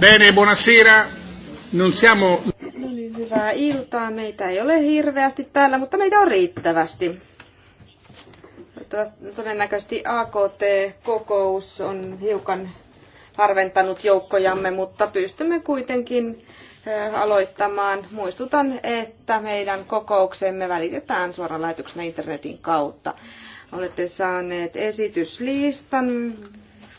Bene, buonasera. Non siamo... hyvää iltaa. Meitä ei ole hirveästi täällä, mutta meitä on riittävästi. Todennäköisesti AKT-kokous on hiukan harventanut joukkojamme, mutta pystymme kuitenkin aloittamaan. Muistutan, että meidän kokouksemme välitetään suoraan lähetyksenä internetin kautta. Olette saaneet esityslistan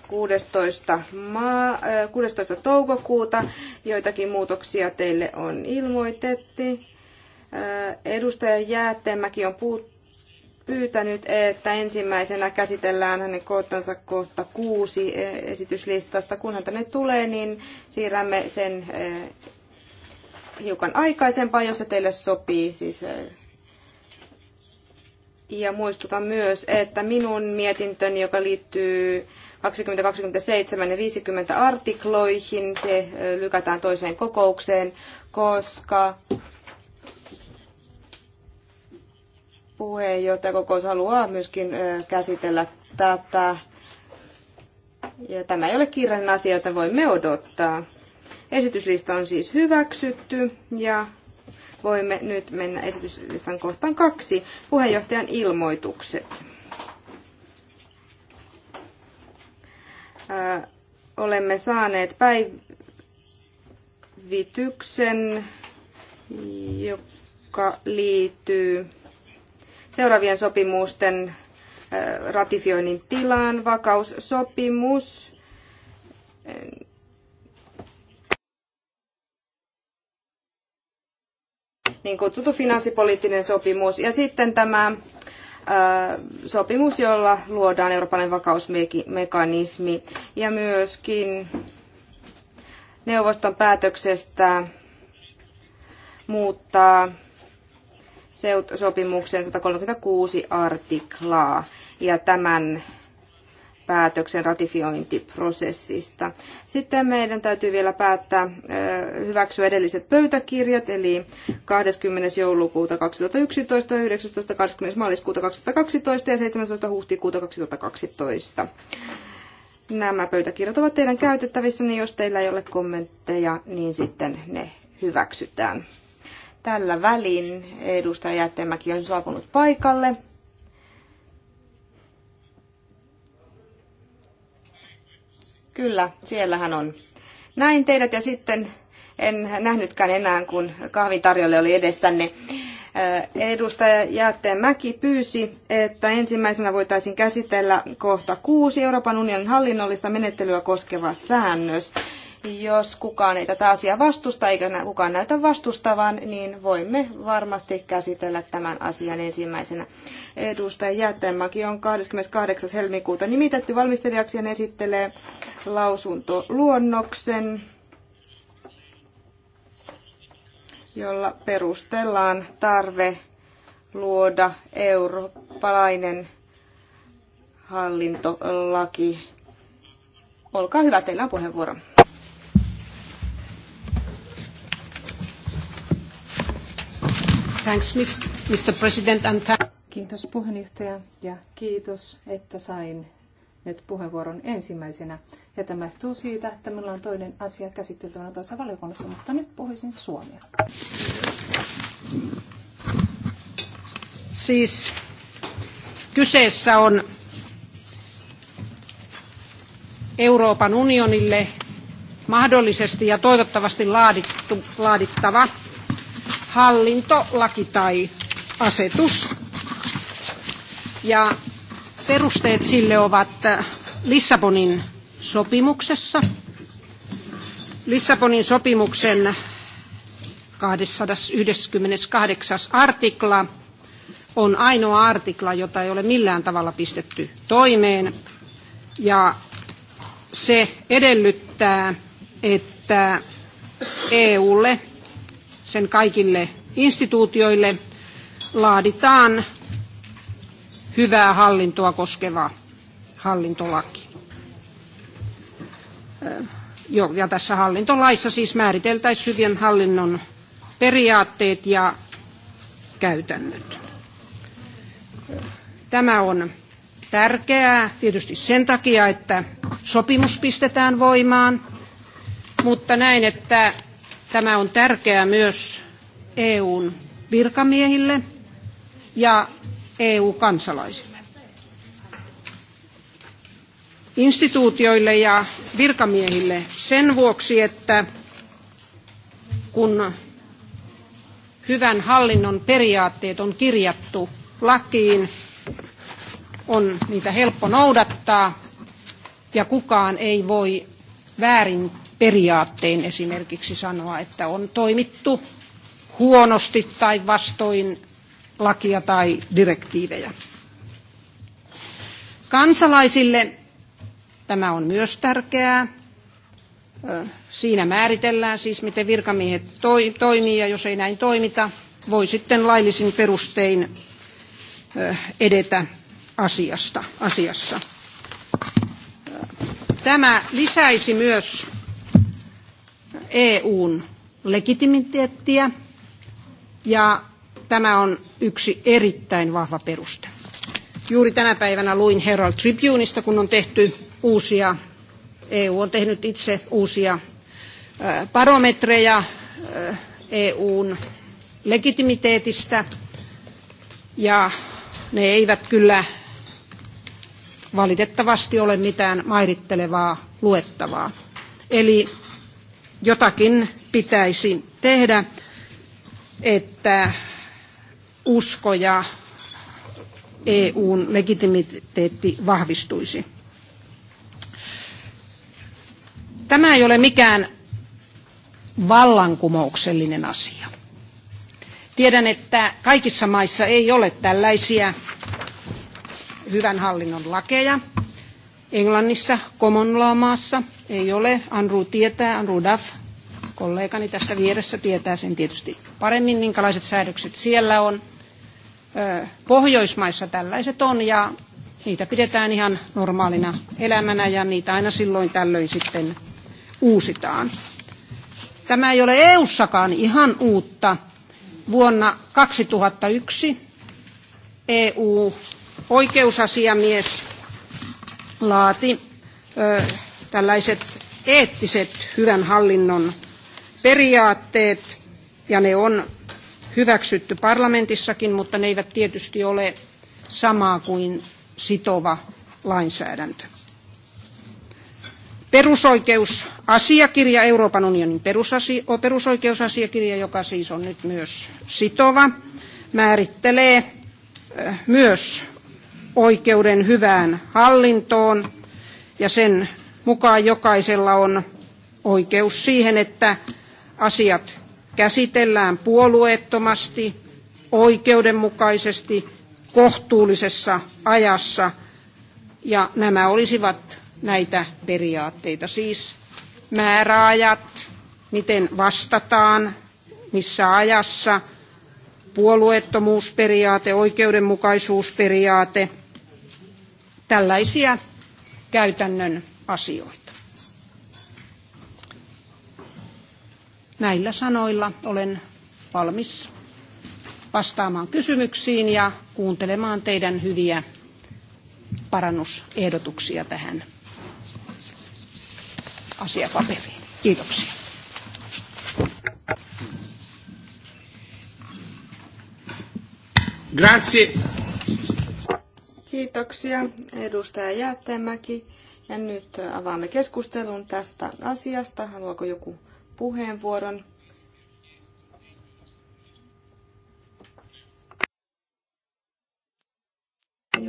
16. Maa, 16. Äh, toukokuuta. Joitakin muutoksia teille on ilmoitettu. Äh, edustaja Jäätemäki on pyytänyt, että ensimmäisenä käsitellään hänen kohtansa kohta kuusi äh, esityslistasta. Kun hän tänne tulee, niin siirrämme sen hiukan aikaisempaa, jos se teille sopii. Siis ja muistutan myös, että minun mietintöni, joka liittyy 2027 ja 50 artikloihin. Se lykätään toiseen kokoukseen, koska puheenjohtajakokous haluaa myöskin käsitellä tätä. Ja tämä ei ole kiireinen asia, jota voimme odottaa. Esityslista on siis hyväksytty ja voimme nyt mennä esityslistan kohtaan kaksi, puheenjohtajan ilmoitukset. olemme saaneet päivityksen, joka liittyy seuraavien sopimusten ratifioinnin tilaan. Vakaussopimus. Niin kutsuttu finanssipoliittinen sopimus. Ja sitten tämä sopimus, jolla luodaan eurooppalainen vakausmekanismi ja myöskin neuvoston päätöksestä muuttaa sopimuksen 136 artiklaa ja tämän päätöksen ratifiointiprosessista. Sitten meidän täytyy vielä päättää hyväksyä edelliset pöytäkirjat, eli 20. joulukuuta 2011, 19. 20. maaliskuuta 2012 ja 17. huhtikuuta 2012. Nämä pöytäkirjat ovat teidän käytettävissä, niin jos teillä ei ole kommentteja, niin sitten ne hyväksytään. Tällä välin edustaja Jättemäki on saapunut paikalle. Kyllä, siellähän on. Näin teidät ja sitten en nähnytkään enää, kun kahvin tarjolle oli edessänne. Edustaja Mäki pyysi, että ensimmäisenä voitaisiin käsitellä kohta kuusi Euroopan unionin hallinnollista menettelyä koskeva säännös. Jos kukaan ei tätä asiaa vastusta eikä kukaan näytä vastustavan, niin voimme varmasti käsitellä tämän asian ensimmäisenä. Edustaja Jättenmäki on 28. helmikuuta nimitetty valmistelijaksi ja esittelee lausuntoluonnoksen jolla perustellaan tarve luoda eurooppalainen hallintolaki. Olkaa hyvä, teillä on puheenvuoro. Mr. President, and th- kiitos puheenjohtaja ja kiitos, että sain nyt puheenvuoron ensimmäisenä. Ja tämä johtuu siitä, että minulla on toinen asia käsiteltävänä toisessa valiokunnassa, mutta nyt puhuisin suomea. Siis kyseessä on Euroopan unionille mahdollisesti ja toivottavasti laadittu, laadittava hallinto, tai asetus. Ja perusteet sille ovat Lissabonin sopimuksessa, Lissabonin sopimuksen 298. artikla on ainoa artikla, jota ei ole millään tavalla pistetty toimeen. Ja se edellyttää, että EUlle, sen kaikille instituutioille laaditaan hyvää hallintoa koskeva hallintolaki. Ja tässä hallintolaissa siis määriteltäisiin hyvän hallinnon periaatteet ja käytännöt. Tämä on tärkeää tietysti sen takia, että sopimus pistetään voimaan, mutta näin, että tämä on tärkeää myös EUn virkamiehille ja EU-kansalaisille. Instituutioille ja virkamiehille sen vuoksi, että kun hyvän hallinnon periaatteet on kirjattu lakiin, on niitä helppo noudattaa ja kukaan ei voi väärin periaattein esimerkiksi sanoa, että on toimittu huonosti tai vastoin lakia tai direktiivejä. Kansalaisille tämä on myös tärkeää. Siinä määritellään siis, miten virkamiehet toi, toimii ja jos ei näin toimita, voi sitten laillisin perustein edetä asiasta, asiassa. Tämä lisäisi myös EUn legitimiteettiä ja tämä on yksi erittäin vahva peruste. Juuri tänä päivänä luin Herald Tribuneista, kun on tehty uusia, EU on tehnyt itse uusia barometreja EUn legitimiteetistä, ja ne eivät kyllä valitettavasti ole mitään mairittelevaa luettavaa. Eli jotakin pitäisi tehdä että usko ja EUn legitimiteetti vahvistuisi. Tämä ei ole mikään vallankumouksellinen asia. Tiedän, että kaikissa maissa ei ole tällaisia hyvän hallinnon lakeja. Englannissa, common law maassa, ei ole. Andrew tietää, Andrew Duff, kollegani tässä vieressä, tietää sen tietysti paremmin, minkälaiset säädökset siellä on. Pohjoismaissa tällaiset on ja niitä pidetään ihan normaalina elämänä ja niitä aina silloin tällöin sitten uusitaan. Tämä ei ole EU-sakaan ihan uutta. Vuonna 2001 EU-oikeusasiamies laati ö, tällaiset eettiset hyvän hallinnon periaatteet ja ne on hyväksytty parlamentissakin, mutta ne eivät tietysti ole samaa kuin sitova lainsäädäntö. Perusoikeusasiakirja, Euroopan unionin perusoikeusasiakirja, joka siis on nyt myös sitova, määrittelee äh, myös oikeuden hyvään hallintoon ja sen mukaan jokaisella on oikeus siihen, että asiat käsitellään puolueettomasti, oikeudenmukaisesti, kohtuullisessa ajassa. Ja nämä olisivat näitä periaatteita, siis määräajat, miten vastataan, missä ajassa, puolueettomuusperiaate, oikeudenmukaisuusperiaate, tällaisia käytännön asioita. Näillä sanoilla olen valmis vastaamaan kysymyksiin ja kuuntelemaan teidän hyviä parannusehdotuksia tähän asiapaperiin. Kiitoksia. Grazie. Kiitoksia edustaja Jäätteenmäki. Ja nyt avaamme keskustelun tästä asiasta. Haluaako joku puheenvuoron.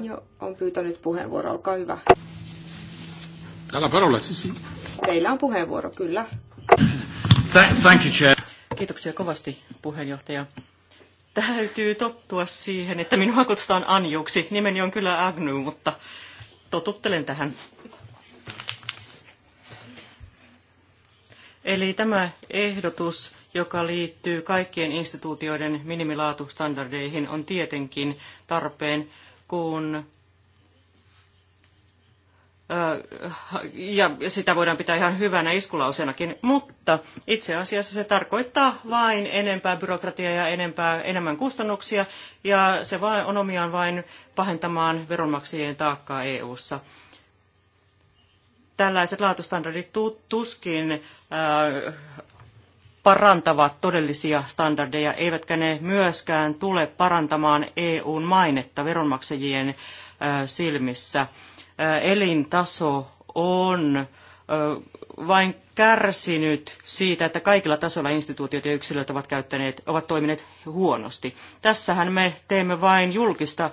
Jo, on pyytänyt puheenvuoro, olkaa hyvä. Täällä parola, siis. Teillä on puheenvuoro, kyllä. Thank you, Chair. Kiitoksia kovasti, puheenjohtaja. Täytyy tottua siihen, että minua kutsutaan Anjuksi. Nimeni on kyllä Agnu, mutta totuttelen tähän. Eli tämä ehdotus, joka liittyy kaikkien instituutioiden minimilaatustandardeihin, on tietenkin tarpeen, kun ja sitä voidaan pitää ihan hyvänä iskulausenakin, mutta itse asiassa se tarkoittaa vain enempää byrokratiaa ja enempää, enemmän kustannuksia, ja se on omiaan vain pahentamaan veronmaksajien taakkaa EU-ssa tällaiset laatustandardit tuskin äh, parantavat todellisia standardeja, eivätkä ne myöskään tule parantamaan EUn mainetta veronmaksajien äh, silmissä. Äh, elintaso on vain kärsinyt siitä, että kaikilla tasoilla instituutiot ja yksilöt ovat, käyttäneet, ovat toimineet huonosti. Tässähän me teemme vain julkista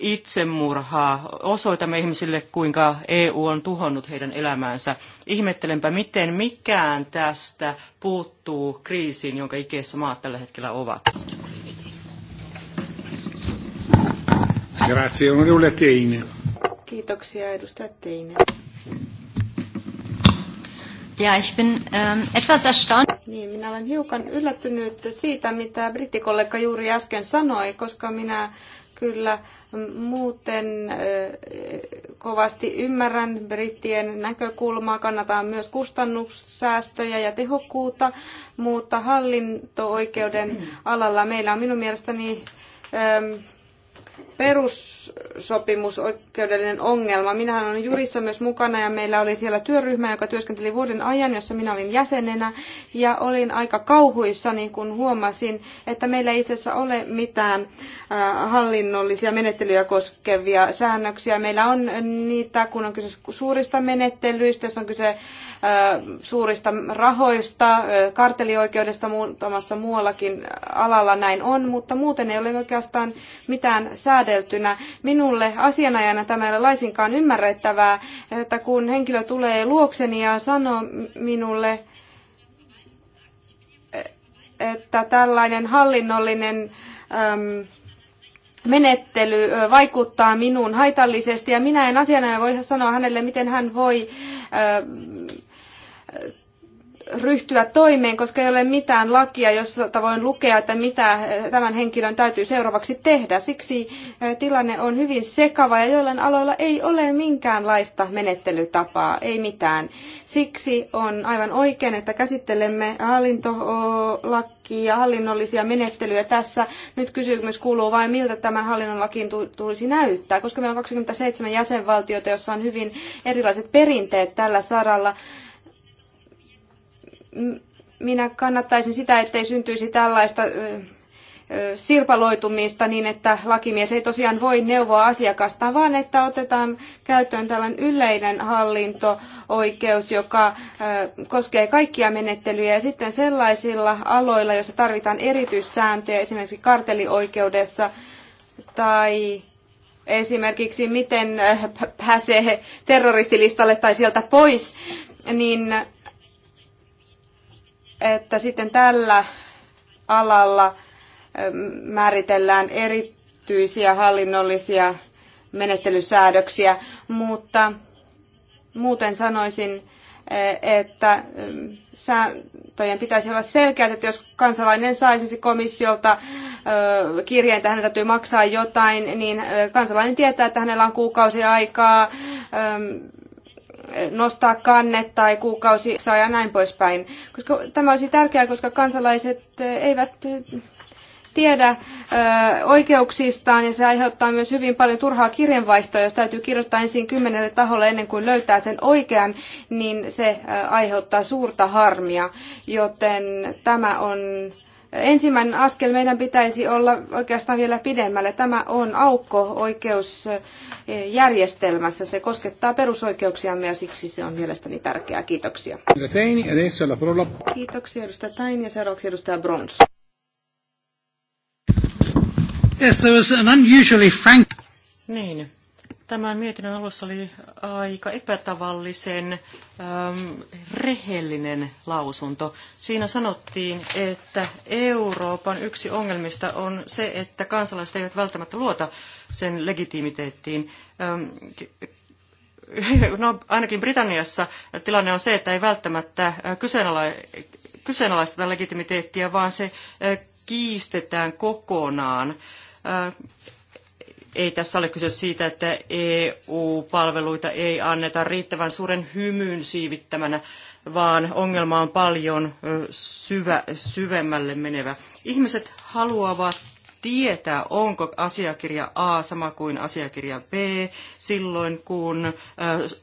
itsemurhaa. Osoitamme ihmisille, kuinka EU on tuhonnut heidän elämäänsä. Ihmettelenpä, miten mikään tästä puuttuu kriisiin, jonka ikeessä maat tällä hetkellä ovat. Grazie, Kiitoksia, edustaja Teine. Ja, ich bin ähm, etwas erstaunt. Niin, minä olen hiukan yllättynyt siitä, mitä brittikollega juuri äsken sanoi, koska minä kyllä Muuten kovasti ymmärrän brittien näkökulmaa, kannataan myös kustannussäästöjä ja tehokkuutta, mutta hallinto-oikeuden alalla meillä on minun mielestäni perussopimusoikeudellinen ongelma. Minähän olen jurissa myös mukana ja meillä oli siellä työryhmä, joka työskenteli vuoden ajan, jossa minä olin jäsenenä ja olin aika kauhuissa, niin kun huomasin, että meillä ei itse asiassa ole mitään hallinnollisia menettelyjä koskevia säännöksiä. Meillä on niitä, kun on kyse suurista menettelyistä, jos on kyse suurista rahoista, kartelioikeudesta muutamassa muuallakin alalla näin on, mutta muuten ei ole oikeastaan mitään säädeltynä. Minulle asianajana tämä ei ole laisinkaan ymmärrettävää, että kun henkilö tulee luokseni ja sanoo minulle, että tällainen hallinnollinen äm, menettely vaikuttaa minuun haitallisesti ja minä en asiana voi sanoa hänelle, miten hän voi ryhtyä toimeen, koska ei ole mitään lakia, jossa voin lukea, että mitä eh, tämän henkilön täytyy seuraavaksi tehdä. Siksi eh, tilanne on hyvin sekava ja joillain aloilla ei ole minkäänlaista menettelytapaa, ei mitään. Siksi on aivan oikein, että käsittelemme hallintolakia, hallinnollisia menettelyjä tässä. Nyt kysymys kuuluu vain, miltä tämän hallinnon tulisi näyttää, koska meillä on 27 jäsenvaltiota, jossa on hyvin erilaiset perinteet tällä saralla minä kannattaisin sitä, ettei syntyisi tällaista sirpaloitumista niin, että lakimies ei tosiaan voi neuvoa asiakastaan, vaan että otetaan käyttöön tällainen yleinen hallinto-oikeus, joka koskee kaikkia menettelyjä. Ja sitten sellaisilla aloilla, joissa tarvitaan erityissääntöjä, esimerkiksi kartelioikeudessa tai esimerkiksi miten pääsee terroristilistalle tai sieltä pois, niin että sitten tällä alalla määritellään erityisiä hallinnollisia menettelysäädöksiä, mutta muuten sanoisin, että sääntöjen pitäisi olla selkeät, että jos kansalainen saa esimerkiksi komissiolta kirjeen, että hänen täytyy maksaa jotain, niin kansalainen tietää, että hänellä on kuukausi aikaa nostaa kannet tai kuukausi saa ja näin poispäin. Koska tämä olisi tärkeää, koska kansalaiset e, eivät e, tiedä ö, e, oikeuksistaan ja se aiheuttaa myös hyvin paljon turhaa kirjanvaihtoa. Jos täytyy kirjoittaa ensin kymmenelle taholle ennen kuin löytää sen oikean, niin se ö, aiheuttaa suurta harmia. Joten tämä on ensimmäinen askel meidän pitäisi olla oikeastaan vielä pidemmälle. Tämä on aukko oikeusjärjestelmässä. Se koskettaa perusoikeuksiamme ja siksi se on mielestäni tärkeää. Kiitoksia. Kiitoksia edustaja Tain ja seuraavaksi edustaja Brons. Yes, there was an unusually frank... Niin, tämän mietinnön alussa oli aika epätavallisen ähm, rehellinen lausunto. Siinä sanottiin, että Euroopan yksi ongelmista on se, että kansalaiset eivät välttämättä luota sen legitiimiteettiin. Ähm, no, ainakin Britanniassa tilanne on se, että ei välttämättä äh, kyseenala- kyseenalaisteta legitimiteettiä, vaan se äh, kiistetään kokonaan. Äh, ei tässä ole kyse siitä, että EU-palveluita ei anneta riittävän suuren hymyn siivittämänä, vaan ongelma on paljon syvä, syvemmälle menevä. Ihmiset haluavat tietää, onko asiakirja A sama kuin asiakirja B, silloin kun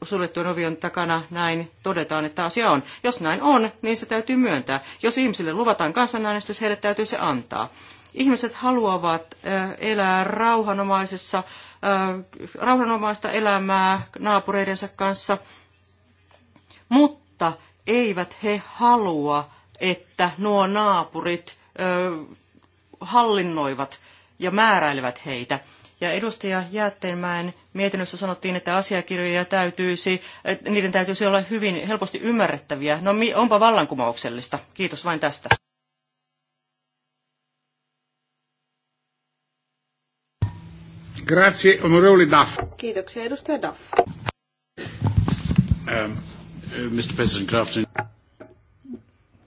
suljettujen ovion takana näin todetaan, että asia on. Jos näin on, niin se täytyy myöntää. Jos ihmisille luvataan kansanäänestys, heille täytyy se antaa. Ihmiset haluavat elää rauhanomaisessa, rauhanomaista elämää naapureidensa kanssa, mutta eivät he halua, että nuo naapurit hallinnoivat ja määräilevät heitä. Ja edustaja Jäätteenmäen mietinnössä sanottiin, että asiakirjoja täytyisi, niiden täytyisi olla hyvin helposti ymmärrettäviä. No onpa vallankumouksellista. Kiitos vain tästä. Grazie, onorevole Duff. Kiitoksia, edustaja Duff. Um, uh, Mr. President, good afternoon.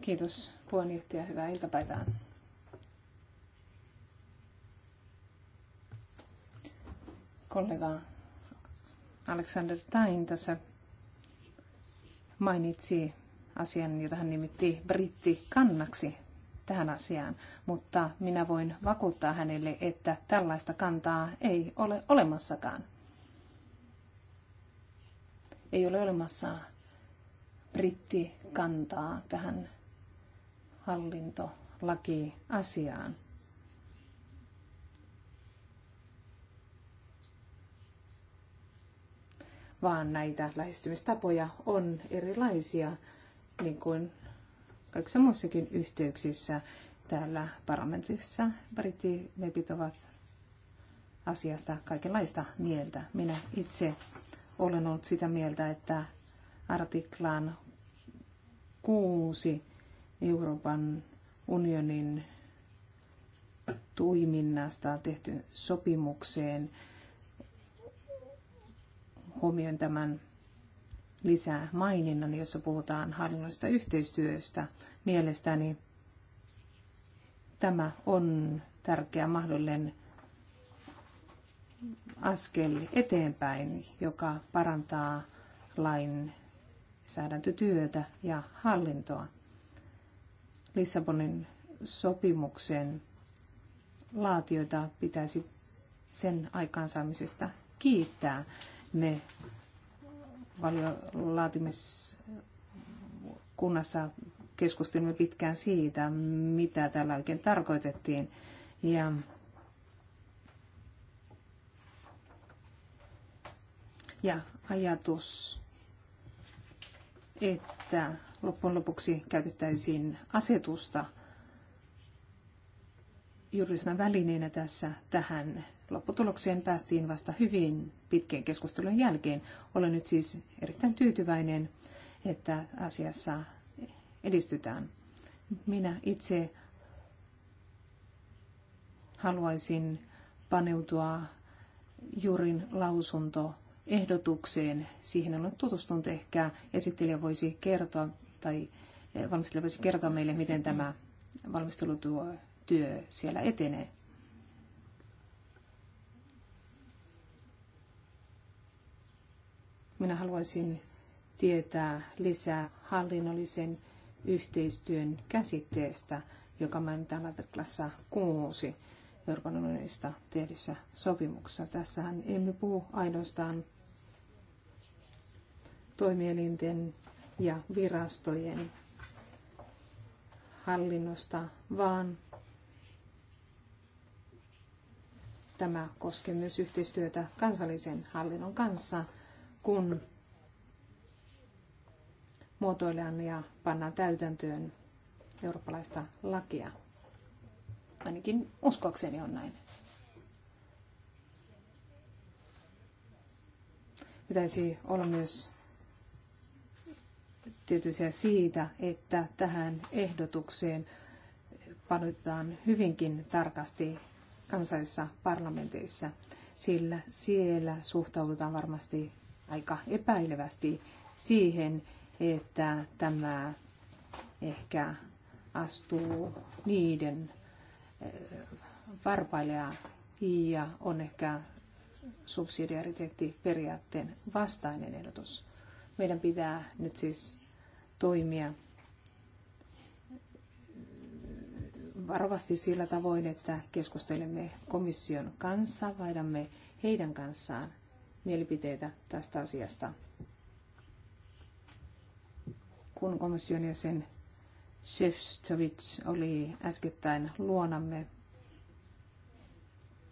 Kiitos puheenjohtaja, hyvää iltapäivää. Kollega Alexander Tain tässä mainitsi asian, jota hän nimitti brittikannaksi tähän asiaan, mutta minä voin vakuuttaa hänelle, että tällaista kantaa ei ole olemassakaan. Ei ole olemassa brittikantaa tähän hallintolakiasiaan. vaan näitä lähestymistapoja on erilaisia, niin kuin kaikissa muissakin yhteyksissä täällä parlamentissa brittimepit ovat asiasta kaikenlaista mieltä. Minä itse olen ollut sitä mieltä, että artiklaan kuusi Euroopan unionin toiminnasta tehty sopimukseen huomioon tämän lisää maininnan, jossa puhutaan hallinnollisesta yhteistyöstä. Mielestäni tämä on tärkeä mahdollinen askel eteenpäin, joka parantaa lain säädäntötyötä ja hallintoa. Lissabonin sopimuksen laatioita pitäisi sen aikaansaamisesta kiittää. Me valiolaatimiskunnassa keskustelimme pitkään siitä, mitä tällä oikein tarkoitettiin. Ja ja ajatus, että loppujen lopuksi käytettäisiin asetusta juridisena välineenä tässä tähän lopputulokseen päästiin vasta hyvin pitkien keskustelun jälkeen. Olen nyt siis erittäin tyytyväinen, että asiassa edistytään. Minä itse haluaisin paneutua Jurin lausunto ehdotukseen. Siihen on tutustunut ehkä. Esittelijä voisi kertoa tai valmistelija voisi kertoa meille, miten tämä valmistelutyö työ siellä etenee. Minä haluaisin tietää lisää hallinnollisen yhteistyön käsitteestä, joka tällä artiklassa kuusi Euroopan unionista tehdyssä sopimuksessa. Tässähän emme puhu ainoastaan toimielinten ja virastojen hallinnosta, vaan tämä koskee myös yhteistyötä kansallisen hallinnon kanssa – kun muotoillaan ja pannaan täytäntöön eurooppalaista lakia. Ainakin uskoakseni on näin. Pitäisi olla myös tietoisia siitä, että tähän ehdotukseen panotetaan hyvinkin tarkasti kansallisissa parlamenteissa, sillä siellä suhtaudutaan varmasti aika epäilevästi siihen, että tämä ehkä astuu niiden eh, varpaille ja on ehkä subsidiariteettiperiaatteen vastainen ehdotus. Meidän pitää nyt siis toimia varovasti sillä tavoin, että keskustelemme komission kanssa, vaidamme heidän kanssaan mielipiteitä tästä asiasta. Kun komission jäsen Shevchovich oli äskettäin luonamme,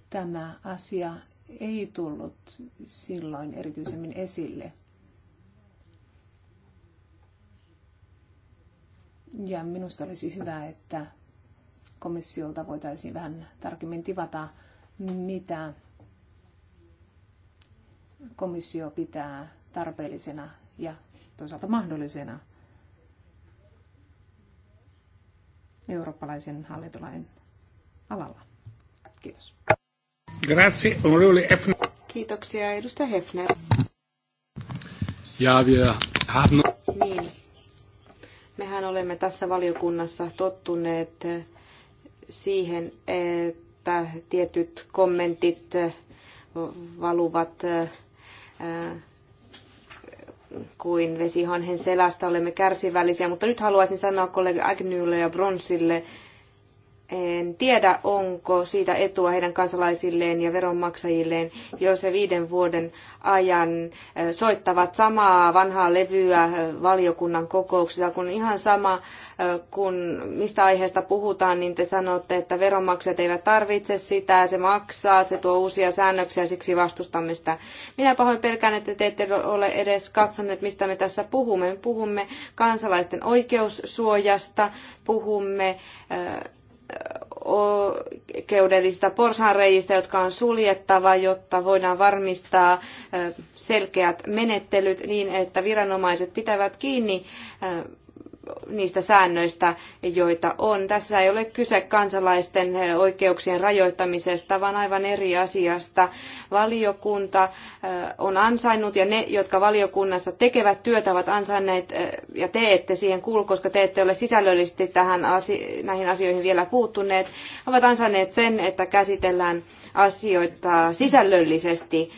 tämä asia ei tullut silloin erityisemmin esille. Ja minusta olisi hyvä, että komissiolta voitaisiin vähän tarkemmin tivata, mitä komissio pitää tarpeellisena ja toisaalta mahdollisena eurooppalaisen hallintolain alalla. Kiitos. Grazie, Kiitoksia, edustaja Hefner. Ja wir Niin. Mehän olemme tässä valiokunnassa tottuneet siihen, että tietyt kommentit valuvat kuin vesihanhen selästä olemme kärsivällisiä, mutta nyt haluaisin sanoa kollega Agnewlle ja Bronsille, en tiedä, onko siitä etua heidän kansalaisilleen ja veronmaksajilleen, jos he viiden vuoden ajan soittavat samaa vanhaa levyä valiokunnan kokouksissa, kun ihan sama, kun mistä aiheesta puhutaan, niin te sanotte, että veronmaksajat eivät tarvitse sitä, se maksaa, se tuo uusia säännöksiä, siksi vastustamme sitä. Minä pahoin pelkään, että te ette ole edes katsoneet, mistä me tässä puhumme. Me puhumme kansalaisten oikeussuojasta, puhumme oikeudellisista porsanreijistä, jotka on suljettava, jotta voidaan varmistaa selkeät menettelyt niin, että viranomaiset pitävät kiinni niistä säännöistä, joita on. Tässä ei ole kyse kansalaisten oikeuksien rajoittamisesta, vaan aivan eri asiasta. Valiokunta äh, on ansainnut ja ne, jotka valiokunnassa tekevät työtä, ovat ansainneet äh, ja te ette siihen kuulu, koska te ette ole sisällöllisesti tähän näihin asioihin vielä puuttuneet, ovat ansainneet sen, että käsitellään asioita sisällöllisesti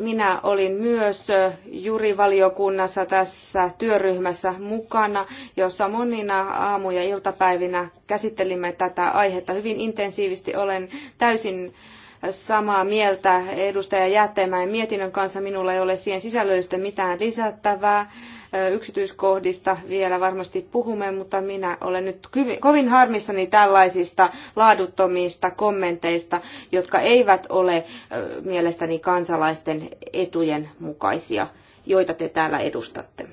minä olin myös jurivaliokunnassa tässä työryhmässä mukana, jossa monina aamu- ja iltapäivinä käsittelimme tätä aihetta hyvin intensiivisesti. Olen täysin samaa mieltä edustaja Jäätteenmäen mietinnön kanssa. Minulla ei ole siihen sisällöllisesti mitään lisättävää Yksityiskohdista vielä varmasti puhumme, mutta minä olen nyt kovin harmissani tällaisista laaduttomista kommenteista, jotka eivät ole mielestäni kansalaisten etujen mukaisia, joita te täällä edustatte.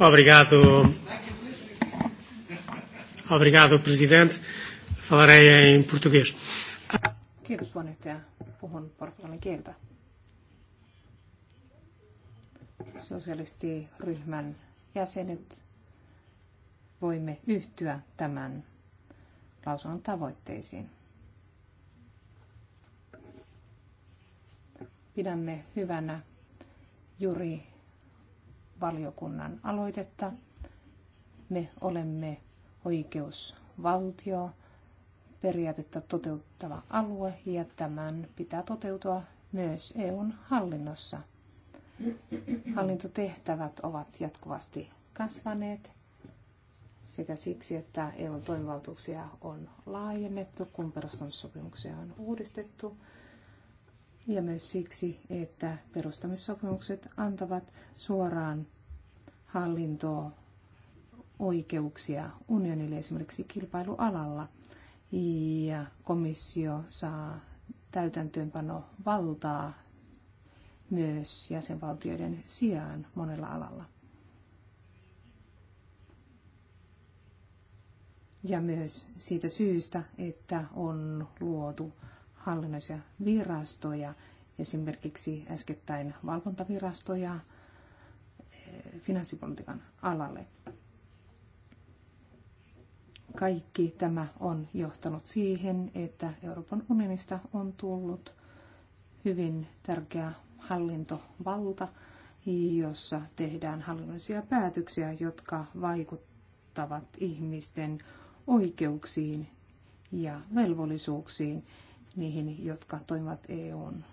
Obrigado. Obrigado, presidente. Falarei em português. Kiitos puheenjohtaja. Puhun portugalin kieltä sosialistiryhmän jäsenet voimme yhtyä tämän lausunnon tavoitteisiin. Pidämme hyvänä juuri valiokunnan aloitetta. Me olemme oikeusvaltio, periaatetta toteuttava alue ja tämän pitää toteutua myös EUn hallinnossa – Hallintotehtävät ovat jatkuvasti kasvaneet sekä siksi, että EUn toimivaltuuksia on laajennettu, kun perustamissopimuksia on uudistettu, ja myös siksi, että perustamissopimukset antavat suoraan hallintoa oikeuksia unionille esimerkiksi kilpailualalla. Ja komissio saa täytäntöönpano valtaa myös jäsenvaltioiden sijaan monella alalla. Ja myös siitä syystä, että on luotu hallinnollisia virastoja, esimerkiksi äskettäin valvontavirastoja eh, finanssipolitiikan alalle. Kaikki tämä on johtanut siihen, että Euroopan unionista on tullut – hyvin tärkeä hallintovalta, jossa tehdään hallinnollisia päätöksiä, jotka vaikuttavat ihmisten oikeuksiin ja velvollisuuksiin, niihin, jotka toimivat EUn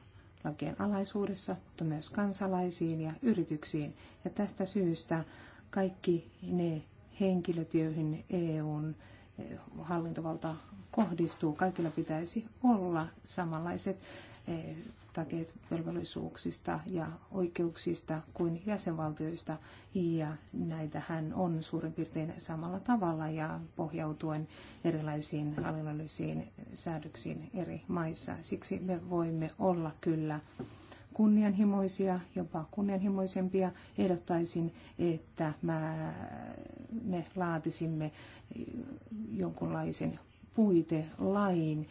lakien alaisuudessa, mutta myös kansalaisiin ja yrityksiin. Ja tästä syystä kaikki ne henkilöt, joihin EUn hallintovalta kohdistuu, kaikilla pitäisi olla samanlaiset takeet velvollisuuksista ja oikeuksista kuin jäsenvaltioista ja näitähän on suurin piirtein samalla tavalla ja pohjautuen erilaisiin hallinnollisiin säädöksiin eri maissa. Siksi me voimme olla kyllä kunnianhimoisia, jopa kunnianhimoisempia. Ehdottaisin, että mä, me laatisimme jonkunlaisen puitelain,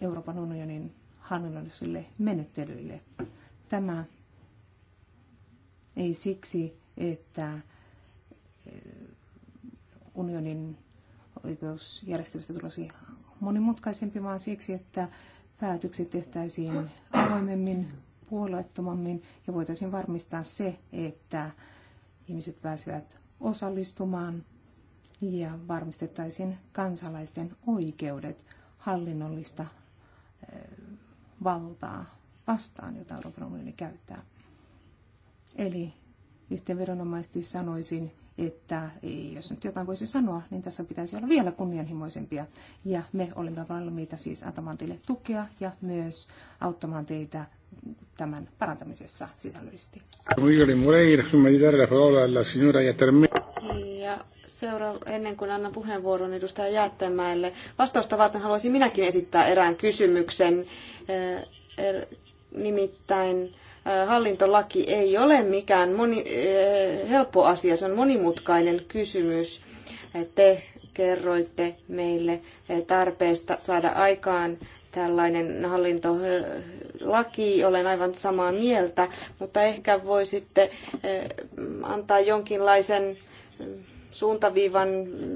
Euroopan unionin hallinnollisille menettelyille. Tämä ei siksi, että eh, unionin oikeusjärjestelmästä tulisi monimutkaisempi, vaan siksi, että päätökset tehtäisiin avoimemmin, puolueettomammin ja voitaisiin varmistaa se, että ihmiset pääsevät osallistumaan ja varmistettaisiin kansalaisten oikeudet hallinnollista valtaa vastaan, jota Euroopan unioni käyttää. Eli yhteenvedonomaisesti sanoisin, että jos nyt jotain voisi sanoa, niin tässä pitäisi olla vielä kunnianhimoisempia. Ja me olemme valmiita siis antamaan teille tukea ja myös auttamaan teitä tämän parantamisessa sisällöllisesti. Ja seuraava, ennen kuin annan puheenvuoron edustaja Jäättämäelle, vastausta varten haluaisin minäkin esittää erään kysymyksen. Eh, er, nimittäin eh, hallintolaki ei ole mikään moni, eh, helppo asia, se on monimutkainen kysymys. Te kerroitte meille tarpeesta saada aikaan tällainen hallintolaki, olen aivan samaa mieltä, mutta ehkä voisitte antaa jonkinlaisen suuntaviivan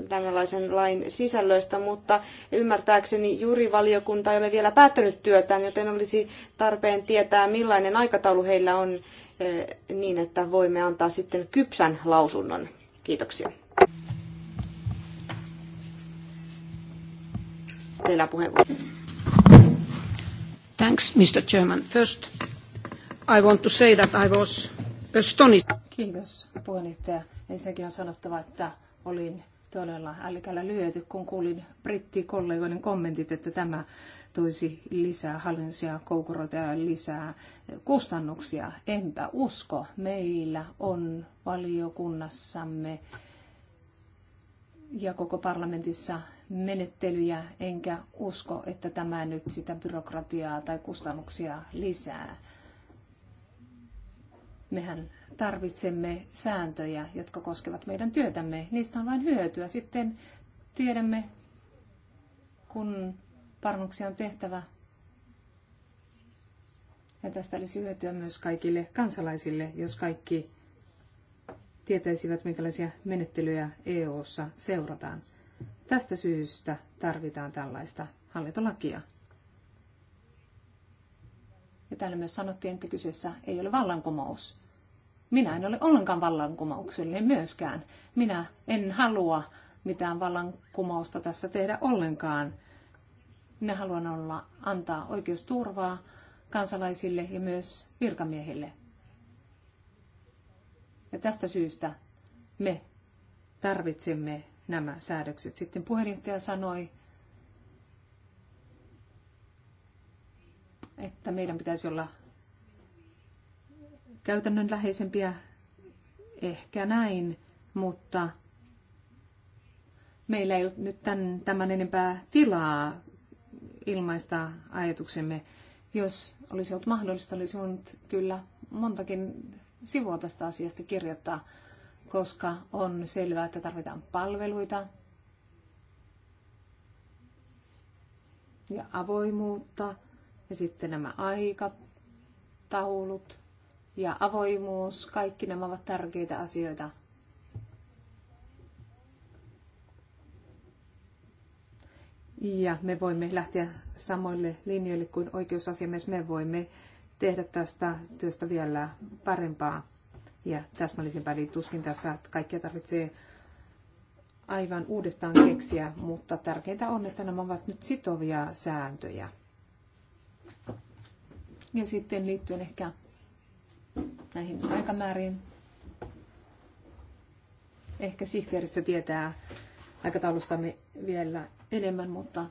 tämänlaisen lain sisällöistä, mutta ymmärtääkseni valiokunta ei ole vielä päättänyt työtään, joten olisi tarpeen tietää, millainen aikataulu heillä on eh, niin, että voimme antaa sitten kypsän lausunnon. Kiitoksia. Teillä puheenvuoro. Thanks, Mr. Chairman. First, I want to say that I was astonished. Kiitos, puheenjohtaja Ensinnäkin on sanottava, että olin todella ällikällä lyöty, kun kuulin brittikollegoiden kommentit, että tämä toisi lisää hallinnollisia koukuroita ja lisää kustannuksia. Enpä usko. Meillä on valiokunnassamme ja koko parlamentissa menettelyjä, enkä usko, että tämä nyt sitä byrokratiaa tai kustannuksia lisää. Mehän tarvitsemme sääntöjä, jotka koskevat meidän työtämme. Niistä on vain hyötyä. Sitten tiedämme, kun parannuksia on tehtävä. Ja tästä olisi hyötyä myös kaikille kansalaisille, jos kaikki tietäisivät, minkälaisia menettelyjä EU:ssa seurataan. Tästä syystä tarvitaan tällaista hallintolakia. Ja täällä myös sanottiin, että kyseessä ei ole vallankumous. Minä en ole ollenkaan vallankumouksellinen myöskään. Minä en halua mitään vallankumousta tässä tehdä ollenkaan. Minä haluan olla, antaa oikeusturvaa kansalaisille ja myös virkamiehille. Ja tästä syystä me tarvitsemme nämä säädökset. Sitten puheenjohtaja sanoi, että meidän pitäisi olla käytännönläheisempiä? Ehkä näin, mutta meillä ei ole nyt tämän, tämän enempää tilaa ilmaista ajatuksemme. Jos olisi ollut mahdollista, olisi voinut kyllä montakin sivua tästä asiasta kirjoittaa, koska on selvää, että tarvitaan palveluita ja avoimuutta ja sitten nämä aikataulut ja avoimuus, kaikki nämä ovat tärkeitä asioita. Ja me voimme lähteä samoille linjoille kuin oikeusasiamies. Me voimme tehdä tästä työstä vielä parempaa ja täsmällisempää. Eli tuskin tässä kaikkia tarvitsee aivan uudestaan keksiä, mutta tärkeintä on, että nämä ovat nyt sitovia sääntöjä. Ja sitten liittyen ehkä näihin aikamääriin. Ehkä sihteeristä tietää aikataulustamme vielä enemmän, mutta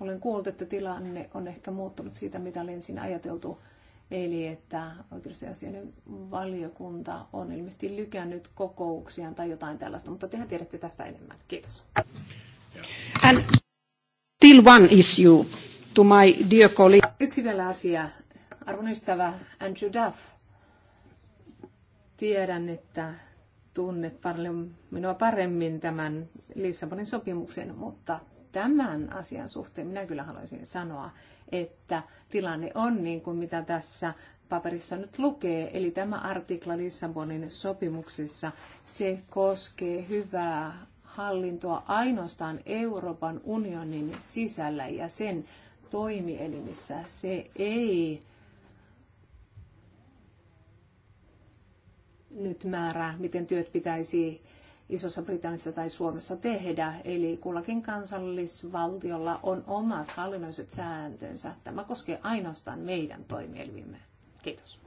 olen kuullut, että tilanne on ehkä muuttunut siitä, mitä oli ensin ajateltu. Eli että oikeusasioiden valiokunta on ilmeisesti lykännyt kokouksiaan tai jotain tällaista, mutta tehän tiedätte tästä enemmän. Kiitos. And still one issue to my dear colleague. Yksi vielä asia Arvon ystävä Andrew Duff, tiedän, että tunnet paljon, minua paremmin tämän Lissabonin sopimuksen, mutta tämän asian suhteen minä kyllä haluaisin sanoa, että tilanne on niin kuin mitä tässä paperissa nyt lukee, eli tämä artikla Lissabonin sopimuksessa, se koskee hyvää hallintoa ainoastaan Euroopan unionin sisällä ja sen toimielimissä. Se ei nyt määrää, miten työt pitäisi Isossa Britanniassa tai Suomessa tehdä. Eli kullakin kansallisvaltiolla on omat hallinnolliset sääntönsä. Tämä koskee ainoastaan meidän toimielimme Kiitos.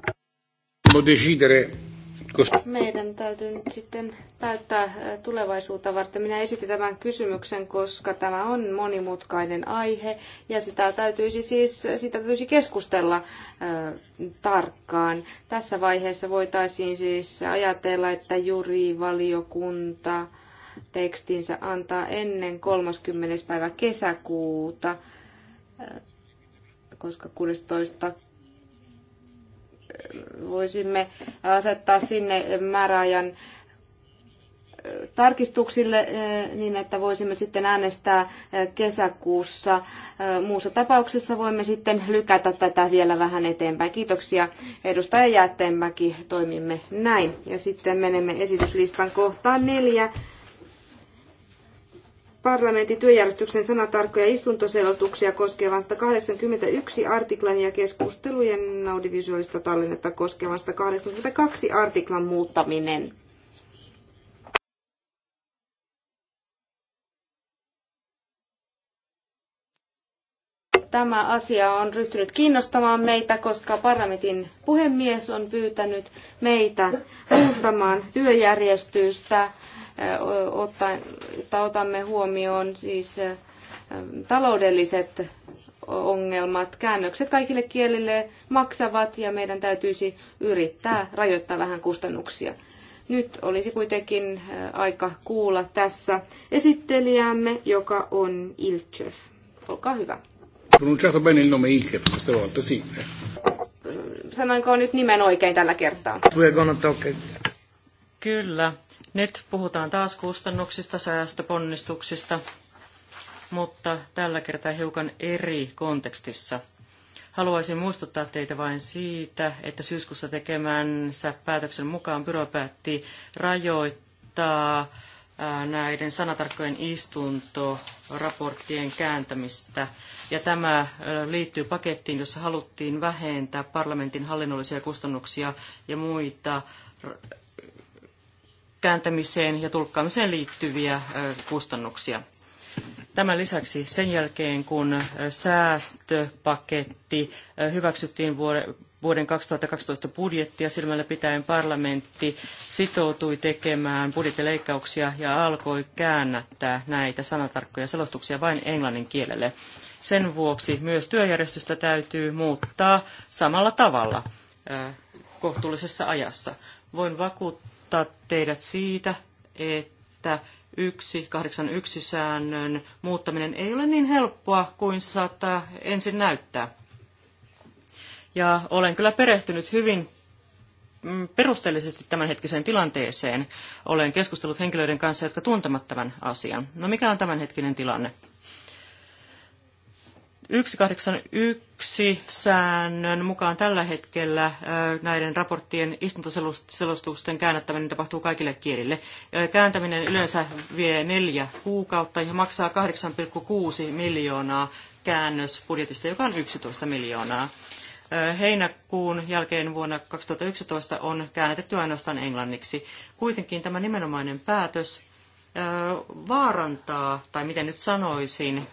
Meidän täytyy nyt sitten täyttää tulevaisuutta varten. Minä esitin tämän kysymyksen, koska tämä on monimutkainen aihe ja sitä täytyisi siis sitä täytyisi keskustella tarkkaan. Tässä vaiheessa voitaisiin siis ajatella, että juri, valiokunta tekstinsä antaa ennen 30. päivä kesäkuuta, koska 16 voisimme asettaa sinne määräajan tarkistuksille niin, että voisimme sitten äänestää kesäkuussa. Muussa tapauksessa voimme sitten lykätä tätä vielä vähän eteenpäin. Kiitoksia edustaja Jäätteenmäki, toimimme näin. Ja sitten menemme esityslistan kohtaan neljä parlamentin työjärjestyksen sanatarkkoja istuntoselotuksia koskevan 181 artiklan ja keskustelujen audiovisuaalista tallennetta koskevan 182 artiklan muuttaminen. tämä asia on ryhtynyt kiinnostamaan meitä, koska parlamentin puhemies on pyytänyt meitä muuttamaan työjärjestystä ottaen, otamme huomioon siis taloudelliset ongelmat. Käännökset kaikille kielille maksavat ja meidän täytyisi yrittää rajoittaa vähän kustannuksia. Nyt olisi kuitenkin aika kuulla tässä esittelijämme, joka on Ilchev. Olkaa hyvä. Pronunciato bene il nome Ilchev questa volta, sì. Sanoinko nyt nimen oikein tällä kertaa? Kyllä. Nyt puhutaan taas kustannuksista, säästöponnistuksista, mutta tällä kertaa hiukan eri kontekstissa. Haluaisin muistuttaa teitä vain siitä, että syyskuussa tekemänsä päätöksen mukaan byro päätti rajoittaa näiden sanatarkkojen istuntoraporttien kääntämistä. Ja tämä liittyy pakettiin, jossa haluttiin vähentää parlamentin hallinnollisia kustannuksia ja muita kääntämiseen ja tulkkaamiseen liittyviä kustannuksia. Tämän lisäksi sen jälkeen, kun säästöpaketti hyväksyttiin vuoden 2012 budjettia silmällä pitäen parlamentti sitoutui tekemään budjettileikkauksia ja alkoi käännättää näitä sanatarkkoja selostuksia vain englannin kielelle. Sen vuoksi myös työjärjestystä täytyy muuttaa samalla tavalla kohtuullisessa ajassa. Voin vakuuttaa, muistuttaa teidät siitä, että 181 säännön muuttaminen ei ole niin helppoa kuin se saattaa ensin näyttää. Ja olen kyllä perehtynyt hyvin mm, perusteellisesti tämänhetkiseen tilanteeseen. Olen keskustellut henkilöiden kanssa, jotka tuntevat tämän asian. No mikä on tämänhetkinen tilanne? 181 säännön mukaan tällä hetkellä näiden raporttien istuntoselostusten käännättäminen tapahtuu kaikille kielille. Kääntäminen yleensä vie neljä kuukautta ja maksaa 8,6 miljoonaa käännösbudjetista, joka on 11 miljoonaa. Heinäkuun jälkeen vuonna 2011 on käännetetty ainoastaan englanniksi. Kuitenkin tämä nimenomainen päätös vaarantaa, tai miten nyt sanoisin,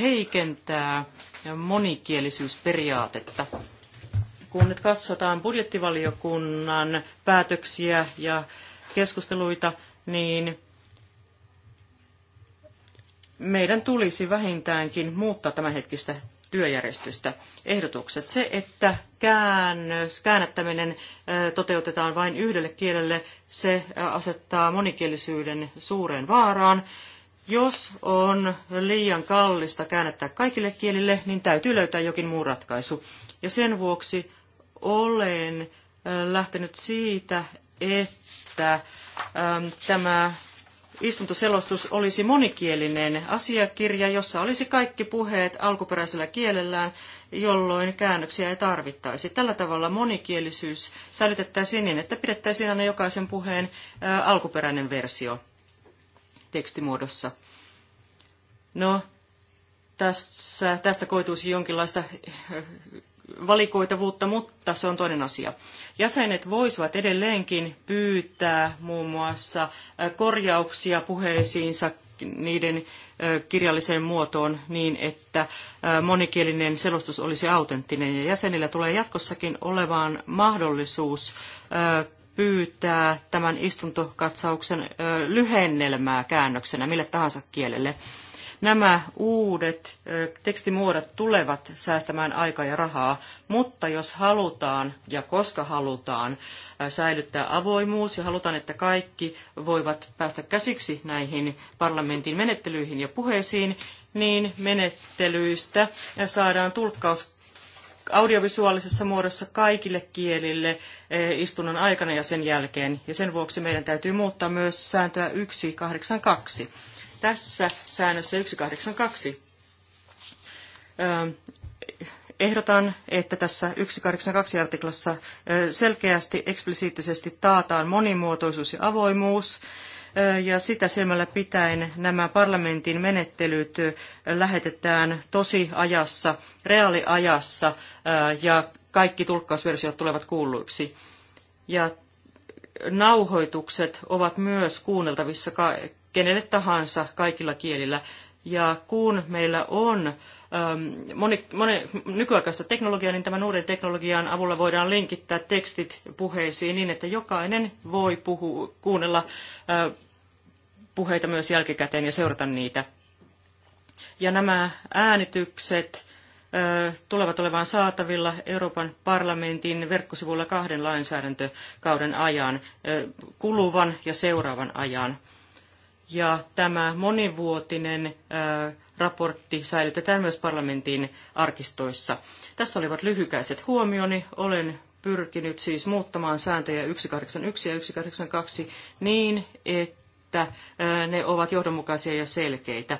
heikentää monikielisyysperiaatetta. Kun nyt katsotaan budjettivaliokunnan päätöksiä ja keskusteluita, niin meidän tulisi vähintäänkin muuttaa tämänhetkistä työjärjestystä ehdotukset. Se, että käännös, käännättäminen toteutetaan vain yhdelle kielelle, se asettaa monikielisyyden suureen vaaraan jos on liian kallista käännettää kaikille kielille, niin täytyy löytää jokin muu ratkaisu. Ja sen vuoksi olen lähtenyt siitä, että tämä istuntoselostus olisi monikielinen asiakirja, jossa olisi kaikki puheet alkuperäisellä kielellään, jolloin käännöksiä ei tarvittaisi. Tällä tavalla monikielisyys säilytettäisiin niin, että pidettäisiin aina jokaisen puheen alkuperäinen versio tekstimuodossa. No, tässä, tästä koituisi jonkinlaista eh, valikoitavuutta, mutta se on toinen asia. Jäsenet voisivat edelleenkin pyytää muun muassa eh, korjauksia puheisiinsa niiden eh, kirjalliseen muotoon niin, että monikielinen selostus olisi autenttinen. Ja jäsenillä tulee jatkossakin olemaan mahdollisuus pyytää tämän istuntokatsauksen lyhennelmää käännöksenä mille tahansa kielelle. Nämä uudet tekstimuodot tulevat säästämään aikaa ja rahaa, mutta jos halutaan ja koska halutaan säilyttää avoimuus ja halutaan, että kaikki voivat päästä käsiksi näihin parlamentin menettelyihin ja puheisiin, niin menettelyistä saadaan tulkkaus audiovisuaalisessa muodossa kaikille kielille eh, istunnon aikana ja sen jälkeen. Ja sen vuoksi meidän täytyy muuttaa myös sääntöä 182. Tässä säännössä 182 eh, ehdotan, että tässä 182 artiklassa eh, selkeästi eksplisiittisesti taataan monimuotoisuus ja avoimuus ja sitä silmällä pitäen nämä parlamentin menettelyt lähetetään tosiajassa, reaaliajassa ja kaikki tulkkausversiot tulevat kuulluiksi. Ja nauhoitukset ovat myös kuunneltavissa kenelle tahansa kaikilla kielillä. Ja kun meillä on Ähm, moni, moni, nykyaikaista teknologiaa, niin tämän uuden teknologian avulla voidaan linkittää tekstit puheisiin niin, että jokainen voi puhu, kuunnella äh, puheita myös jälkikäteen ja seurata niitä. Ja nämä äänitykset äh, tulevat olemaan saatavilla Euroopan parlamentin verkkosivuilla kahden lainsäädäntökauden ajan, äh, kuluvan ja seuraavan ajan ja tämä monivuotinen raportti säilytetään myös parlamentin arkistoissa. Tässä olivat lyhykäiset huomioni. Olen pyrkinyt siis muuttamaan sääntöjä 181 ja 182 niin, että ne ovat johdonmukaisia ja selkeitä.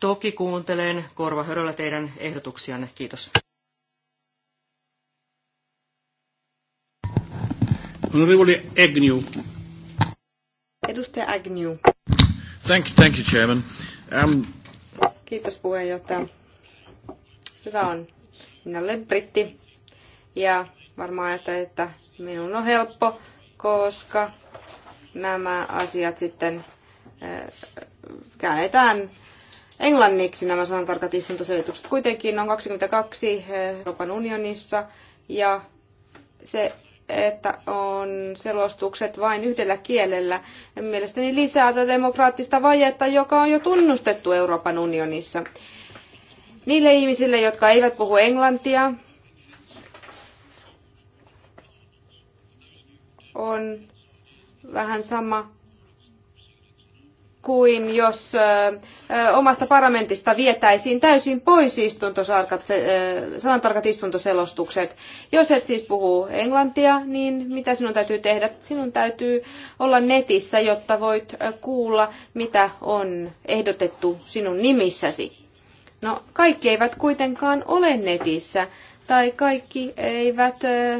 Toki kuuntelen korvahöröllä teidän ehdotuksianne. Kiitos. Onorevole Agnew. Edustaja Agnew. Thank you, thank you, Chairman. Um... Kiitos puheenjohtaja. Hyvä on. Minä olen britti ja varmaan ajattelin, että minun on helppo, koska nämä asiat sitten eh, käännetään englanniksi nämä sanantarkat istuntoselitykset. Kuitenkin on 22 eh, Euroopan unionissa ja se että on selostukset vain yhdellä kielellä. Mielestäni lisää tätä demokraattista vajetta, joka on jo tunnustettu Euroopan unionissa. Niille ihmisille, jotka eivät puhu englantia, on vähän sama kuin jos omasta parlamentista vietäisiin täysin pois istuntosarkat, sanantarkat istuntoselostukset. Jos et siis puhu englantia, niin mitä sinun täytyy tehdä? Sinun täytyy olla netissä, jotta voit kuulla, mitä on ehdotettu sinun nimissäsi. No, kaikki eivät kuitenkaan ole netissä tai kaikki eivät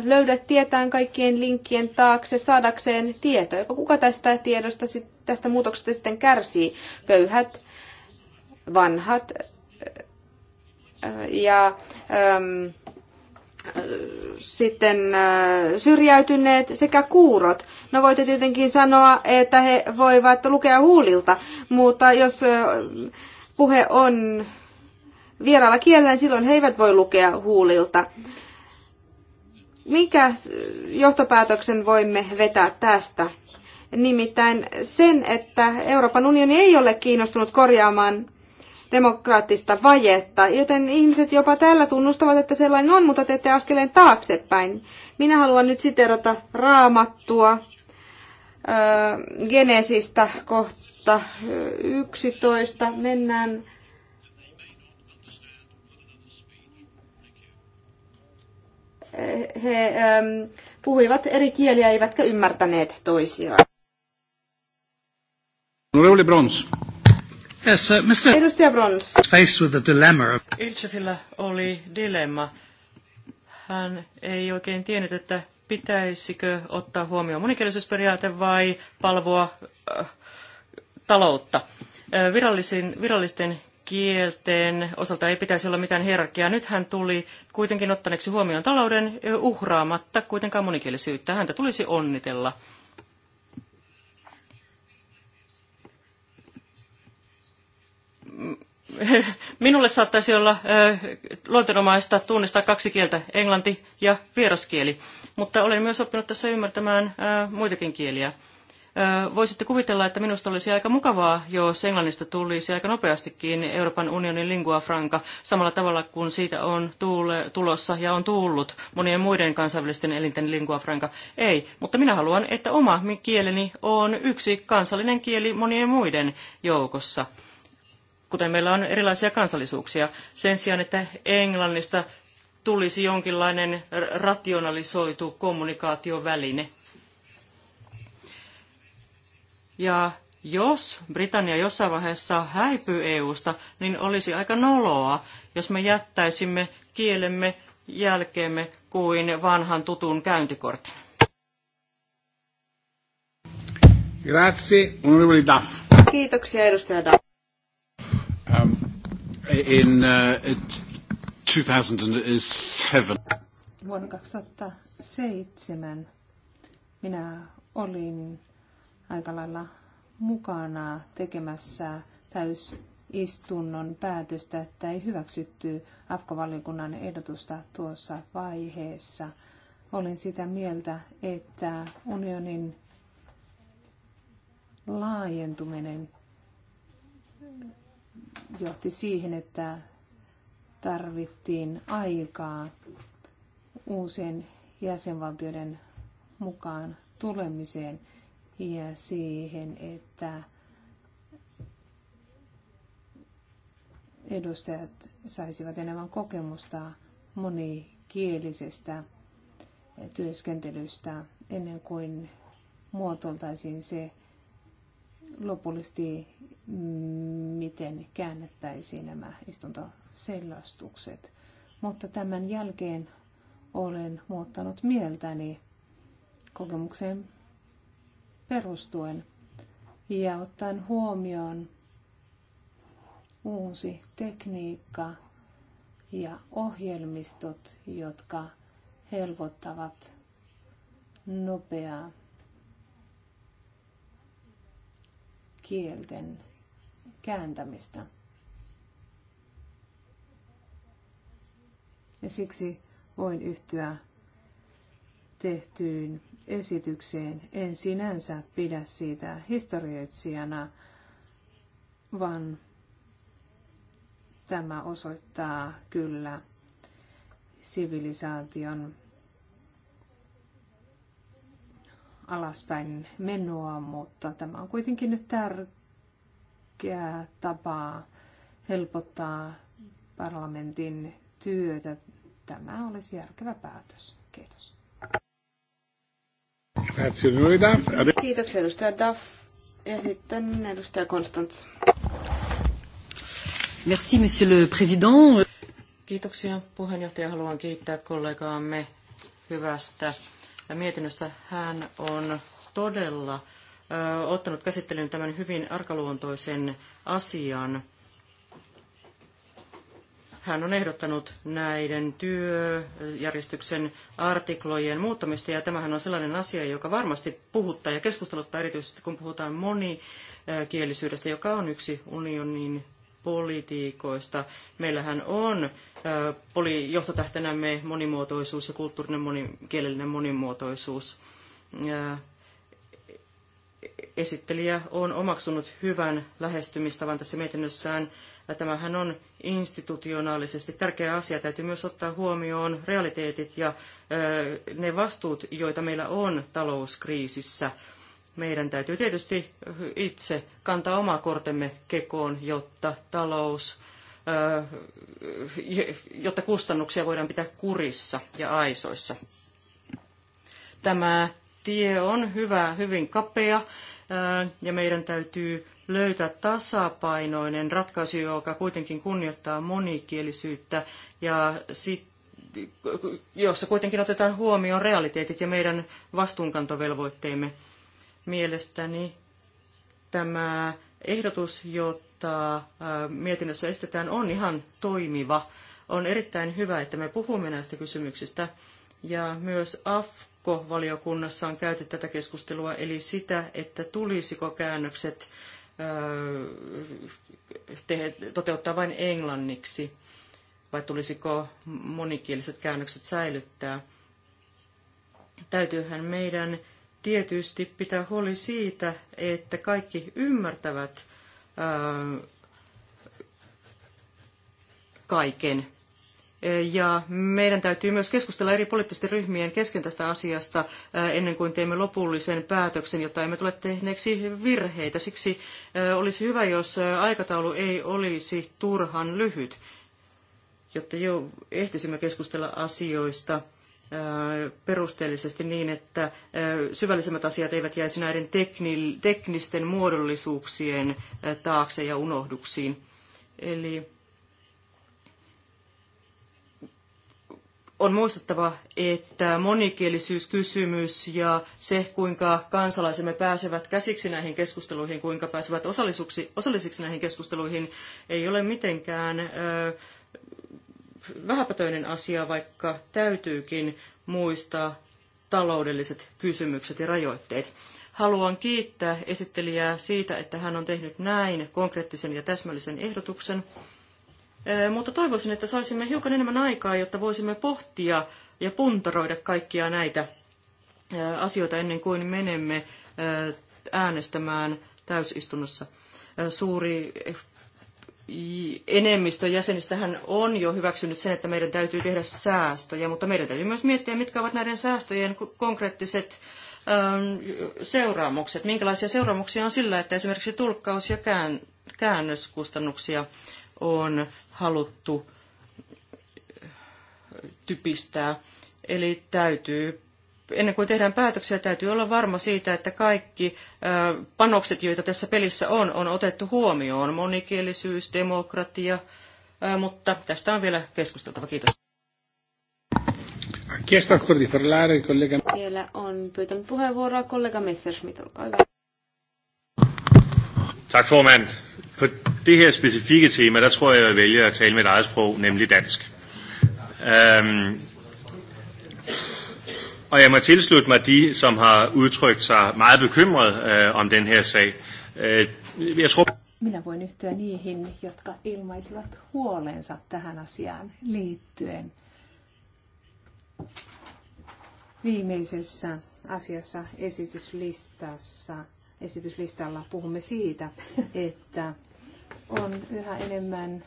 löydä tietään kaikkien linkkien taakse saadakseen tietoa. Kuka tästä tiedosta, tästä muutoksesta sitten kärsii? Köyhät, vanhat ja ähm, sitten syrjäytyneet sekä kuurot. No voitte tietenkin sanoa, että he voivat lukea huulilta, mutta jos puhe on vieraalla kielellä, niin silloin he eivät voi lukea huulilta. Mikä johtopäätöksen voimme vetää tästä? Nimittäin sen, että Euroopan unioni ei ole kiinnostunut korjaamaan demokraattista vajetta, joten ihmiset jopa tällä tunnustavat, että sellainen on, mutta teette askeleen taaksepäin. Minä haluan nyt siterata raamattua öö, Genesistä kohta 11. Mennään he ähm, puhuivat eri kieliä eivätkä ymmärtäneet toisiaan. Honorable Brons. Yes, uh, Mr. Edustaja Brons. Faced with the dilemma. Ilsefillä oli dilemma. Hän ei oikein tiennyt, että pitäisikö ottaa huomioon monikielisyysperiaate vai palvoa äh, taloutta. Äh, virallisin, virallisten kielten osalta ei pitäisi olla mitään hierarkiaa. Nyt hän tuli kuitenkin ottaneeksi huomioon talouden uhraamatta kuitenkaan monikielisyyttä. Häntä tulisi onnitella. Minulle saattaisi olla luontonomaista tunnistaa kaksi kieltä, englanti ja vieraskieli, mutta olen myös oppinut tässä ymmärtämään muitakin kieliä. Voisitte kuvitella, että minusta olisi aika mukavaa, jos englannista tulisi aika nopeastikin Euroopan unionin lingua franca, samalla tavalla kuin siitä on tuule, tulossa ja on tullut monien muiden kansainvälisten elinten lingua franca. Ei, mutta minä haluan, että oma kieleni on yksi kansallinen kieli monien muiden joukossa kuten meillä on erilaisia kansallisuuksia, sen sijaan, että englannista tulisi jonkinlainen rationalisoitu kommunikaatioväline. Ja jos Britannia jossain vaiheessa häipyy EUsta, niin olisi aika noloa, jos me jättäisimme kielemme jälkeemme kuin vanhan tutun käyntikortin. Grazie, onorevole Duff. Kiitoksia, edustaja Duff. Um, in uh, 2007. Vuonna 2007 minä olin aika lailla mukana tekemässä täysistunnon päätöstä, että ei hyväksytty AFKO-valiokunnan ehdotusta tuossa vaiheessa. Olin sitä mieltä, että unionin laajentuminen johti siihen, että tarvittiin aikaa uusien jäsenvaltioiden mukaan tulemiseen – ja siihen, että edustajat saisivat enemmän kokemusta monikielisestä työskentelystä ennen kuin muotoiltaisiin se lopullisesti, miten käännettäisiin nämä istuntoselostukset. Mutta tämän jälkeen olen muuttanut mieltäni kokemuksen perustuen ja ottaen huomioon uusi tekniikka ja ohjelmistot, jotka helpottavat nopeaa kielten kääntämistä. Ja siksi voin yhtyä tehtyyn esitykseen. En sinänsä pidä siitä historioitsijana, vaan tämä osoittaa kyllä sivilisaation alaspäin menoa, mutta tämä on kuitenkin nyt tärkeä tapa helpottaa parlamentin työtä. Tämä olisi järkevä päätös. Kiitos. Kiitoksia edustaja Duff ja sitten edustaja Konstants. Merci, monsieur le président. Kiitoksia puheenjohtaja. Haluan kiittää kollegaamme hyvästä mietinnöstä. Hän on todella ö, ottanut käsittelyyn tämän hyvin arkaluontoisen asian hän on ehdottanut näiden työjärjestyksen artiklojen muuttamista, ja tämähän on sellainen asia, joka varmasti puhuttaa ja keskusteluttaa erityisesti, kun puhutaan monikielisyydestä, joka on yksi unionin politiikoista. Meillähän on poli- johtotähtenämme monimuotoisuus ja kulttuurinen moni- kielellinen monimuotoisuus. Esittelijä on omaksunut hyvän lähestymistavan tässä mietinnössään Tämähän on institutionaalisesti tärkeä asia. Täytyy myös ottaa huomioon realiteetit ja ne vastuut, joita meillä on talouskriisissä. Meidän täytyy tietysti itse kantaa oma kortemme kekoon, jotta talous, jotta kustannuksia voidaan pitää kurissa ja aisoissa. Tämä tie on hyvä, hyvin kapea ja meidän täytyy löytää tasapainoinen ratkaisu, joka kuitenkin kunnioittaa monikielisyyttä ja sit, jossa kuitenkin otetaan huomioon realiteetit ja meidän vastuunkantovelvoitteemme. Mielestäni tämä ehdotus, jota mietinnössä estetään, on ihan toimiva. On erittäin hyvä, että me puhumme näistä kysymyksistä ja myös AFK valiokunnassa on käyty tätä keskustelua, eli sitä, että tulisiko käännökset te, toteuttaa vain englanniksi, vai tulisiko monikieliset käännökset säilyttää. Täytyyhän meidän tietysti pitää huoli siitä, että kaikki ymmärtävät ää, kaiken ja meidän täytyy myös keskustella eri poliittisten ryhmien kesken tästä asiasta ennen kuin teemme lopullisen päätöksen, jotta emme tule tehneeksi virheitä. Siksi olisi hyvä, jos aikataulu ei olisi turhan lyhyt, jotta jo ehtisimme keskustella asioista perusteellisesti niin, että syvällisemmät asiat eivät jäisi näiden teknisten muodollisuuksien taakse ja unohduksiin. Eli on muistettava, että monikielisyyskysymys ja se, kuinka kansalaisemme pääsevät käsiksi näihin keskusteluihin, kuinka pääsevät osallisiksi näihin keskusteluihin, ei ole mitenkään vähäpätöinen asia, vaikka täytyykin muistaa taloudelliset kysymykset ja rajoitteet. Haluan kiittää esittelijää siitä, että hän on tehnyt näin konkreettisen ja täsmällisen ehdotuksen. Mutta toivoisin, että saisimme hiukan enemmän aikaa, jotta voisimme pohtia ja puntaroida kaikkia näitä asioita ennen kuin menemme äänestämään täysistunnossa. Suuri enemmistö jäsenistähän on jo hyväksynyt sen, että meidän täytyy tehdä säästöjä, mutta meidän täytyy myös miettiä, mitkä ovat näiden säästöjen konkreettiset ähm, seuraamukset. Minkälaisia seuraamuksia on sillä, että esimerkiksi tulkkaus- ja käännöskustannuksia on haluttu typistää. Eli täytyy, ennen kuin tehdään päätöksiä, täytyy olla varma siitä, että kaikki panokset, joita tässä pelissä on, on otettu huomioon. Monikielisyys, demokratia, mutta tästä on vielä keskusteltava. Kiitos. Vielä on pyytänyt puheenvuoroa kollega Messerschmidt, olkaa hyvä. Tack för På det her specifikke tema, der tror jeg, at jeg vælger at tale mit eget sprog, nemlig dansk. Øhm, og jeg må tilslutte mig de, som har udtrykt sig meget bekymret øh, om den her sag. Øh, jeg tror... Minä voin yhtyä niihin, jotka ilmaisivat huolensa tähän asiaan liittyen. Viimeisessä asiassa esityslistassa esityslistalla. Puhumme siitä, että on yhä enemmän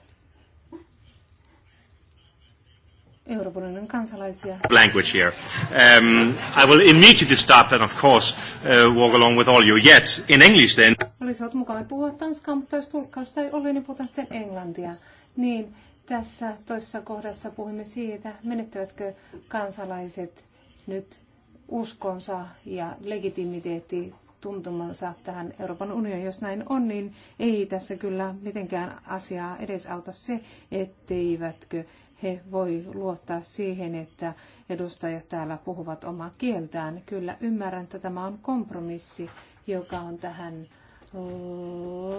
Euroopan kansalaisia. Language here. Um, I will immediately start and of course uh, walk along with all you yet in English then. Olisivat mukava puhua tanskaa, mutta jos tulkkausta ei ole, niin puhutaan sitten englantia. Niin tässä toisessa kohdassa puhumme siitä, menettävätkö kansalaiset nyt uskonsa ja legitimiteetti tuntumansa tähän Euroopan unioniin. Jos näin on, niin ei tässä kyllä mitenkään asiaa edesauta se, etteivätkö he voi luottaa siihen, että edustajat täällä puhuvat omaa kieltään. Kyllä ymmärrän, että tämä on kompromissi, joka on tähän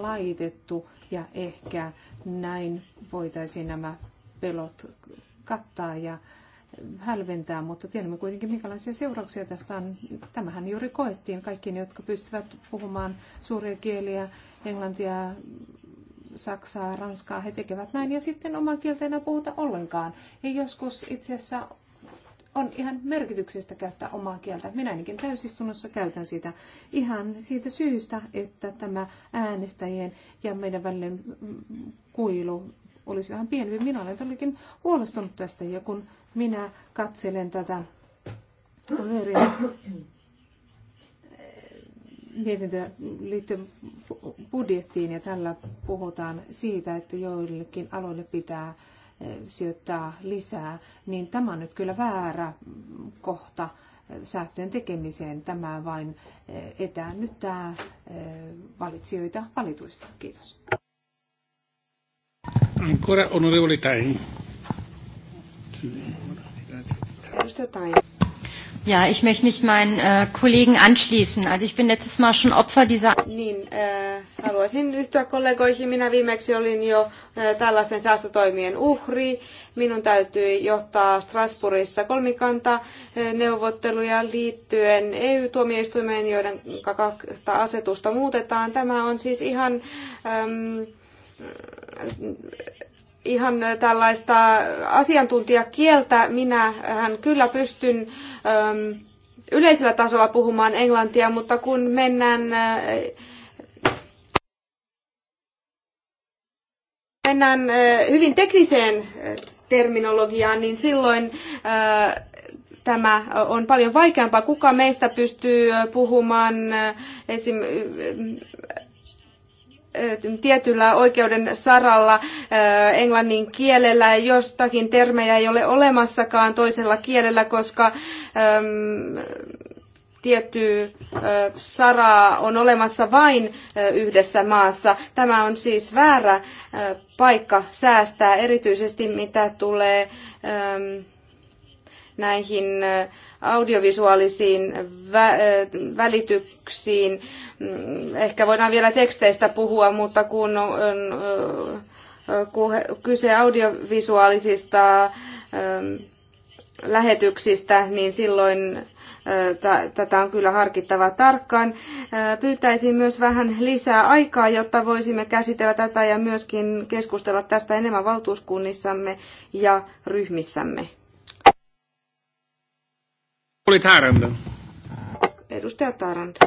laitettu ja ehkä näin voitaisiin nämä pelot kattaa ja hälventää, mutta tiedämme kuitenkin, minkälaisia seurauksia tästä on. Tämähän juuri koettiin. Kaikki ne, jotka pystyvät puhumaan suuria kieliä, englantia, saksaa, ranskaa, he tekevät näin. Ja sitten omaa kieltä puhuta ollenkaan. Ja joskus itse asiassa on ihan merkityksestä käyttää omaa kieltä. Minä ainakin täysistunnossa käytän sitä ihan siitä syystä, että tämä äänestäjien ja meidän välinen kuilu olisi vähän pienempi. Minä olen todellakin huolestunut tästä ja kun minä katselen tätä kaveria äh, mietintöä liittyen budjettiin ja tällä puhutaan siitä, että joillekin aloille pitää äh, sijoittaa lisää, niin tämä on nyt kyllä väärä kohta äh, säästöjen tekemiseen. Tämä vain etäännyttää valitsijoita valituista. Kiitos. Ancora onorevole Tain. Ja, ich möchte mich meinen äh, Kollegen anschließen. Also ich bin letztes Mal schon Opfer dieser... Niin, äh, haluaisin yhtyä kollegoihin. Minä viimeksi olin jo äh, tällaisten säästötoimien uhri. Minun täytyi johtaa Strasbourgissa kolmikanta äh, neuvotteluja liittyen EU-tuomioistuimeen, joiden kahta asetusta muutetaan. Tämä on siis ihan... Ähm, ihan tällaista asiantuntijakieltä. Minä hän kyllä pystyn ähm, yleisellä tasolla puhumaan englantia, mutta kun mennään äh, mennään äh, hyvin tekniseen äh, terminologiaan, niin silloin tämä on paljon vaikeampaa. Kuka meistä pystyy puhumaan esim tietyllä oikeuden saralla englannin kielellä jostakin termejä ei ole olemassakaan toisella kielellä, koska äm, tietty sara on olemassa vain yhdessä maassa. Tämä on siis väärä paikka säästää, erityisesti mitä tulee äm, näihin audiovisuaalisiin vä- välityksiin. Mm, ehkä voidaan vielä teksteistä puhua, mutta kun on kyse audiovisuaalisista lähetyksistä, niin silloin tätä on kyllä harkittava tarkkaan. Pyytäisin myös vähän lisää aikaa, jotta voisimme käsitellä tätä ja myöskin keskustella tästä enemmän valtuuskunnissamme ja ryhmissämme. Oli taranto? Edustaja taranto?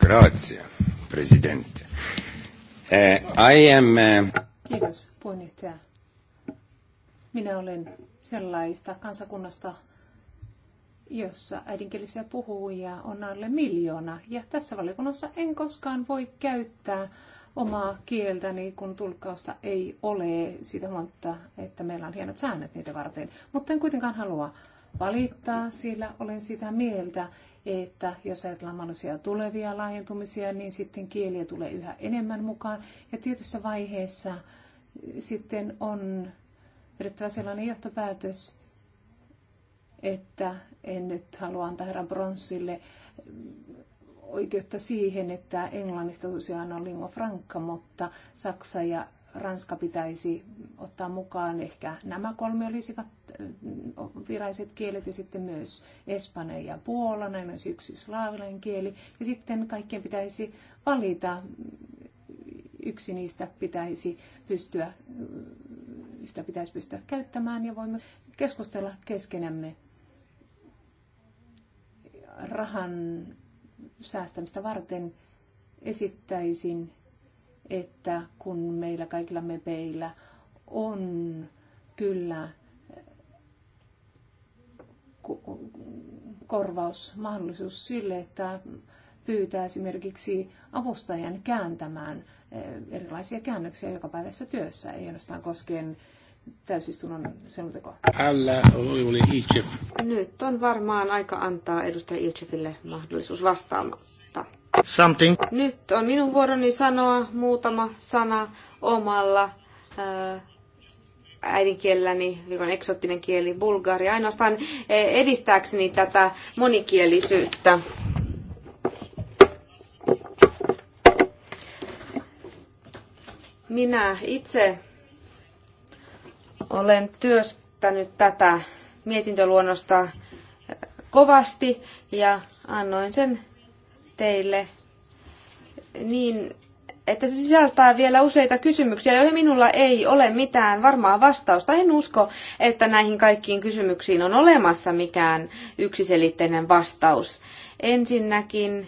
Grazie, presidente. Eh, I am... Uh... Kiitos, puheenjohtaja. Minä olen sellaista kansakunnasta, jossa äidinkielisiä puhujia on alle miljoona. Ja tässä valiokunnassa en koskaan voi käyttää omaa kieltäni, kun tulkkausta ei ole siitä monta, että meillä on hienot säännöt niitä varten. Mutta en kuitenkaan halua valittaa, sillä olen sitä mieltä, että jos ajatellaan mahdollisia tulevia laajentumisia, niin sitten kieliä tulee yhä enemmän mukaan. Ja tietyssä vaiheessa sitten on vedettävä sellainen johtopäätös, että en nyt halua antaa herra Bronsille oikeutta siihen, että englannista tosiaan on lingua franca, mutta saksa ja Ranska pitäisi ottaa mukaan. Ehkä nämä kolme olisivat mm, viralliset kielet ja sitten myös espanja ja puola, näin olisi yksi slaavilainen kieli. Ja sitten kaikkien pitäisi valita, mm, yksi niistä pitäisi pystyä, mm, sitä pitäisi pystyä käyttämään ja voimme keskustella keskenämme rahan säästämistä varten esittäisin että kun meillä kaikilla mepeillä on kyllä eh, korvausmahdollisuus sille, että pyytää esimerkiksi avustajan kääntämään eh, erilaisia käännöksiä joka päivässä työssä, ei ainoastaan koskien täysistunnon selontekoa. Älä oli Nyt on varmaan aika antaa edustaja Ilchefille mahdollisuus vastaamaan something. Nyt on minun vuoroni sanoa muutama sana omalla ää, äh, äidinkielelläni, joka on eksottinen kieli, bulgari, ainoastaan eh, edistääkseni tätä monikielisyyttä. Minä itse olen työstänyt tätä mietintöluonnosta äh, kovasti ja annoin sen teille niin että se sisältää vielä useita kysymyksiä, joihin minulla ei ole mitään varmaa vastausta. En usko, että näihin kaikkiin kysymyksiin on olemassa mikään yksiselitteinen vastaus. Ensinnäkin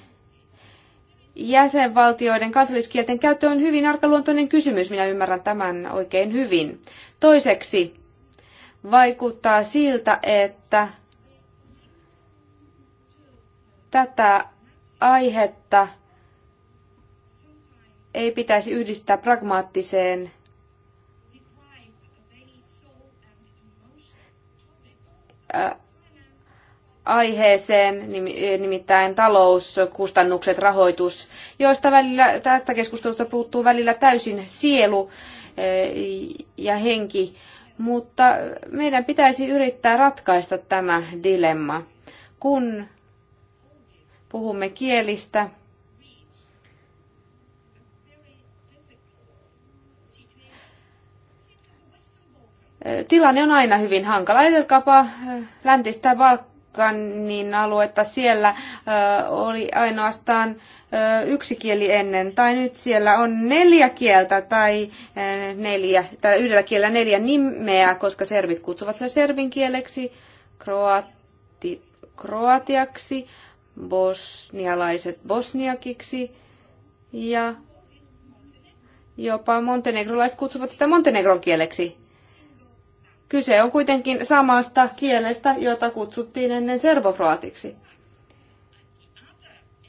jäsenvaltioiden kansalliskielten käyttö on hyvin arkaluontoinen kysymys, minä ymmärrän tämän oikein hyvin. Toiseksi vaikuttaa siltä, että tätä aihetta – ei pitäisi yhdistää pragmaattiseen aiheeseen, nimittäin talouskustannukset, rahoitus, joista välillä, tästä keskustelusta puuttuu välillä täysin sielu ja henki, mutta meidän pitäisi yrittää ratkaista tämä dilemma. Kun puhumme kielistä, tilanne on aina hyvin hankala. Ajatelkaapa läntistä Balkanin aluetta. Siellä oli ainoastaan yksi kieli ennen, tai nyt siellä on neljä kieltä tai, neljä, tai yhdellä kielellä neljä nimeä, koska servit kutsuvat sen servin kieleksi, kroati, kroatiaksi, bosnialaiset bosniakiksi ja jopa montenegrolaiset kutsuvat sitä montenegron kieleksi. Kyse on kuitenkin samasta kielestä, jota kutsuttiin ennen serbokroatiksi.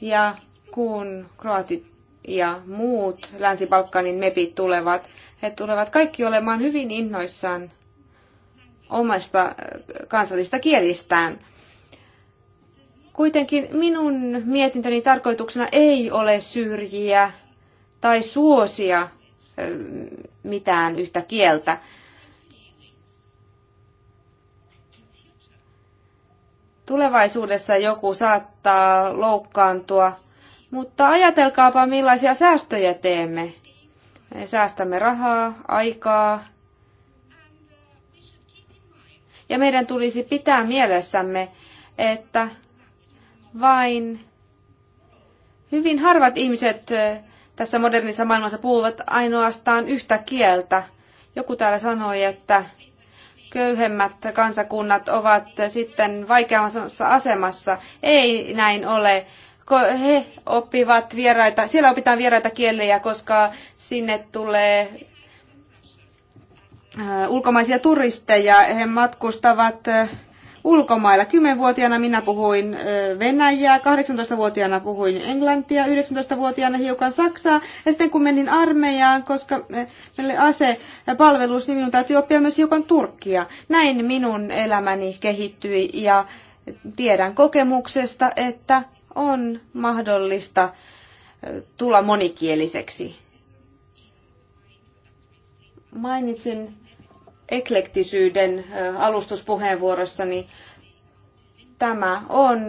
Ja kun kroatit ja muut Länsi-Balkanin mepit tulevat, he tulevat kaikki olemaan hyvin innoissaan omasta äh, kansallista kielistään. Kuitenkin minun mietintöni tarkoituksena ei ole syrjiä tai suosia äh, mitään yhtä kieltä. Tulevaisuudessa joku saattaa loukkaantua, mutta ajatelkaapa millaisia säästöjä teemme. Me säästämme rahaa, aikaa. Ja meidän tulisi pitää mielessämme, että vain hyvin harvat ihmiset tässä modernissa maailmassa puhuvat ainoastaan yhtä kieltä. Joku täällä sanoi, että köyhemmät kansakunnat ovat sitten vaikeammassa asemassa. Ei näin ole. He oppivat vieraita, siellä opitaan vieraita kieliä, koska sinne tulee äh, ulkomaisia turisteja. He matkustavat äh, ulkomailla. 10-vuotiaana minä puhuin Venäjää, 18-vuotiaana puhuin Englantia, 19-vuotiaana hiukan Saksaa. Ja sitten kun menin armeijaan, koska meillä oli asepalvelus, niin minun täytyy oppia myös hiukan Turkkia. Näin minun elämäni kehittyi ja tiedän kokemuksesta, että on mahdollista tulla monikieliseksi. Mainitsin eklektisyyden alustuspuheenvuorossani. Tämä on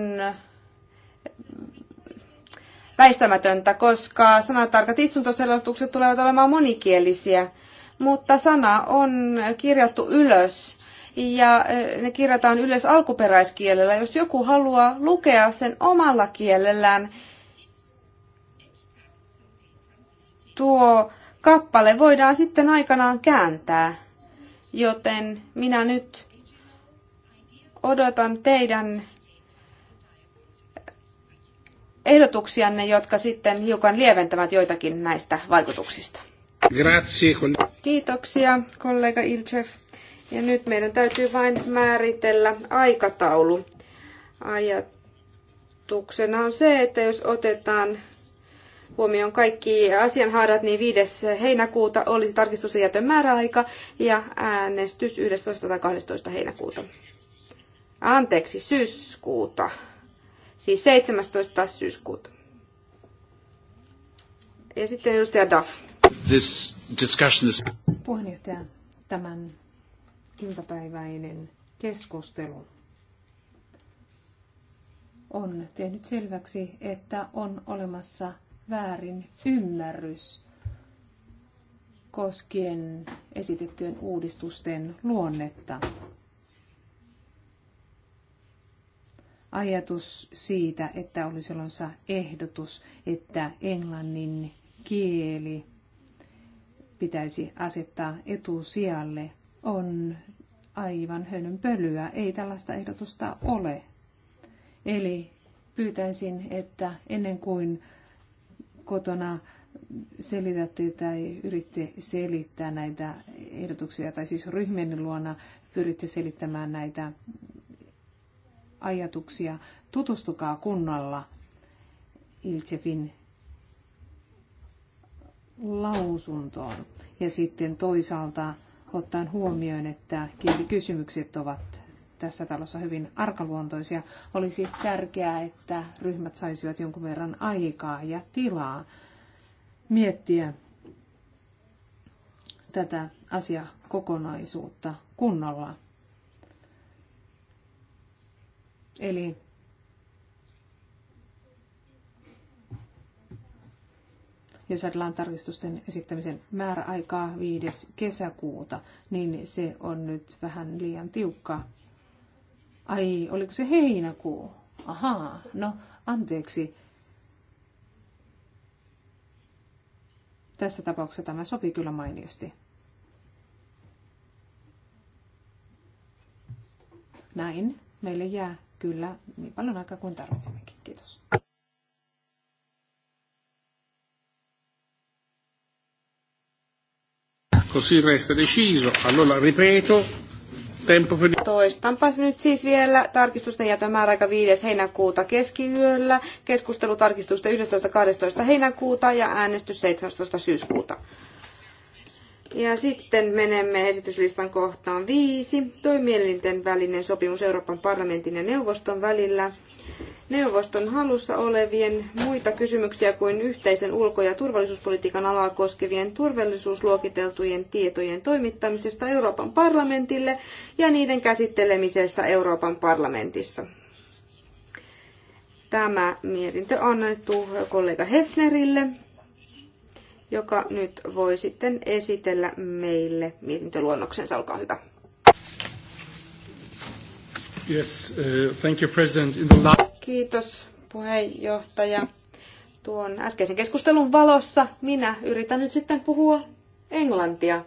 väistämätöntä, koska sanatarkat istuntoselostukset tulevat olemaan monikielisiä, mutta sana on kirjattu ylös ja ne kirjataan ylös alkuperäiskielellä. Jos joku haluaa lukea sen omalla kielellään, tuo kappale voidaan sitten aikanaan kääntää joten minä nyt odotan teidän ehdotuksianne, jotka sitten hiukan lieventävät joitakin näistä vaikutuksista. Kiitoksia, kollega Ilchev. Ja nyt meidän täytyy vain määritellä aikataulu. Ajatuksena on se, että jos otetaan huomioon kaikki asianhaarat, niin 5. heinäkuuta olisi tarkistus- ja määräaika ja äänestys 11. tai 12. heinäkuuta. Anteeksi, syyskuuta. Siis 17. syyskuuta. Ja sitten edustaja Duff. This discussion is... Puheenjohtaja, tämän iltapäiväinen keskustelu on tehnyt selväksi, että on olemassa väärin ymmärrys koskien esitettyjen uudistusten luonnetta. Ajatus siitä, että olisi olonsa ehdotus, että englannin kieli pitäisi asettaa etusijalle, on aivan hölynpölyä. Ei tällaista ehdotusta ole. Eli pyytäisin, että ennen kuin kotona selitätte tai yritti selittää näitä ehdotuksia, tai siis ryhmien luona pyritte selittämään näitä ajatuksia. Tutustukaa kunnolla Iltsefin lausuntoon. Ja sitten toisaalta ottaen huomioon, että kielikysymykset ovat tässä talossa hyvin arkaluontoisia. Olisi tärkeää, että ryhmät saisivat jonkun verran aikaa ja tilaa miettiä tätä asiakokonaisuutta kunnolla. Eli jos ajatellaan tarkistusten esittämisen määräaikaa 5. kesäkuuta, niin se on nyt vähän liian tiukka Ai, oliko se heinäkuu? Ahaa, no anteeksi. Tässä tapauksessa tämä sopii kyllä mainiosti. Näin meille jää kyllä niin paljon aikaa kuin tarvitsemmekin. Kiitos. Così resta deciso. Allora ripeto, Toistanpas nyt siis vielä tarkistusten tämä määräaika 5. heinäkuuta keskiyöllä, keskustelu tarkistusta 11.12. heinäkuuta ja äänestys 17. syyskuuta. Ja sitten menemme esityslistan kohtaan 5. Toimielinten välinen sopimus Euroopan parlamentin ja neuvoston välillä neuvoston halussa olevien muita kysymyksiä kuin yhteisen ulko- ja turvallisuuspolitiikan alaa koskevien turvallisuusluokiteltujen tietojen toimittamisesta Euroopan parlamentille ja niiden käsittelemisestä Euroopan parlamentissa. Tämä mietintö on annettu kollega Hefnerille, joka nyt voi sitten esitellä meille mietintöluonnoksensa. Olkaa hyvä. Yes, uh, thank you, President. In the last... Kiitos puheenjohtaja. Tuon äskeisen keskustelun valossa minä yritän nyt sitten puhua englantia.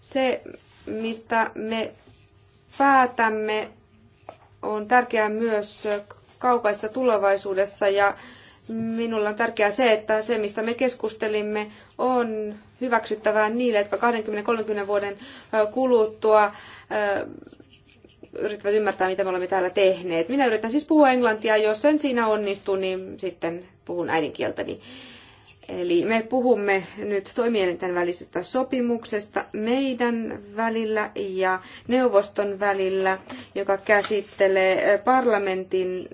Se, mistä me päätämme, on tärkeää myös kaukaisessa tulevaisuudessa ja Minulla on tärkeää se, että se, mistä me keskustelimme, on hyväksyttävää niille, jotka 20-30 vuoden kuluttua yrittävät ymmärtää, mitä me olemme täällä tehneet. Minä yritän siis puhua englantia, jos en siinä onnistu, niin sitten puhun äidinkieltäni. Eli me puhumme nyt toimielinten välisestä sopimuksesta meidän välillä ja neuvoston välillä, joka käsittelee parlamentin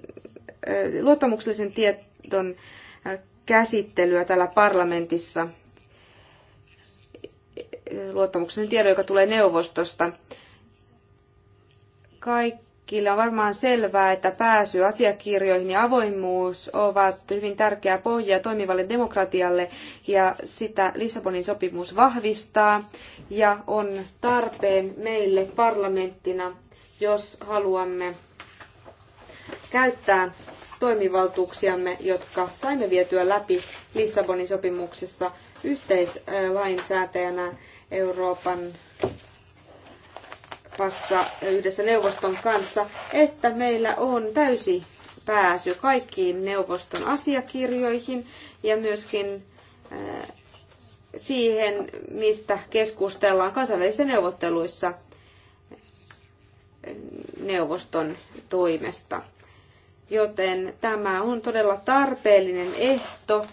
luottamuksellisen tietoon tiedon äh, käsittelyä täällä parlamentissa luottamuksen tiedon, joka tulee neuvostosta. Kaikille on varmaan selvää, että pääsy asiakirjoihin ja avoimuus ovat hyvin tärkeä pohja toimivalle demokratialle ja sitä Lissabonin sopimus vahvistaa ja on tarpeen meille parlamenttina, jos haluamme käyttää toimivaltuuksiamme, jotka saimme vietyä läpi Lissabonin sopimuksessa yhteislainsäätäjänä Euroopan passa yhdessä neuvoston kanssa, että meillä on täysi pääsy kaikkiin neuvoston asiakirjoihin ja myöskin eh, siihen, mistä keskustellaan kansainvälisissä neuvotteluissa neuvoston toimesta joten tämä on todella tarpeellinen ehto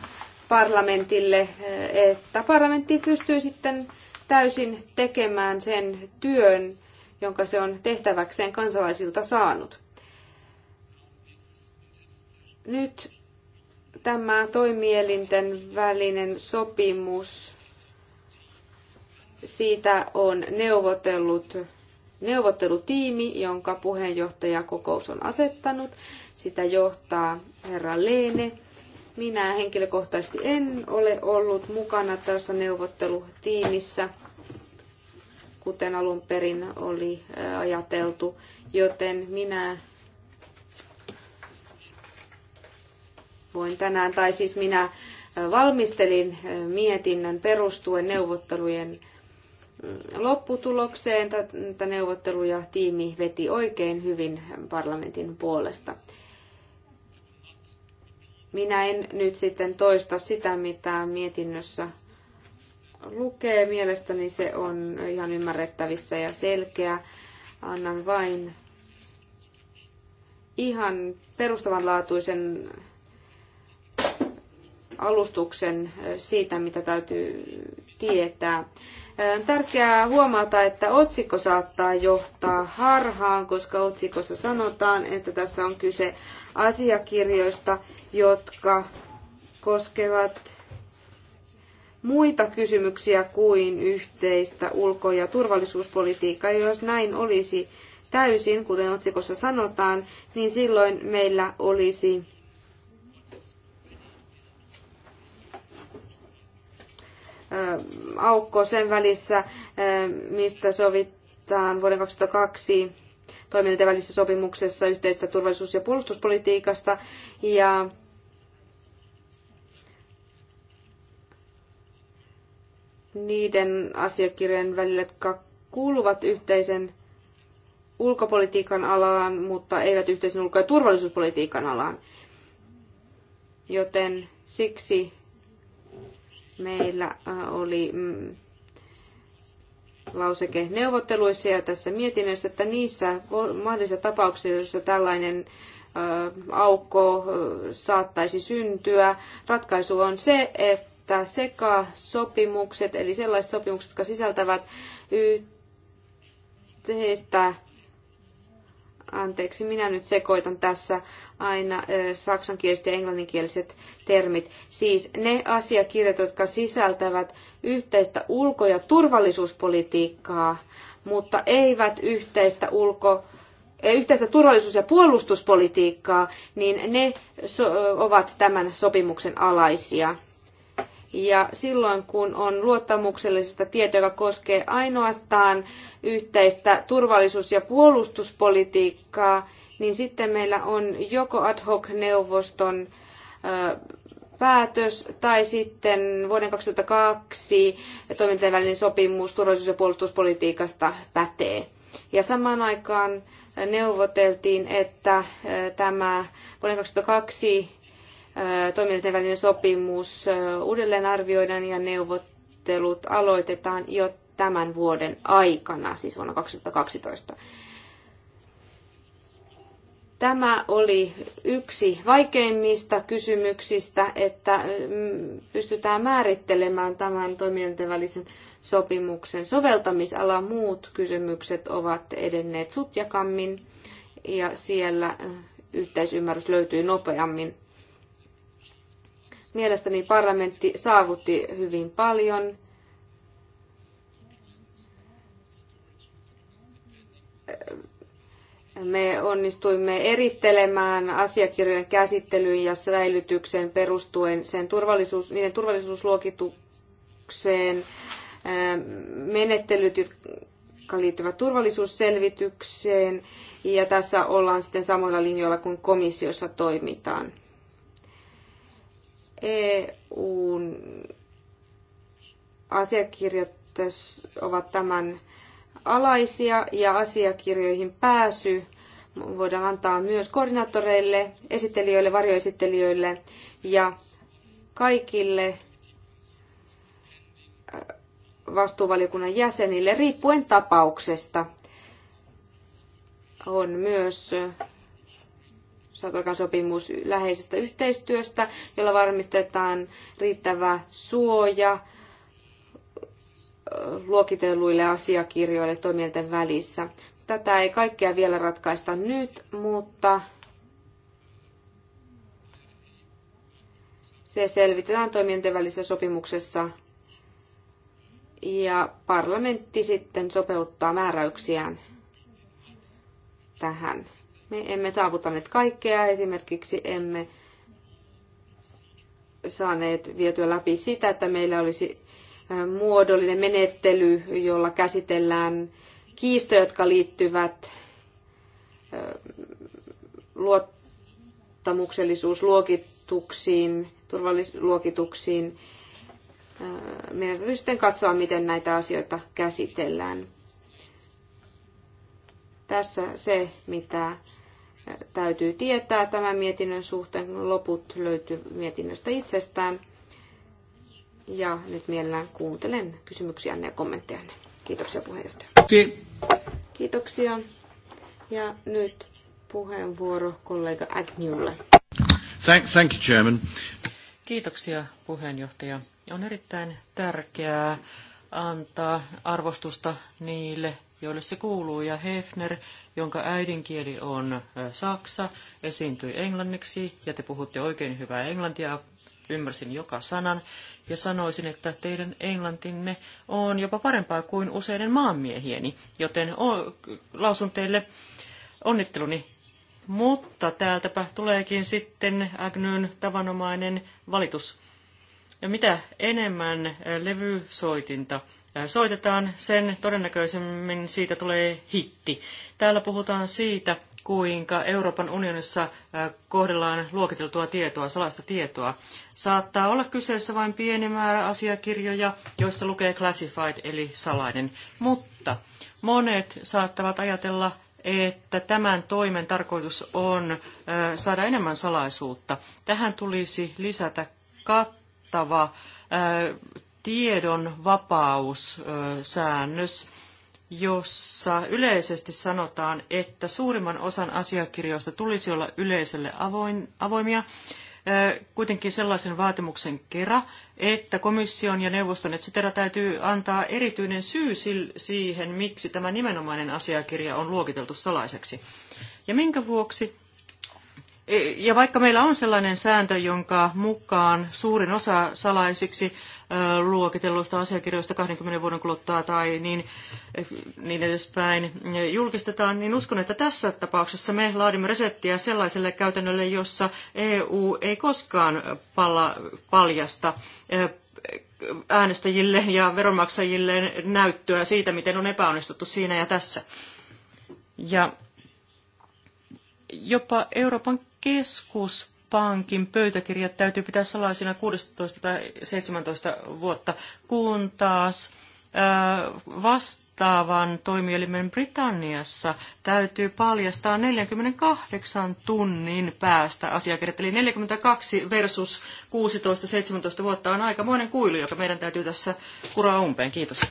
parlamentille, että parlamentti pystyy sitten täysin tekemään sen työn, jonka se on tehtäväkseen kansalaisilta saanut. Nyt tämä toimielinten välinen sopimus, siitä on neuvotellut neuvottelutiimi, jonka puheenjohtajakokous on asettanut. Sitä johtaa herra Leene. Minä henkilökohtaisesti en ole ollut mukana tässä neuvottelutiimissä, kuten alun perin oli ajateltu, joten minä voin tänään, tai siis minä valmistelin mietinnön perustuen neuvottelujen lopputulokseen. Tätä neuvotteluja tiimi veti oikein hyvin parlamentin puolesta. Minä en nyt sitten toista sitä, mitä mietinnössä lukee. Mielestäni se on ihan ymmärrettävissä ja selkeä. Annan vain ihan perustavanlaatuisen alustuksen siitä, mitä täytyy tietää. On tärkeää huomata, että otsikko saattaa johtaa harhaan, koska otsikossa sanotaan, että tässä on kyse asiakirjoista, jotka koskevat muita kysymyksiä kuin yhteistä ulko- ja turvallisuuspolitiikkaa. Jos näin olisi täysin, kuten otsikossa sanotaan, niin silloin meillä olisi aukko sen välissä, mistä sovitaan vuoden 2002 toimijoiden välisessä sopimuksessa yhteistä turvallisuus- ja puolustuspolitiikasta. Ja niiden asiakirjojen välillä, jotka kuuluvat yhteisen ulkopolitiikan alaan, mutta eivät yhteisen ulko- ja turvallisuuspolitiikan alaan. Joten siksi meillä äh, oli mm, lauseke neuvotteluissa ja tässä mietinnössä, että niissä mahdollisissa tapauksissa, joissa tällainen aukko saattaisi syntyä, ratkaisu on se, että sekasopimukset, eli sellaiset sopimukset, jotka sisältävät yhteistä, anteeksi, minä nyt sekoitan tässä, aina saksankieliset ja englanninkieliset termit. Siis ne asiakirjat, jotka sisältävät yhteistä ulko- ja turvallisuuspolitiikkaa, mutta eivät yhteistä ulko- yhteistä turvallisuus- ja puolustuspolitiikkaa, niin ne ovat tämän sopimuksen alaisia. Ja silloin, kun on luottamuksellisesta tietoa, joka koskee ainoastaan yhteistä turvallisuus- ja puolustuspolitiikkaa, niin sitten meillä on joko ad hoc-neuvoston päätös tai sitten vuoden 2002 toimintojen välinen sopimus turvallisuus- ja puolustuspolitiikasta pätee. Ja samaan aikaan neuvoteltiin, että tämä vuoden 2002 toimintojen välinen sopimus uudelleen arvioidaan ja neuvottelut aloitetaan jo tämän vuoden aikana, siis vuonna 2012. Tämä oli yksi vaikeimmista kysymyksistä, että pystytään määrittelemään tämän toimijoiden välisen sopimuksen soveltamisala. Muut kysymykset ovat edenneet sutjakammin ja siellä yhteisymmärrys löytyi nopeammin. Mielestäni parlamentti saavutti hyvin paljon Me onnistuimme erittelemään asiakirjojen käsittelyyn ja säilytykseen perustuen sen turvallisuus, niiden turvallisuusluokitukseen ähm, menettelyt, jotka liittyvät turvallisuusselvitykseen, ja tässä ollaan sitten samoilla linjoilla kuin komissiossa toimitaan. EUn asiakirjat ovat tämän alaisia ja asiakirjoihin pääsy voidaan antaa myös koordinaattoreille, esittelijöille, varjoesittelijöille ja kaikille äh, vastuuvaliokunnan jäsenille riippuen tapauksesta. On myös äh, saatu sopimus läheisestä yhteistyöstä, jolla varmistetaan riittävä suoja luokitelluille asiakirjoille toimijoiden välissä. Tätä ei kaikkea vielä ratkaista nyt, mutta se selvitetään toimijoiden välisessä sopimuksessa ja parlamentti sitten sopeuttaa määräyksiään tähän. Me emme saavutaneet kaikkea, esimerkiksi emme saaneet vietyä läpi sitä, että meillä olisi muodollinen menettely, jolla käsitellään kiistoja, jotka liittyvät luottamuksellisuusluokituksiin, turvallisuusluokituksiin. Meidän täytyy sitten katsoa, miten näitä asioita käsitellään. Tässä se, mitä täytyy tietää tämän mietinnön suhteen, loput löytyy mietinnöstä itsestään. Ja nyt mielellään kuuntelen kysymyksiänne ja kommenttejanne. Kiitoksia puheenjohtaja. Si- Kiitoksia. Ja nyt puheenvuoro kollega Agnewlle. Thank, thank you, Chairman. Kiitoksia puheenjohtaja. On erittäin tärkeää antaa arvostusta niille, joille se kuuluu. Ja Hefner, jonka äidinkieli on saksa, esiintyi englanniksi, ja te puhutte oikein hyvää englantia, ymmärsin joka sanan, ja sanoisin, että teidän englantinne on jopa parempaa kuin useiden maanmiehieni, joten o, lausun teille onnitteluni. Mutta täältäpä tuleekin sitten Agnyn tavanomainen valitus. Ja mitä enemmän levysoitinta soitetaan, sen todennäköisemmin siitä tulee hitti. Täällä puhutaan siitä, kuinka Euroopan unionissa äh, kohdellaan luokiteltua tietoa, salaista tietoa. Saattaa olla kyseessä vain pieni määrä asiakirjoja, joissa lukee classified eli salainen, mutta monet saattavat ajatella, että tämän toimen tarkoitus on äh, saada enemmän salaisuutta. Tähän tulisi lisätä kattava äh, tiedon vapaussäännös. säännös jossa yleisesti sanotaan, että suurimman osan asiakirjoista tulisi olla yleisölle avoin, avoimia, kuitenkin sellaisen vaatimuksen kera, että komission ja neuvoston et cetera, täytyy antaa erityinen syy siihen, miksi tämä nimenomainen asiakirja on luokiteltu salaiseksi. Ja minkä vuoksi ja vaikka meillä on sellainen sääntö, jonka mukaan suurin osa salaisiksi luokitelluista asiakirjoista 20 vuoden kuluttua tai niin, niin edespäin julkistetaan, niin uskon, että tässä tapauksessa me laadimme reseptiä sellaiselle käytännölle, jossa EU ei koskaan pala, paljasta äänestäjille ja veronmaksajille näyttöä siitä, miten on epäonnistuttu siinä ja tässä. Ja jopa Euroopan keskuspankin pöytäkirjat täytyy pitää salaisina 16 tai 17 vuotta, kun taas vastaavan toimielimen Britanniassa täytyy paljastaa 48 tunnin päästä asiakirjat. Eli 42 versus 16-17 vuotta on aikamoinen kuilu, joka meidän täytyy tässä kuraa umpeen. Kiitos.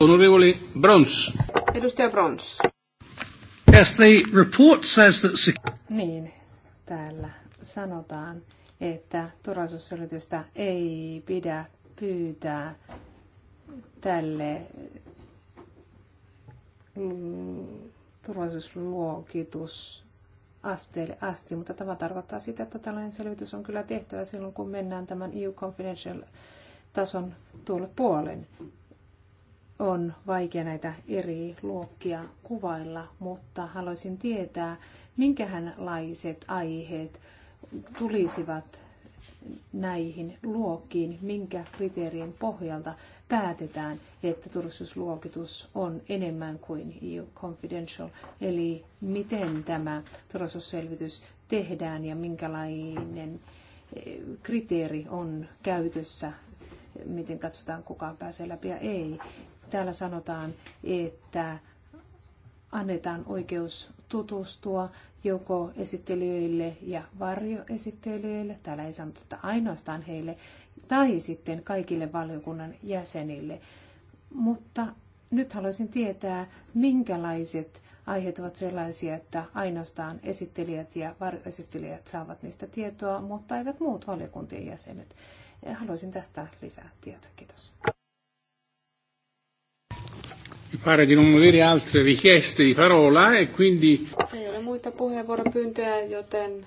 Onorevoli Brons. Edustaja Brons. Yes, the report says that... Niin, täällä sanotaan, että turvallisuusselvitystä ei pidä pyytää tälle mm, turvallisuusluokitusasteelle asti, mutta tämä tarkoittaa sitä, että tällainen selvitys on kyllä tehtävä silloin, kun mennään tämän EU Confidential tason tuolle puolen on vaikea näitä eri luokkia kuvailla, mutta haluaisin tietää, minkälaiset aiheet tulisivat näihin luokkiin, minkä kriteerien pohjalta päätetään, että turvallisuusluokitus on enemmän kuin EU Confidential, eli miten tämä turvallisuusselvitys tehdään ja minkälainen eh, kriteeri on käytössä miten katsotaan kuka pääsee läpi ja ei. Täällä sanotaan, että annetaan oikeus tutustua joko esittelijöille ja varjoesittelijöille, täällä ei sanota, että ainoastaan heille, tai sitten kaikille valiokunnan jäsenille. Mutta nyt haluaisin tietää, minkälaiset aiheet ovat sellaisia, että ainoastaan esittelijät ja varjoesittelijät saavat niistä tietoa, mutta eivät muut valiokuntien jäsenet. Haluaisin tästä lisää tietoa. Kiitos. Mi pare di non avere altre richieste di parola e quindi... Ei ole muita puheenvuoropyyntöjä, joten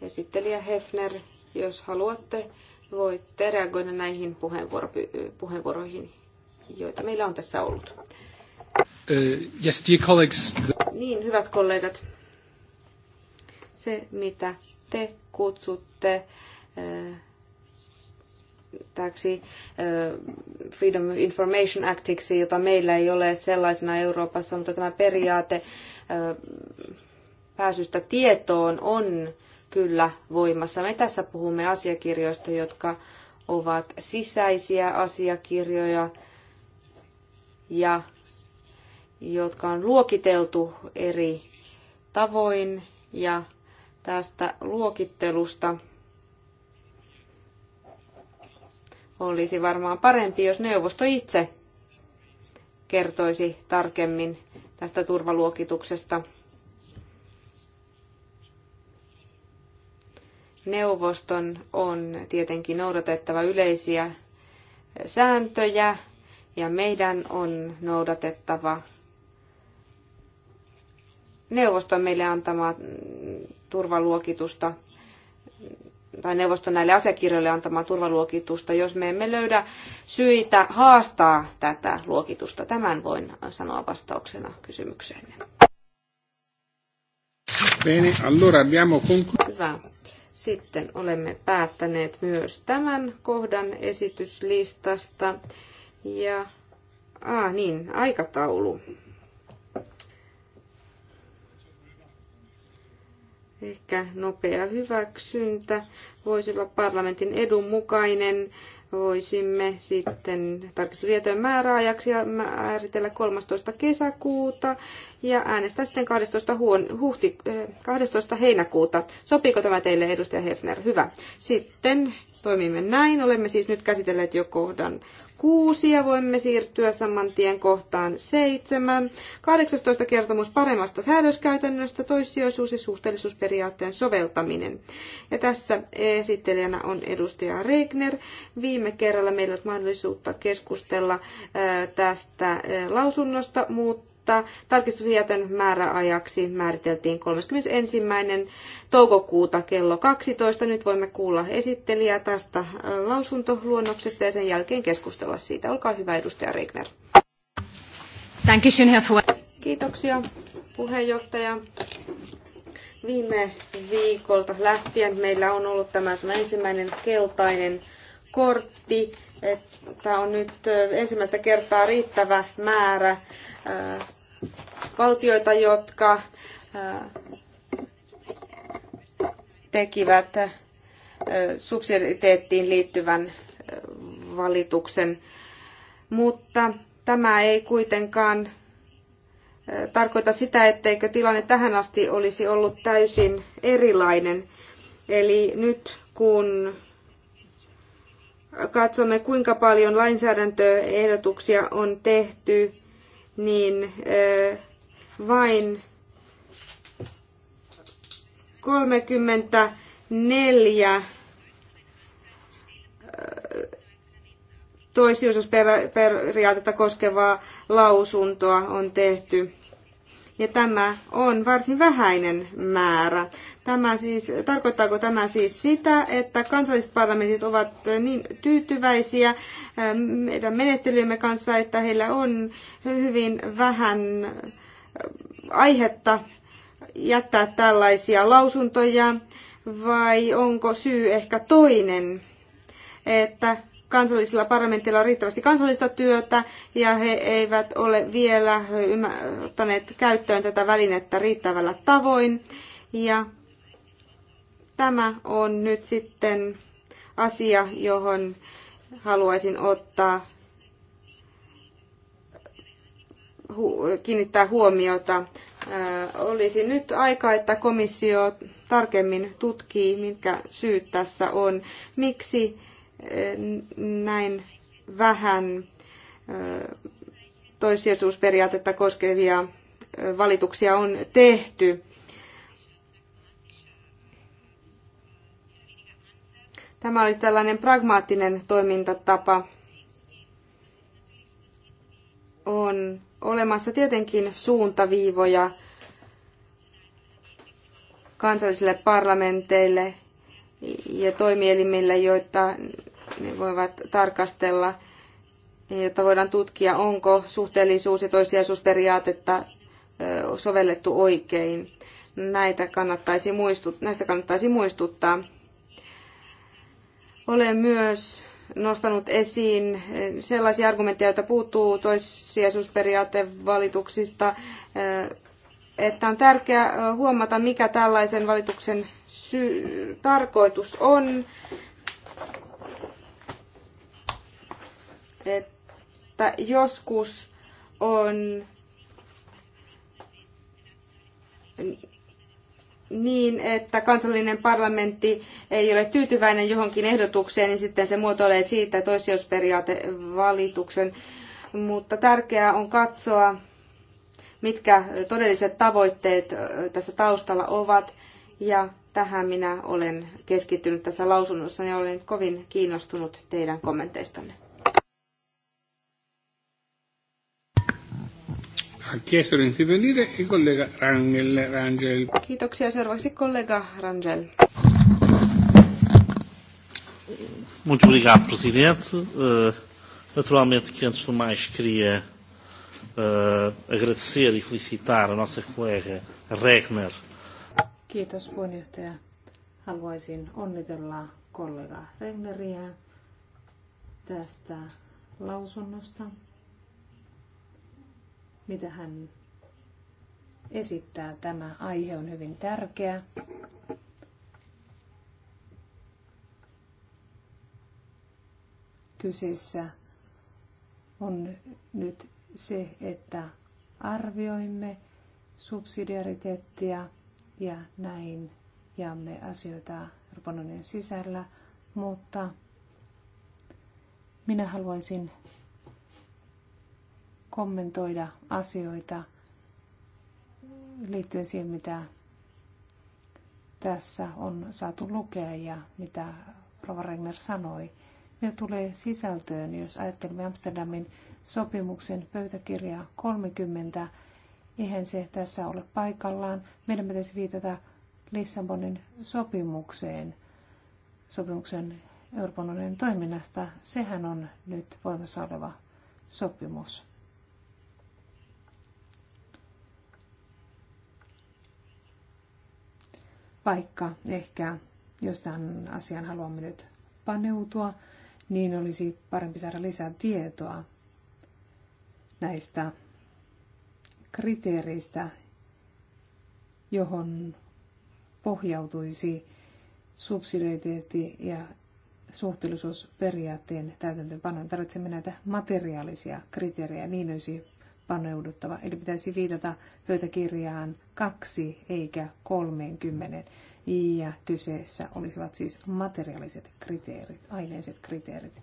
esittelijä Hefner, jos haluatte, voitte reagoida näihin puheenvuoroihin, joita meillä on tässä ollut. Uh, yes, dear colleagues. Niin, hyvät kollegat. Se, mitä te kutsutte... Uh, täksi Freedom of Information Actiksi, jota meillä ei ole sellaisena Euroopassa, mutta tämä periaate pääsystä tietoon on kyllä voimassa. Me tässä puhumme asiakirjoista, jotka ovat sisäisiä asiakirjoja ja jotka on luokiteltu eri tavoin ja tästä luokittelusta Olisi varmaan parempi, jos neuvosto itse kertoisi tarkemmin tästä turvaluokituksesta. Neuvoston on tietenkin noudatettava yleisiä sääntöjä ja meidän on noudatettava neuvoston meille antamaa turvaluokitusta tai neuvoston näille asiakirjoille antamaa turvaluokitusta, jos me emme löydä syitä haastaa tätä luokitusta. Tämän voin sanoa vastauksena kysymykseenne. Bene, allora abbiamo conclu- Hyvä. Sitten olemme päättäneet myös tämän kohdan esityslistasta. Ja, ah niin, aikataulu. Ehkä nopea hyväksyntä voisi olla parlamentin edun mukainen. Voisimme sitten tarkistustietojen määräajaksi määritellä 13. kesäkuuta ja äänestää sitten 12, huon, huhti, 12 heinäkuuta. Sopiiko tämä teille, edustaja Hefner? Hyvä. Sitten toimimme näin. Olemme siis nyt käsitelleet jo kohdan kuusi ja voimme siirtyä saman tien kohtaan seitsemän. 18 kertomus paremmasta säädöskäytännöstä, toissijoisuus ja suhteellisuusperiaatteen soveltaminen. Ja tässä esittelijänä on edustaja Regner. Viime kerralla meillä on mahdollisuutta keskustella tästä lausunnosta, mutta mutta tarkistusjätön määräajaksi määriteltiin 31. toukokuuta kello 12. Nyt voimme kuulla esittelijää tästä lausuntoluonnoksesta ja sen jälkeen keskustella siitä. Olkaa hyvä, edustaja Regner. Kiitoksia, puheenjohtaja. Viime viikolta lähtien meillä on ollut tämä ensimmäinen keltainen kortti että on nyt ensimmäistä kertaa riittävä määrä valtioita, jotka tekivät subsidiariteettiin liittyvän valituksen. Mutta tämä ei kuitenkaan tarkoita sitä, etteikö tilanne tähän asti olisi ollut täysin erilainen. Eli nyt kun katsomme, kuinka paljon lainsäädäntöehdotuksia on tehty, niin vain 34 toissijaisuusperiaatetta koskevaa lausuntoa on tehty ja tämä on varsin vähäinen määrä. Tämä siis, tarkoittaako tämä siis sitä, että kansalliset parlamentit ovat niin tyytyväisiä ähm, meidän menettelyjemme kanssa, että heillä on hyvin vähän äh, aihetta jättää tällaisia lausuntoja, vai onko syy ehkä toinen, että kansallisilla parlamentilla on riittävästi kansallista työtä ja he eivät ole vielä ottaneet käyttöön tätä välinettä riittävällä tavoin. Ja tämä on nyt sitten asia, johon haluaisin ottaa kiinnittää huomiota. Olisi nyt aika, että komissio tarkemmin tutkii, mitkä syyt tässä on, miksi näin vähän toissijaisuusperiaatetta koskevia valituksia on tehty. Tämä olisi tällainen pragmaattinen toimintatapa. On olemassa tietenkin suuntaviivoja kansallisille parlamenteille ja toimielimille, joita ne voivat tarkastella, jotta voidaan tutkia, onko suhteellisuus- ja toissijaisuusperiaatetta sovellettu oikein. Näitä kannattaisi muistut, näistä kannattaisi muistuttaa. Olen myös nostanut esiin sellaisia argumentteja, joita puuttuu toissijaisuusperiaatevalituksista, että on tärkeää huomata, mikä tällaisen valituksen tarkoitus on että joskus on niin, että kansallinen parlamentti ei ole tyytyväinen johonkin ehdotukseen, niin sitten se muotoilee siitä toissijaisuusperiaate valituksen. Mutta tärkeää on katsoa, mitkä todelliset tavoitteet tässä taustalla ovat. Ja tähän minä olen keskittynyt tässä lausunnossa ja olen kovin kiinnostunut teidän kommenteistanne. ha chiesto di intervenire il collega Rangel. Rangel. Kiitoksia. Seuraavaksi kollega Rangel. Muito obrigado, Presidente. Uh, naturalmente que antes de mais queria uh, agradecer e felicitar a nossa colega Regner. Kiitos puheenjohtaja. Haluaisin onnitella kollega Regneriä tästä lausunnosta mitä hän esittää. Tämä aihe on hyvin tärkeä. Kyseessä on nyt se, että arvioimme subsidiariteettia ja näin jaamme asioita Euroopan sisällä, mutta minä haluaisin kommentoida asioita liittyen siihen, mitä tässä on saatu lukea ja mitä Rova Regner sanoi. Mitä tulee sisältöön, jos ajattelemme Amsterdamin sopimuksen pöytäkirjaa 30, eihän se tässä ole paikallaan. Meidän pitäisi viitata Lissabonin sopimukseen, sopimuksen Euroopan unionin toiminnasta. Sehän on nyt voimassa oleva sopimus. paikka ehkä jos tämän asian haluamme nyt paneutua, niin olisi parempi saada lisää tietoa näistä kriteereistä, johon pohjautuisi subsidiariteetti ja suhteellisuusperiaatteen täytäntöönpanoon. Tarvitsemme näitä materiaalisia kriteerejä, niin olisi paneuduttava. Eli pitäisi viitata pöytäkirjaan kaksi eikä kymmenen Ja kyseessä olisivat siis materiaaliset kriteerit, aineiset kriteerit.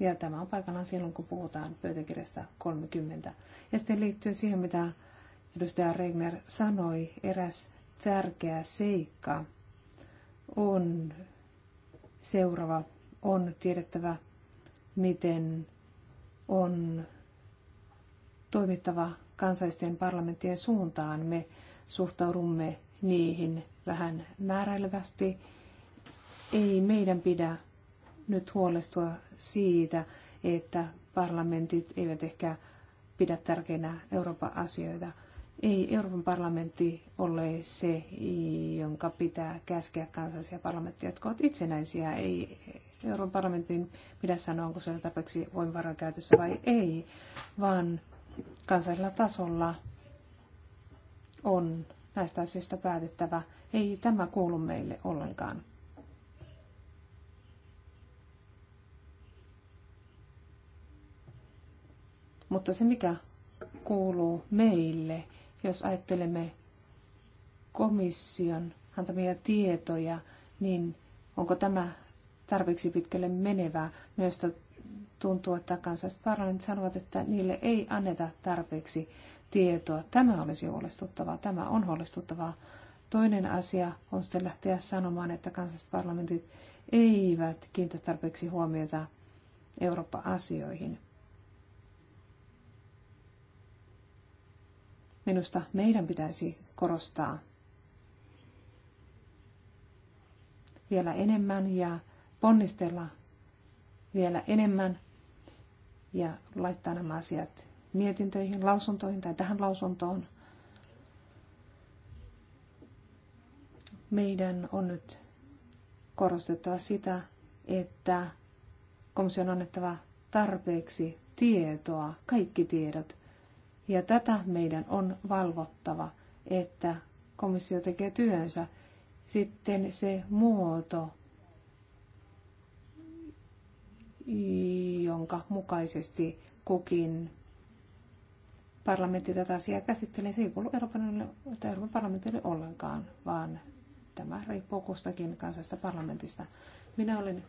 Ja tämä on paikallaan silloin, kun puhutaan pöytäkirjasta 30. Ja sitten liittyen siihen, mitä edustaja Regner sanoi, eräs tärkeä seikka on seuraava, on tiedettävä, miten on toimittava kansallisten parlamenttien suuntaan. Me suhtaudumme niihin vähän määräilevästi. Ei meidän pidä nyt huolestua siitä, että parlamentit eivät ehkä pidä tärkeinä Euroopan asioita. Ei Euroopan parlamentti ole se, jonka pitää käskeä kansallisia parlamentteja, jotka ovat itsenäisiä. Ei Euroopan parlamentin pidä sanoa, onko siellä tarpeeksi voimavaroja käytössä vai ei, vaan kansallisella tasolla on näistä asioista päätettävä. Ei tämä kuulu meille ollenkaan. Mutta se, mikä kuuluu meille, jos ajattelemme komission antamia tietoja, niin onko tämä tarpeeksi pitkälle menevää. Myös tuntuu, että kansalliset parlamentit sanovat, että niille ei anneta tarpeeksi tietoa. Tämä olisi huolestuttavaa, tämä on huolestuttavaa. Toinen asia on sitten lähteä sanomaan, että kansalliset parlamentit eivät kiinnitä tarpeeksi huomiota Eurooppa-asioihin. Minusta meidän pitäisi korostaa vielä enemmän ja ponnistella vielä enemmän ja laittaa nämä asiat mietintöihin, lausuntoihin tai tähän lausuntoon. Meidän on nyt korostettava sitä, että komissio on annettava tarpeeksi tietoa, kaikki tiedot. Ja tätä meidän on valvottava, että komissio tekee työnsä. Sitten se muoto, jonka mukaisesti kukin parlamentti tätä asiaa käsittelee. Se ei kuulu Euroopan, Euroopan parlamentille ollenkaan, vaan tämä riippuu kustakin kansallisesta parlamentista. Minä olen,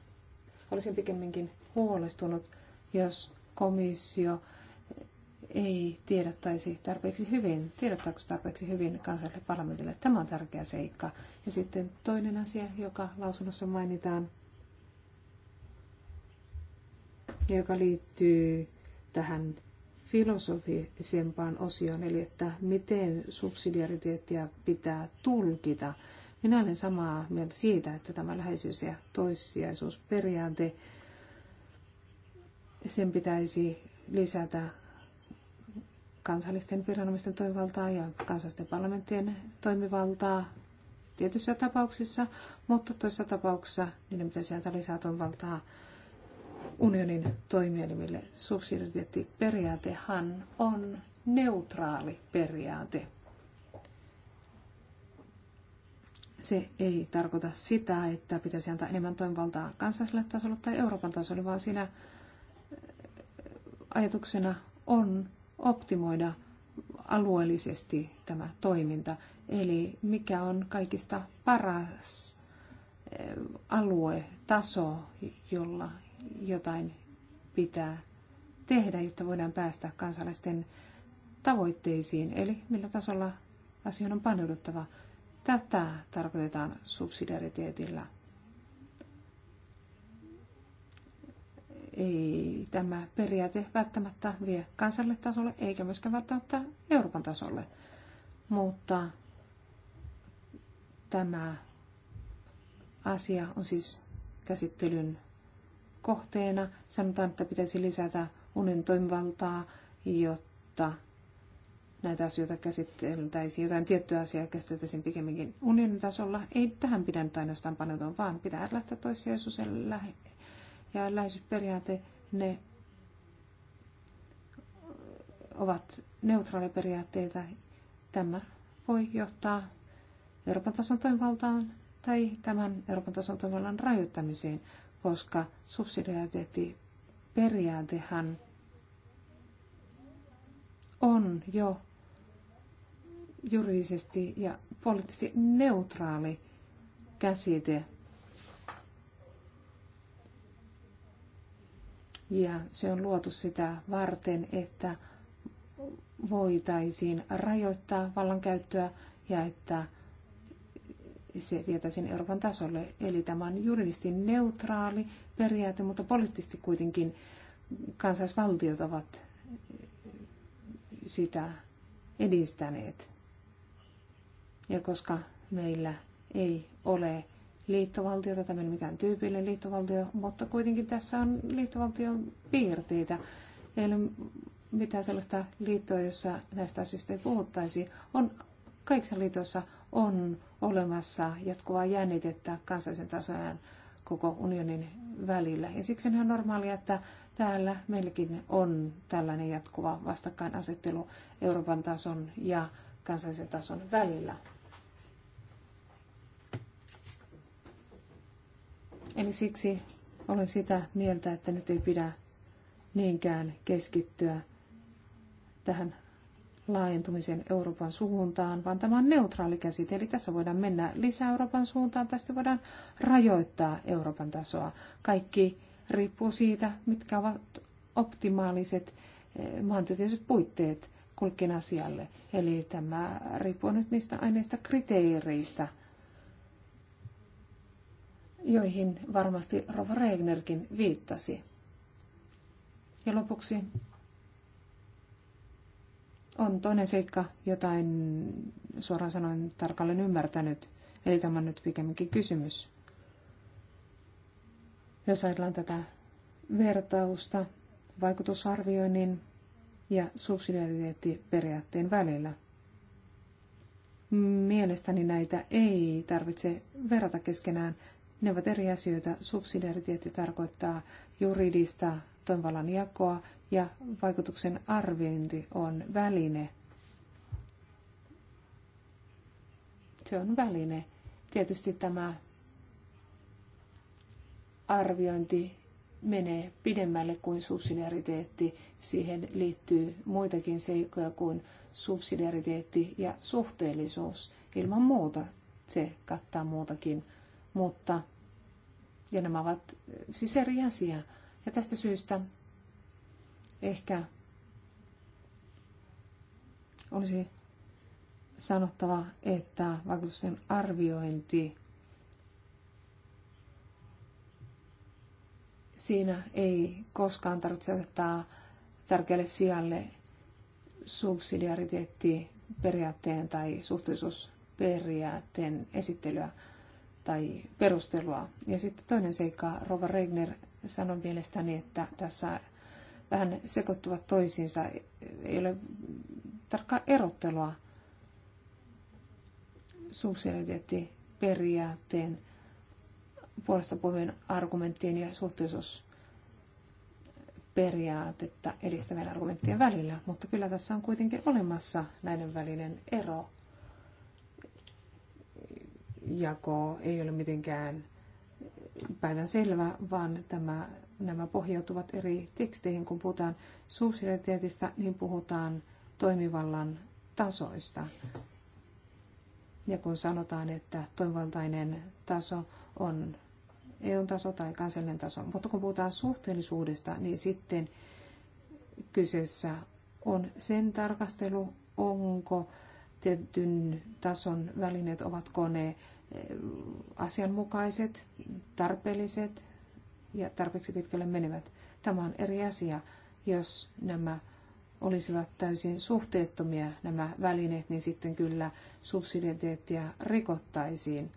olisin pikemminkin huolestunut, jos komissio ei tiedottaisi tarpeeksi hyvin, tiedottaako tarpeeksi hyvin kansalliselle parlamentille. Tämä on tärkeä seikka. Ja sitten toinen asia, joka lausunnossa mainitaan, joka liittyy tähän filosofisempaan osioon, eli että miten subsidiariteettia pitää tulkita. Minä olen samaa mieltä siitä, että tämä läheisyys- ja toissijaisuusperiaate, sen pitäisi lisätä kansallisten viranomaisten toimivaltaa ja kansallisten parlamenttien toimivaltaa tietyissä tapauksissa, mutta toisissa tapauksissa niiden pitäisi antaa lisää toimivaltaa unionin toimielimille subsidiariteettiperiaatehan on neutraali periaate. Se ei tarkoita sitä, että pitäisi antaa enemmän toimivaltaa kansalliselle tasolle tai Euroopan tasolle, vaan siinä äh, ajatuksena on optimoida alueellisesti tämä toiminta. Eli mikä on kaikista paras äh, aluetaso, jolla jotain pitää tehdä, jotta voidaan päästä kansalaisten tavoitteisiin, eli millä tasolla asioihin on paneuduttava. Tätä tarkoitetaan subsidiariteetillä. Ei tämä periaate välttämättä vie kansalle tasolle, eikä myöskään välttämättä Euroopan tasolle, mutta tämä asia on siis käsittelyn kohteena. Sanotaan, että pitäisi lisätä unen toimivaltaa, jotta näitä asioita käsiteltäisiin, jotain tiettyä asiaa käsiteltäisiin pikemminkin unionin tasolla. Ei tähän pidä nyt ainoastaan paneutua, vaan pitää lähteä toissijaisuus ja, lähe- ja läheisyysperiaate, ne ovat periaatteita. Tämä voi johtaa Euroopan tason toimivaltaan tai tämän Euroopan tason toimivallan rajoittamiseen koska subsidiariteettiperiaatehan on jo juridisesti ja poliittisesti neutraali käsite. Ja se on luotu sitä varten, että voitaisiin rajoittaa vallankäyttöä ja että se vietäisiin Euroopan tasolle. Eli tämä on juridisesti neutraali periaate, mutta poliittisesti kuitenkin kansallisvaltiot ovat sitä edistäneet. Ja koska meillä ei ole liittovaltiota, tämä ei ole mikään tyypillinen liittovaltio, mutta kuitenkin tässä on liittovaltion piirteitä. Ei ole mitään sellaista liittoa, jossa näistä asioista ei puhuttaisi. On kaikissa liitoissa on olemassa jatkuvaa jännitettä kansallisen tasojen koko unionin välillä. Ja siksi on ihan normaalia, että täällä meilläkin on tällainen jatkuva vastakkainasettelu Euroopan tason ja kansallisen tason välillä. Eli siksi olen sitä mieltä, että nyt ei pidä niinkään keskittyä tähän laajentumisen Euroopan suuntaan, vaan tämä on neutraali käsite. Eli tässä voidaan mennä lisää Euroopan suuntaan, tästä voidaan rajoittaa Euroopan tasoa. Kaikki riippuu siitä, mitkä ovat optimaaliset eh, maantieteelliset puitteet kulkien asialle. Eli tämä riippuu nyt niistä aineista kriteereistä, joihin varmasti Rova Regnerkin viittasi. Ja lopuksi on toinen seikka, jota en suoraan sanoen tarkalleen ymmärtänyt. Eli tämä on nyt pikemminkin kysymys. Jos ajatellaan tätä vertausta vaikutusarvioinnin ja subsidiariteettiperiaatteen välillä. Mielestäni näitä ei tarvitse verrata keskenään. Ne ovat eri asioita. Subsidiariteetti tarkoittaa juridista toimivallan jakoa ja vaikutuksen arviointi on väline. Se on väline. Tietysti tämä arviointi menee pidemmälle kuin subsidiariteetti. Siihen liittyy muitakin seikkoja kuin subsidiariteetti ja suhteellisuus. Ilman muuta se kattaa muutakin, mutta ja nämä ovat siis eri asiaa. Ja tästä syystä ehkä olisi sanottava, että vaikutusten arviointi siinä ei koskaan tarvitse asettaa tärkeälle sijalle subsidiariteettiperiaatteen tai suhteellisuusperiaatteen esittelyä tai perustelua. Ja sitten toinen seikka, Rova Regner sanon mielestäni, että tässä vähän sekoittuvat toisiinsa. Ei ole tarkkaa erottelua subsidiariteettiperiaatteen puolesta puhuvien argumenttien ja suhteellisuusperiaatetta edistävien argumenttien välillä, mutta kyllä tässä on kuitenkin olemassa näiden välinen ero. Jako ei ole mitenkään päivänselvä, vaan tämä, nämä pohjautuvat eri teksteihin. Kun puhutaan subsidiariteetista, niin puhutaan toimivallan tasoista. Ja kun sanotaan, että toimivaltainen taso on EU-taso tai kansallinen taso, mutta kun puhutaan suhteellisuudesta, niin sitten kyseessä on sen tarkastelu, onko tietyn tason välineet, ovatko ne asianmukaiset, tarpeelliset ja tarpeeksi pitkälle menevät. Tämä on eri asia, jos nämä olisivat täysin suhteettomia nämä välineet, niin sitten kyllä subsidiariteettia rikottaisiin.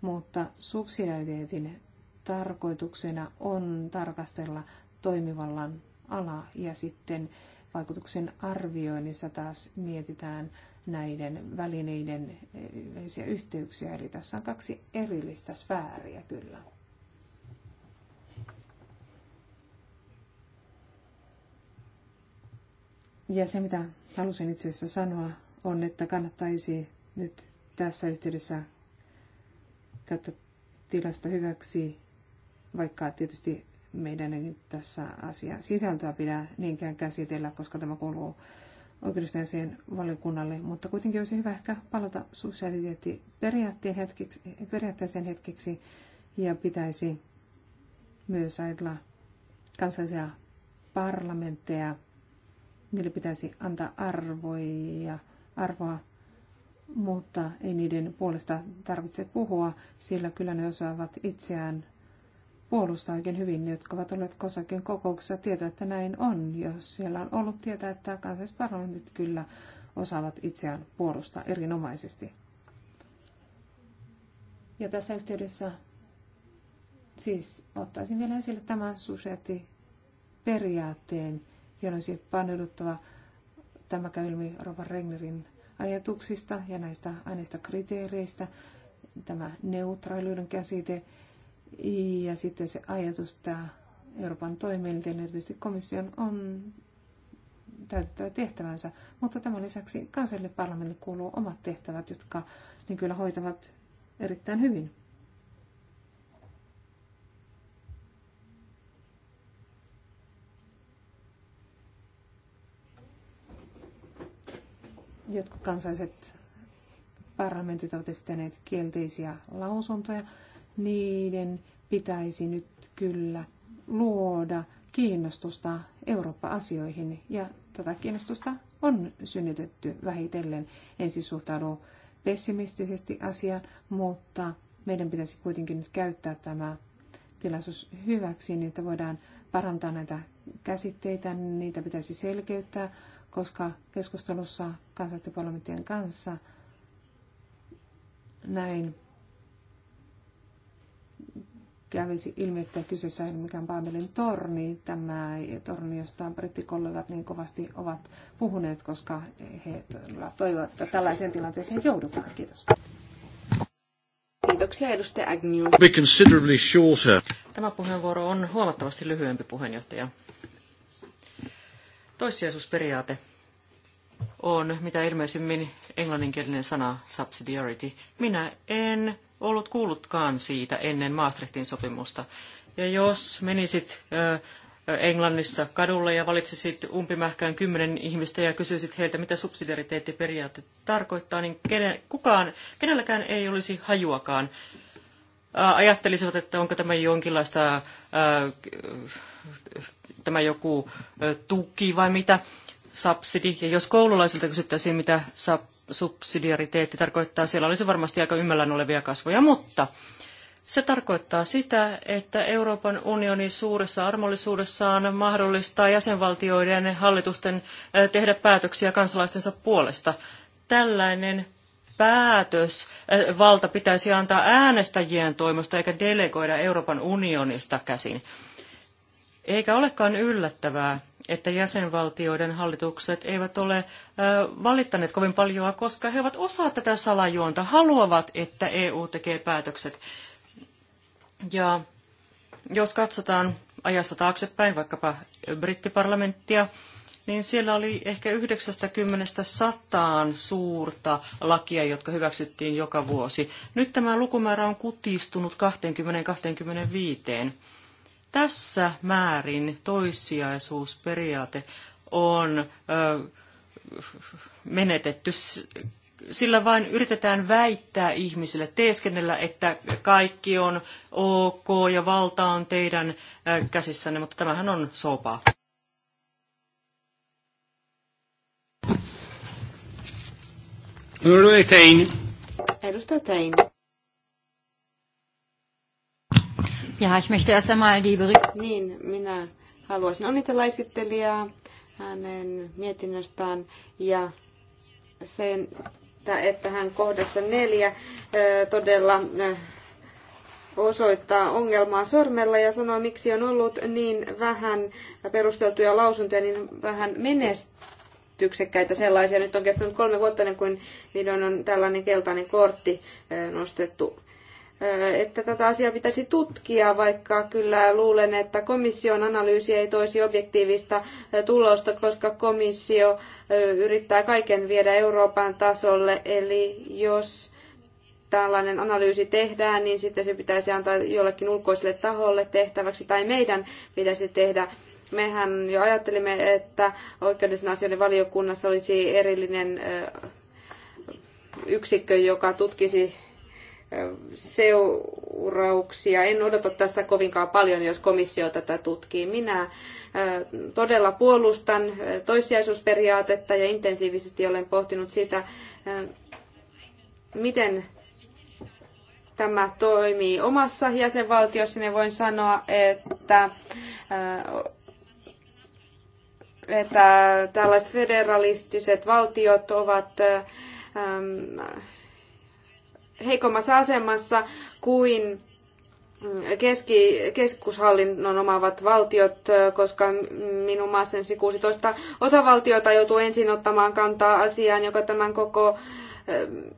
Mutta subsidiariteetin tarkoituksena on tarkastella toimivallan ala ja sitten vaikutuksen arvioinnissa taas mietitään näiden välineiden välisiä eh, yhteyksiä. Eli tässä on kaksi erillistä sfääriä kyllä. Ja se, mitä halusin itse asiassa sanoa, on, että kannattaisi nyt tässä yhteydessä käyttää tilasta hyväksi, vaikka tietysti meidän ei tässä asia sisältöä pidä niinkään käsitellä, koska tämä kuuluu oikeudellisen valiokunnalle, mutta kuitenkin olisi hyvä ehkä palata subsidiariteettiperiaatteen periaatteeseen hetkeksi ja pitäisi myös ajatella kansallisia parlamentteja. Niille pitäisi antaa arvoja, arvoa, mutta ei niiden puolesta tarvitse puhua, sillä kyllä ne osaavat itseään puolustaa hyvin hyvin, jotka ovat olleet kosakin kokouksessa tietää, että näin on. Jos siellä on ollut tietää, että kansalliset parlamentit kyllä osaavat itseään puolustaa erinomaisesti. Ja tässä yhteydessä siis ottaisin vielä esille tämän periaatteen, johon olisi paneuduttava tämä käy ilmi Rova Regnerin ajatuksista ja näistä aineista kriteereistä. Tämä neutraaliuden käsite ja sitten se ajatus, että Euroopan toimielinten, erityisesti komission, on täytettävä tehtävänsä. Mutta tämän lisäksi kansalliselle parlamentille kuuluu omat tehtävät, jotka ne kyllä hoitavat erittäin hyvin. Jotkut kansalliset parlamentit ovat esittäneet kielteisiä lausuntoja niiden pitäisi nyt kyllä luoda kiinnostusta Eurooppa-asioihin ja tätä kiinnostusta on synnytetty vähitellen. En siis suhtaudu pessimistisesti asiaan, mutta meidän pitäisi kuitenkin nyt käyttää tämä tilaisuus hyväksi, niin että voidaan parantaa näitä käsitteitä, niitä pitäisi selkeyttää, koska keskustelussa kansallisten parlamenttien kanssa näin kävisi ilmi, että kyseessä ei ole mikään Baabelin torni, tämä torni, josta brittikollegat niin kovasti ovat puhuneet, koska he toivovat, että tällaiseen tilanteeseen joudutaan. Kiitos. Kiitoksia edustaja Agnew. Considerably shorter. Tämä puheenvuoro on huomattavasti lyhyempi puheenjohtaja. Toissijaisuusperiaate on mitä ilmeisimmin englanninkielinen sana subsidiarity. Minä en ollut kuullutkaan siitä ennen Maastrichtin sopimusta. Ja jos menisit Englannissa kadulle ja valitsisit umpimähkään kymmenen ihmistä ja kysyisit heiltä, mitä subsidiariteettiperiaate tarkoittaa, niin kenen, kukaan, kenelläkään ei olisi hajuakaan. Ajattelisivat, että onko tämä jonkinlaista, ää, tämä joku tuki vai mitä, subsidi. Ja jos koululaisilta kysyttäisiin, mitä sub, subsidiariteetti tarkoittaa, siellä olisi varmasti aika ymmällään olevia kasvoja, mutta se tarkoittaa sitä, että Euroopan unioni suuressa armollisuudessaan mahdollistaa jäsenvaltioiden hallitusten tehdä päätöksiä kansalaistensa puolesta. Tällainen päätös, valta pitäisi antaa äänestäjien toimesta eikä delegoida Euroopan unionista käsin. Eikä olekaan yllättävää, että jäsenvaltioiden hallitukset eivät ole valittaneet kovin paljoa, koska he ovat osa tätä salajuonta, haluavat, että EU tekee päätökset. Ja jos katsotaan ajassa taaksepäin vaikkapa brittiparlamenttia, niin siellä oli ehkä 90 sataan suurta lakia, jotka hyväksyttiin joka vuosi. Nyt tämä lukumäärä on kutistunut 20-25. Tässä määrin toissijaisuusperiaate on ö, menetetty. Sillä vain yritetään väittää ihmisille, teeskennellä, että kaikki on ok ja valta on teidän käsissänne, mutta tämähän on sopaa. Edustaja Tein. Ja, ich möchte erst einmal die Bericht- Niin, minä haluaisin onnitella esittelijää hänen mietinnöstään ja sen, että hän kohdassa neljä todella osoittaa ongelmaa sormella ja sanoo, miksi on ollut niin vähän perusteltuja lausuntoja, niin vähän menestyksekkäitä sellaisia. Nyt on kestänyt kolme vuotta ennen kuin vihdoin on tällainen keltainen kortti nostettu että tätä asiaa pitäisi tutkia, vaikka kyllä luulen, että komission analyysi ei toisi objektiivista tulosta, koska komissio yrittää kaiken viedä Euroopan tasolle. Eli jos tällainen analyysi tehdään, niin sitten se pitäisi antaa jollekin ulkoiselle taholle tehtäväksi tai meidän pitäisi tehdä mehän jo ajattelimme, että oikeudellisen asioiden valiokunnassa olisi erillinen yksikkö, joka tutkisi seurauksia. En odota tästä kovinkaan paljon, jos komissio tätä tutkii. Minä äh, todella puolustan äh, toissijaisuusperiaatetta ja intensiivisesti olen pohtinut sitä, äh, miten tämä toimii omassa jäsenvaltiossa, niin voin sanoa, että että tällaiset federalistiset valtiot ovat ähm, heikommassa asemassa kuin mm, keski, keskushallinnon omaavat valtiot, koska minun maassa 16 osavaltiota joutuu ensin ottamaan kantaa asiaan, joka tämän koko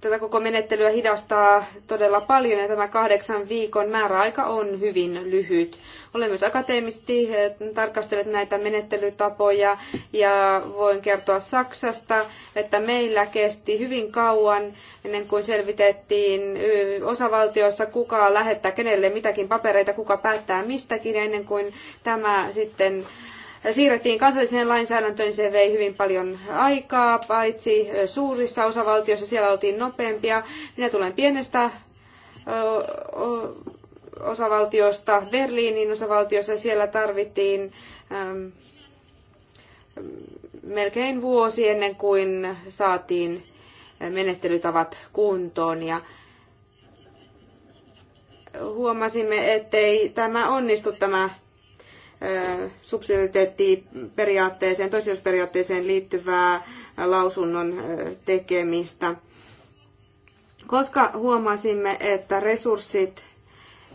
tätä koko menettelyä hidastaa todella paljon ja tämä kahdeksan viikon määräaika on hyvin lyhyt. Olen myös akateemisesti eh, tarkastellut näitä menettelytapoja ja voin kertoa Saksasta, että meillä kesti hyvin kauan ennen kuin selvitettiin eh, osavaltioissa, kuka lähettää kenelle mitäkin papereita, kuka päättää mistäkin ennen kuin tämä sitten siirrettiin kansalliseen lainsäädäntöön, se vei hyvin paljon aikaa, paitsi suurissa osavaltioissa siellä oltiin nopeampia. Minä tulen pienestä osavaltiosta, Berliinin osavaltiossa, siellä tarvittiin melkein vuosi ennen kuin saatiin menettelytavat kuntoon. Ja huomasimme, ettei tämä onnistu tämä subsidiariteettiperiaatteeseen, toisiosperiaatteeseen liittyvää lausunnon tekemistä. Koska huomasimme, että resurssit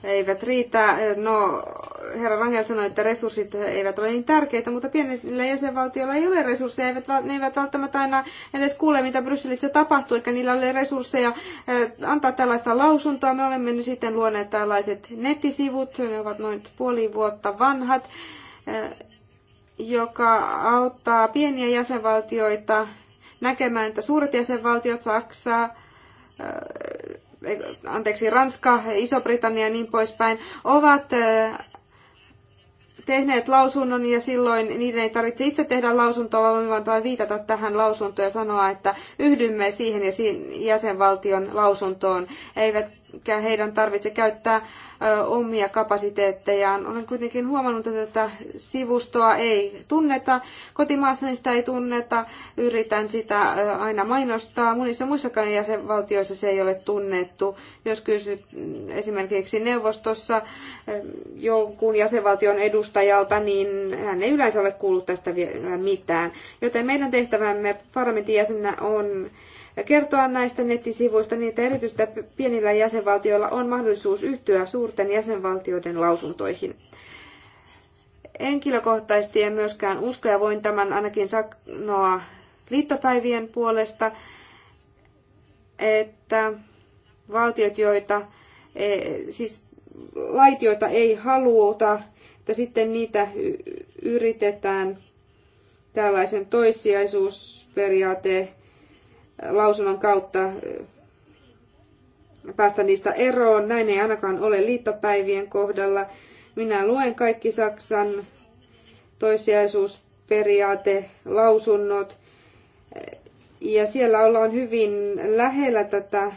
eivät riitä. No, herra Rangel sanoi, että resurssit eivät ole niin tärkeitä, mutta pienillä jäsenvaltioilla ei ole resursseja, eivät, ne eivät välttämättä aina edes kuule, mitä Brysselissä tapahtuu, eikä niillä ole resursseja eh, antaa tällaista lausuntoa. Me olemme nyt sitten luoneet tällaiset nettisivut, ne ovat noin puoli vuotta vanhat, eh, joka auttaa pieniä jäsenvaltioita näkemään, että suuret jäsenvaltiot, Saksa, eh, anteeksi, Ranska, Iso-Britannia ja niin poispäin, ovat tehneet lausunnon ja silloin niiden ei tarvitse itse tehdä lausuntoa, vaan voimme vain viitata tähän lausuntoon ja sanoa, että yhdymme siihen ja siihen jäsenvaltion lausuntoon. Eivät eikä heidän tarvitse käyttää omia kapasiteettejaan. Olen kuitenkin huomannut, että tätä sivustoa ei tunneta. Kotimaassa sitä ei tunneta. Yritän sitä aina mainostaa. Monissa muissakaan jäsenvaltioissa se ei ole tunnettu. Jos kysyt esimerkiksi neuvostossa jonkun jäsenvaltion edustajalta, niin hän ei yleensä ole kuullut tästä vielä mitään. Joten meidän tehtävämme parlamentin jäsenä on kertoa näistä nettisivuista niin, että erityisesti pienillä jäsenvaltioilla on mahdollisuus yhtyä suurten jäsenvaltioiden lausuntoihin. Henkilökohtaisesti en myöskään usko, ja voin tämän ainakin sanoa liittopäivien puolesta, että valtiot, joita, e, siis lait, joita ei haluta, että sitten niitä yritetään tällaisen toissijaisuusperiaate lausunnon kautta äh, päästä niistä eroon. Näin ei ainakaan ole liittopäivien kohdalla. Minä luen kaikki Saksan toissijaisuusperiaate lausunnot ja siellä ollaan hyvin lähellä tätä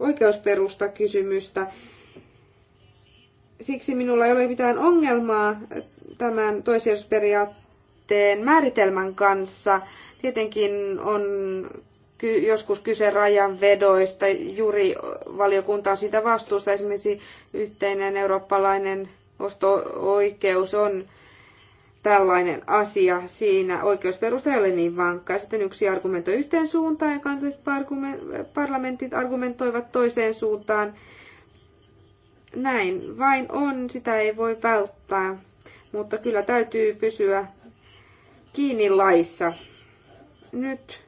oikeusperusta kysymystä. Siksi minulla ei ole mitään ongelmaa tämän toissijaisuusperiaatteen määritelmän kanssa. Tietenkin on joskus kyse rajanvedoista. Juuri valiokunta on sitä vastuusta. Esimerkiksi yhteinen eurooppalainen osto-oikeus on tällainen asia siinä. Oikeusperusta ei ole niin vankka. Sitten yksi argumentoi yhteen suuntaan ja kansalliset parlamentit argumentoivat toiseen suuntaan. Näin vain on, sitä ei voi välttää, mutta kyllä täytyy pysyä kiinni laissa. Nyt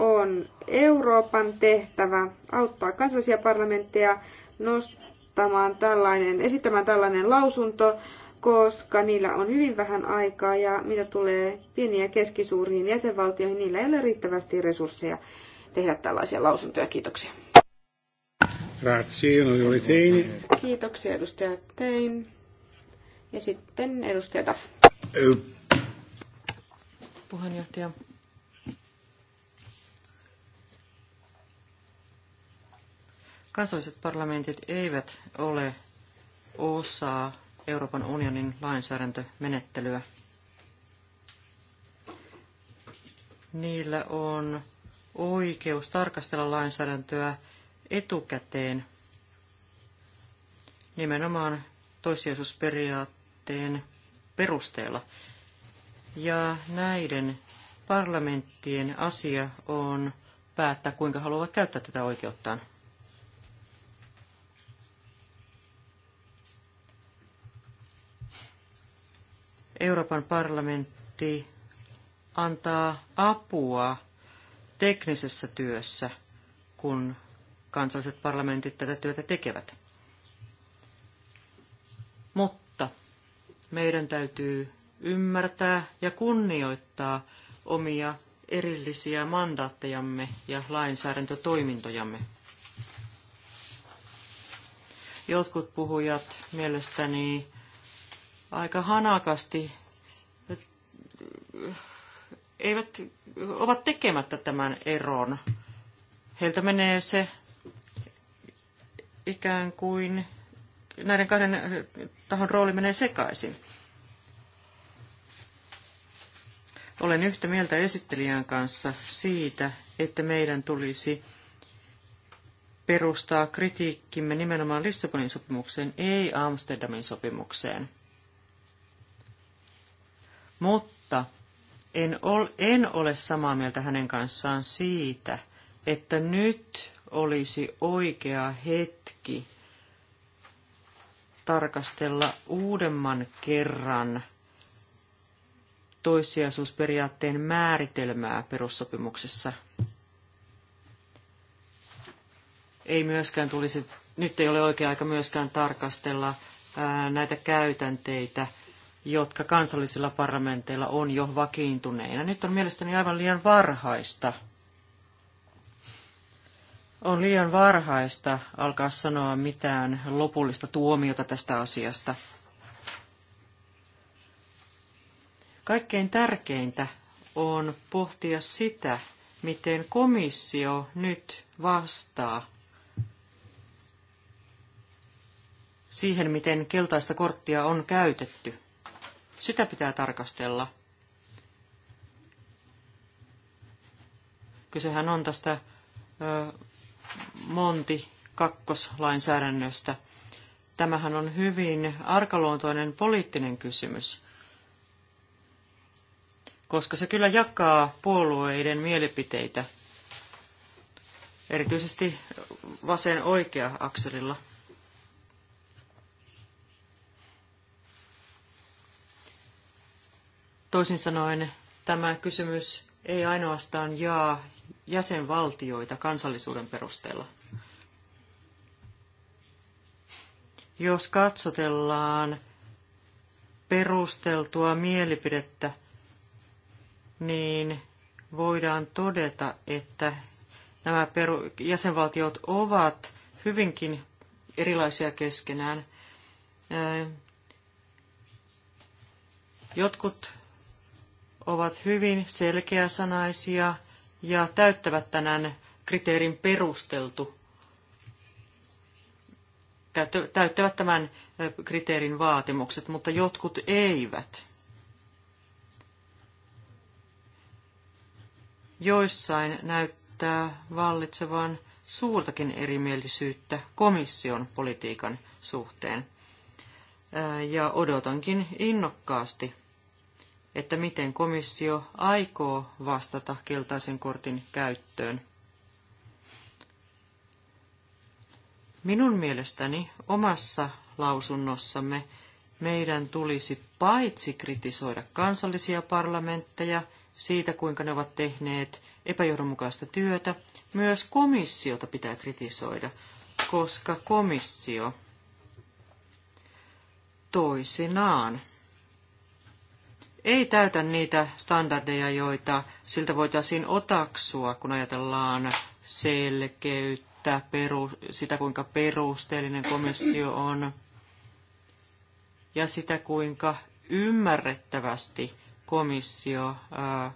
on Euroopan tehtävä auttaa kansallisia parlamentteja nostamaan tällainen, esittämään tällainen lausunto, koska niillä on hyvin vähän aikaa ja mitä tulee pieniin ja keskisuuriin jäsenvaltioihin, niillä ei ole riittävästi resursseja tehdä tällaisia lausuntoja. Kiitoksia. Kiitoksia, edustaja Tein. Ja sitten edustaja Duff. Puheenjohtaja, kansalliset parlamentit eivät ole osa Euroopan unionin lainsäädäntömenettelyä. Niillä on oikeus tarkastella lainsäädäntöä etukäteen nimenomaan toissijaisuusperiaatteen perusteella. Ja näiden parlamenttien asia on päättää, kuinka haluavat käyttää tätä oikeuttaan. Euroopan parlamentti antaa apua teknisessä työssä, kun kansalliset parlamentit tätä työtä tekevät. Mutta meidän täytyy ymmärtää ja kunnioittaa omia erillisiä mandaattejamme ja lainsäädäntötoimintojamme. Jotkut puhujat mielestäni aika hanakasti eivät, ovat tekemättä tämän eron. Heiltä menee se ikään kuin näiden kahden tahon rooli menee sekaisin. Olen yhtä mieltä esittelijän kanssa siitä, että meidän tulisi perustaa kritiikkimme nimenomaan Lissabonin sopimukseen, ei Amsterdamin sopimukseen. Mutta en, ol, en ole samaa mieltä hänen kanssaan siitä, että nyt olisi oikea hetki tarkastella uudemman kerran toissijaisuusperiaatteen määritelmää perussopimuksessa. Ei myöskään tulisi, nyt ei ole oikea aika myöskään tarkastella näitä käytänteitä – jotka kansallisilla parlamenteilla on jo vakiintuneina. Nyt on mielestäni aivan liian varhaista. On liian varhaista alkaa sanoa mitään lopullista tuomiota tästä asiasta. Kaikkein tärkeintä on pohtia sitä, miten komissio nyt vastaa siihen, miten keltaista korttia on käytetty. Sitä pitää tarkastella. Kysehän on tästä Monti kakkoslainsäädännöstä. Tämähän on hyvin arkaluontoinen poliittinen kysymys, koska se kyllä jakaa puolueiden mielipiteitä, erityisesti vasen-oikea akselilla – Toisin sanoen tämä kysymys ei ainoastaan jaa jäsenvaltioita kansallisuuden perusteella. Jos katsotellaan perusteltua mielipidettä, niin voidaan todeta, että nämä peru- jäsenvaltiot ovat hyvinkin erilaisia keskenään. Jotkut ovat hyvin selkeäsanaisia ja täyttävät tänään kriteerin perusteltu, täyttävät tämän kriteerin vaatimukset, mutta jotkut eivät. Joissain näyttää vallitsevan suurtakin erimielisyyttä komission politiikan suhteen. Ja odotankin innokkaasti että miten komissio aikoo vastata keltaisen kortin käyttöön. Minun mielestäni omassa lausunnossamme meidän tulisi paitsi kritisoida kansallisia parlamentteja siitä, kuinka ne ovat tehneet epäjohdonmukaista työtä, myös komissiota pitää kritisoida, koska komissio toisinaan ei täytä niitä standardeja, joita siltä voitaisiin otaksua, kun ajatellaan selkeyttä, peru, sitä kuinka perusteellinen komissio on ja sitä kuinka ymmärrettävästi komissio ää,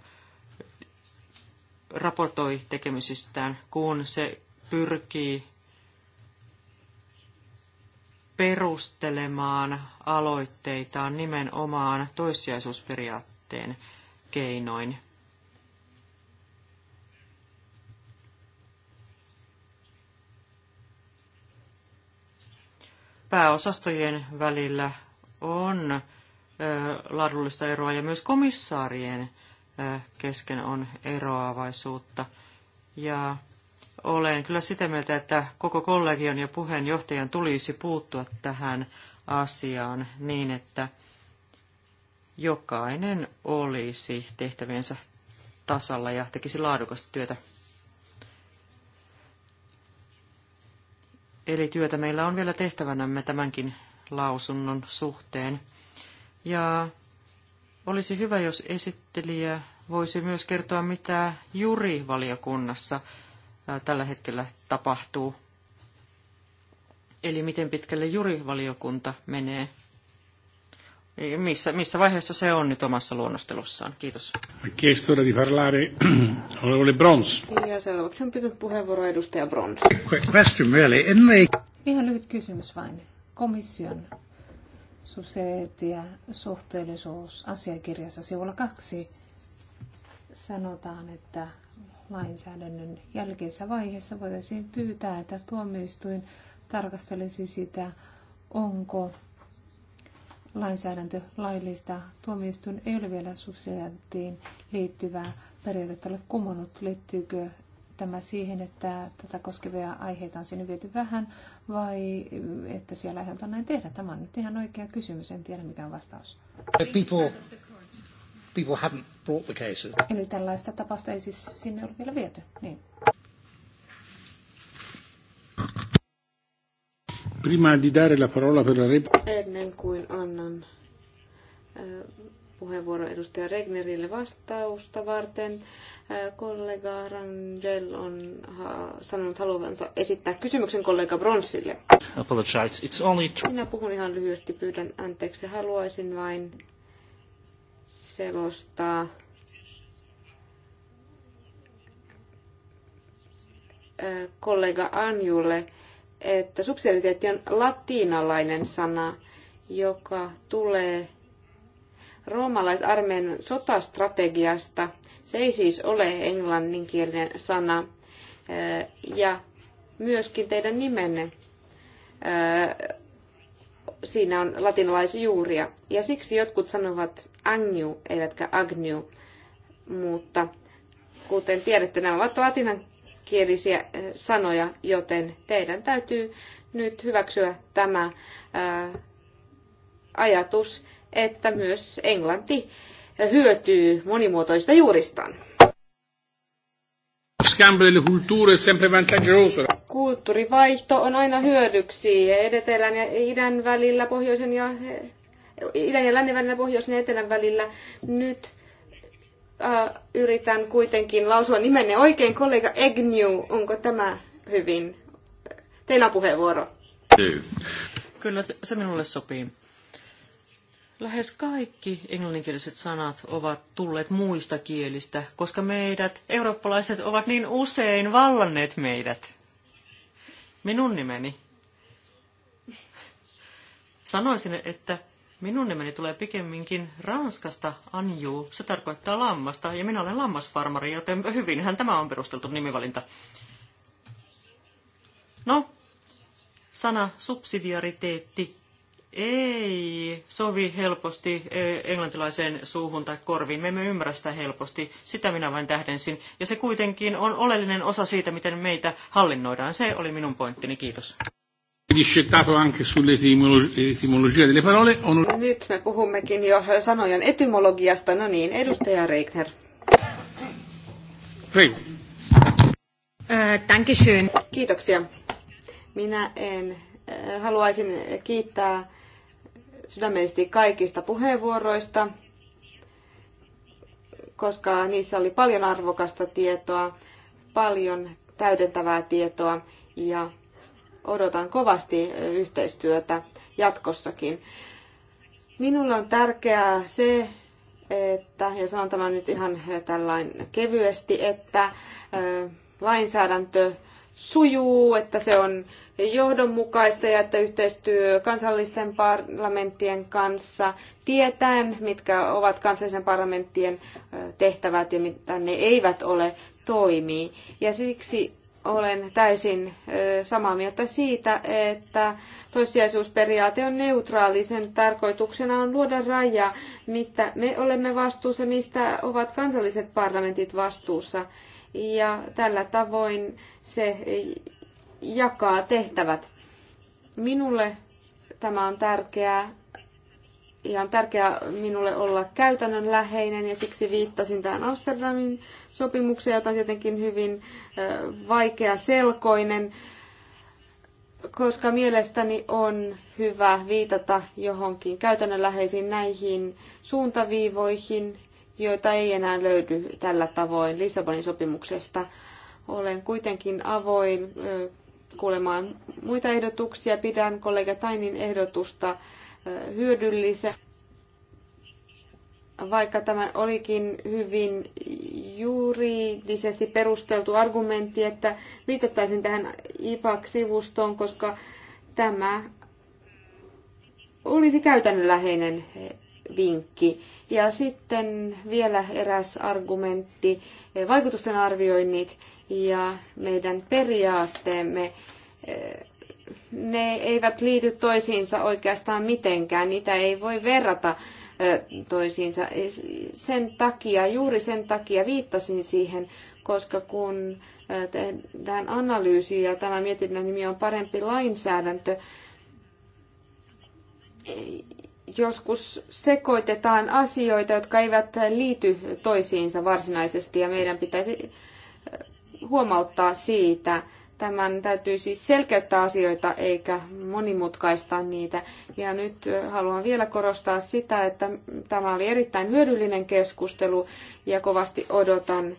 raportoi tekemisistään, kun se pyrkii perustelemaan aloitteitaan nimenomaan toissijaisuusperiaatteen keinoin. Pääosastojen välillä on ö, laadullista eroa ja myös komissaarien kesken on eroavaisuutta. Ja olen kyllä sitä mieltä, että koko kollegion ja puheenjohtajan tulisi puuttua tähän asiaan niin, että jokainen olisi tehtäviensä tasalla ja tekisi laadukasta työtä. Eli työtä meillä on vielä tehtävänämme tämänkin lausunnon suhteen. Ja olisi hyvä, jos esittelijä voisi myös kertoa, mitä valiokunnassa tällä hetkellä tapahtuu. Eli miten pitkälle jurivaliokunta menee? Missä, missä vaiheessa se on nyt omassa luonnostelussaan? Kiitos. Chiesto di parlare onorevole Brons. Ja seuraavaksi on pyytänyt puheenvuoro edustaja Brons. Question really. Ihan lyhyt kysymys vain. Komission subsidiariteetti ja suhteellisuus asiakirjassa sivulla kaksi sanotaan, että lainsäädännön jälkeisessä vaiheessa voitaisiin pyytää, että tuomioistuin tarkastelisi sitä, onko lainsäädäntö laillista. Tuomioistuin ei ole vielä subsidiaattiin liittyvää periaatetta ole kumonnut. Liittyykö tämä siihen, että tätä koskevia aiheita on sinne viety vähän vai että siellä aiheutaan näin tehdä? Tämä on nyt ihan oikea kysymys, en tiedä mikä on vastaus. People people haven't brought the cases. Eli tällaista tapausta ei siis sinne ole vielä viety. Niin. Prima di dare la parola per la Ennen kuin annan puheenvuoro edustaja Regnerille vastausta varten. Kollega Rangel on sanonut haluavansa esittää kysymyksen kollega Bronsille. Minä puhun ihan lyhyesti, pyydän anteeksi. Haluaisin vain selostaa kollega Anjulle, että subsidiariteetti on latinalainen sana, joka tulee roomalaisarmeen sotastrategiasta. Se ei siis ole englanninkielinen sana. Ja myöskin teidän nimenne, siinä on latinalaisjuuria. Ja siksi jotkut sanovat, Agnew, eivätkä Agnew, mutta kuten tiedätte, nämä ovat latinankielisiä eh, sanoja, joten teidän täytyy nyt hyväksyä tämä ää, eh, ajatus, että myös englanti eh, hyötyy monimuotoista juuristaan. Kulttuurivaihto on aina hyödyksi etelän ja idän välillä, pohjoisen ja idän ja lännen välillä, pohjoisen ja etelän välillä. Nyt äh, yritän kuitenkin lausua nimenne oikein. Kollega Egnew, onko tämä hyvin? Teillä on puheenvuoro. Kyllä, se minulle sopii. Lähes kaikki englanninkieliset sanat ovat tulleet muista kielistä, koska meidät, eurooppalaiset, ovat niin usein vallanneet meidät. Minun nimeni. Sanoisin, että Minun nimeni tulee pikemminkin Ranskasta Anju. Se tarkoittaa lammasta ja minä olen lammasfarmari, joten hyvinhän tämä on perusteltu nimivalinta. No, sana subsidiariteetti ei sovi helposti e, englantilaiseen suuhun tai korviin. Me emme ymmärrä sitä helposti. Sitä minä vain tähdensin. Ja se kuitenkin on oleellinen osa siitä, miten meitä hallinnoidaan. Se oli minun pointtini. Kiitos. Discettato anche sull'etimologia delle parole. On... Nyt me puhummekin jo sanojen etymologiasta. No niin, edustaja Reikner. Prego. Dankeschön. Kiitoksia. Minä en haluaisin kiittää sydämellisesti kaikista puheenvuoroista, koska niissä oli paljon arvokasta tietoa, paljon täydentävää tietoa ja odotan kovasti yhteistyötä jatkossakin. Minulle on tärkeää se, että, ja sanon tämän nyt ihan tällain kevyesti, että lainsäädäntö sujuu, että se on johdonmukaista ja että yhteistyö kansallisten parlamenttien kanssa tietäen, mitkä ovat kansallisen parlamenttien tehtävät ja mitä ne eivät ole, toimii. Ja siksi olen täysin samaa mieltä siitä, että toissijaisuusperiaate on neutraali. Sen tarkoituksena on luoda raja, mistä me olemme vastuussa, mistä ovat kansalliset parlamentit vastuussa. Ja tällä tavoin se jakaa tehtävät. Minulle tämä on tärkeää ja on tärkeää minulle olla käytännönläheinen ja siksi viittasin tähän Amsterdamin sopimukseen, jota on tietenkin hyvin vaikea selkoinen, koska mielestäni on hyvä viitata johonkin käytännönläheisiin näihin suuntaviivoihin, joita ei enää löydy tällä tavoin Lissabonin sopimuksesta. Olen kuitenkin avoin kuulemaan muita ehdotuksia. Pidän kollega Tainin ehdotusta hyödyllisiä. Vaikka tämä olikin hyvin juridisesti perusteltu argumentti, että viitattaisin tähän IPAC-sivustoon, koska tämä olisi käytännönläheinen vinkki. Ja sitten vielä eräs argumentti, vaikutusten arvioinnit ja meidän periaatteemme ne eivät liity toisiinsa oikeastaan mitenkään, niitä ei voi verrata toisiinsa. Sen takia, juuri sen takia viittasin siihen, koska kun tehdään analyysiä ja tämä mietinnän nimi on parempi lainsäädäntö, joskus sekoitetaan asioita, jotka eivät liity toisiinsa varsinaisesti ja meidän pitäisi huomauttaa siitä. Tämän täytyy siis selkeyttää asioita eikä monimutkaistaa niitä. Ja nyt haluan vielä korostaa sitä, että tämä oli erittäin hyödyllinen keskustelu ja kovasti odotan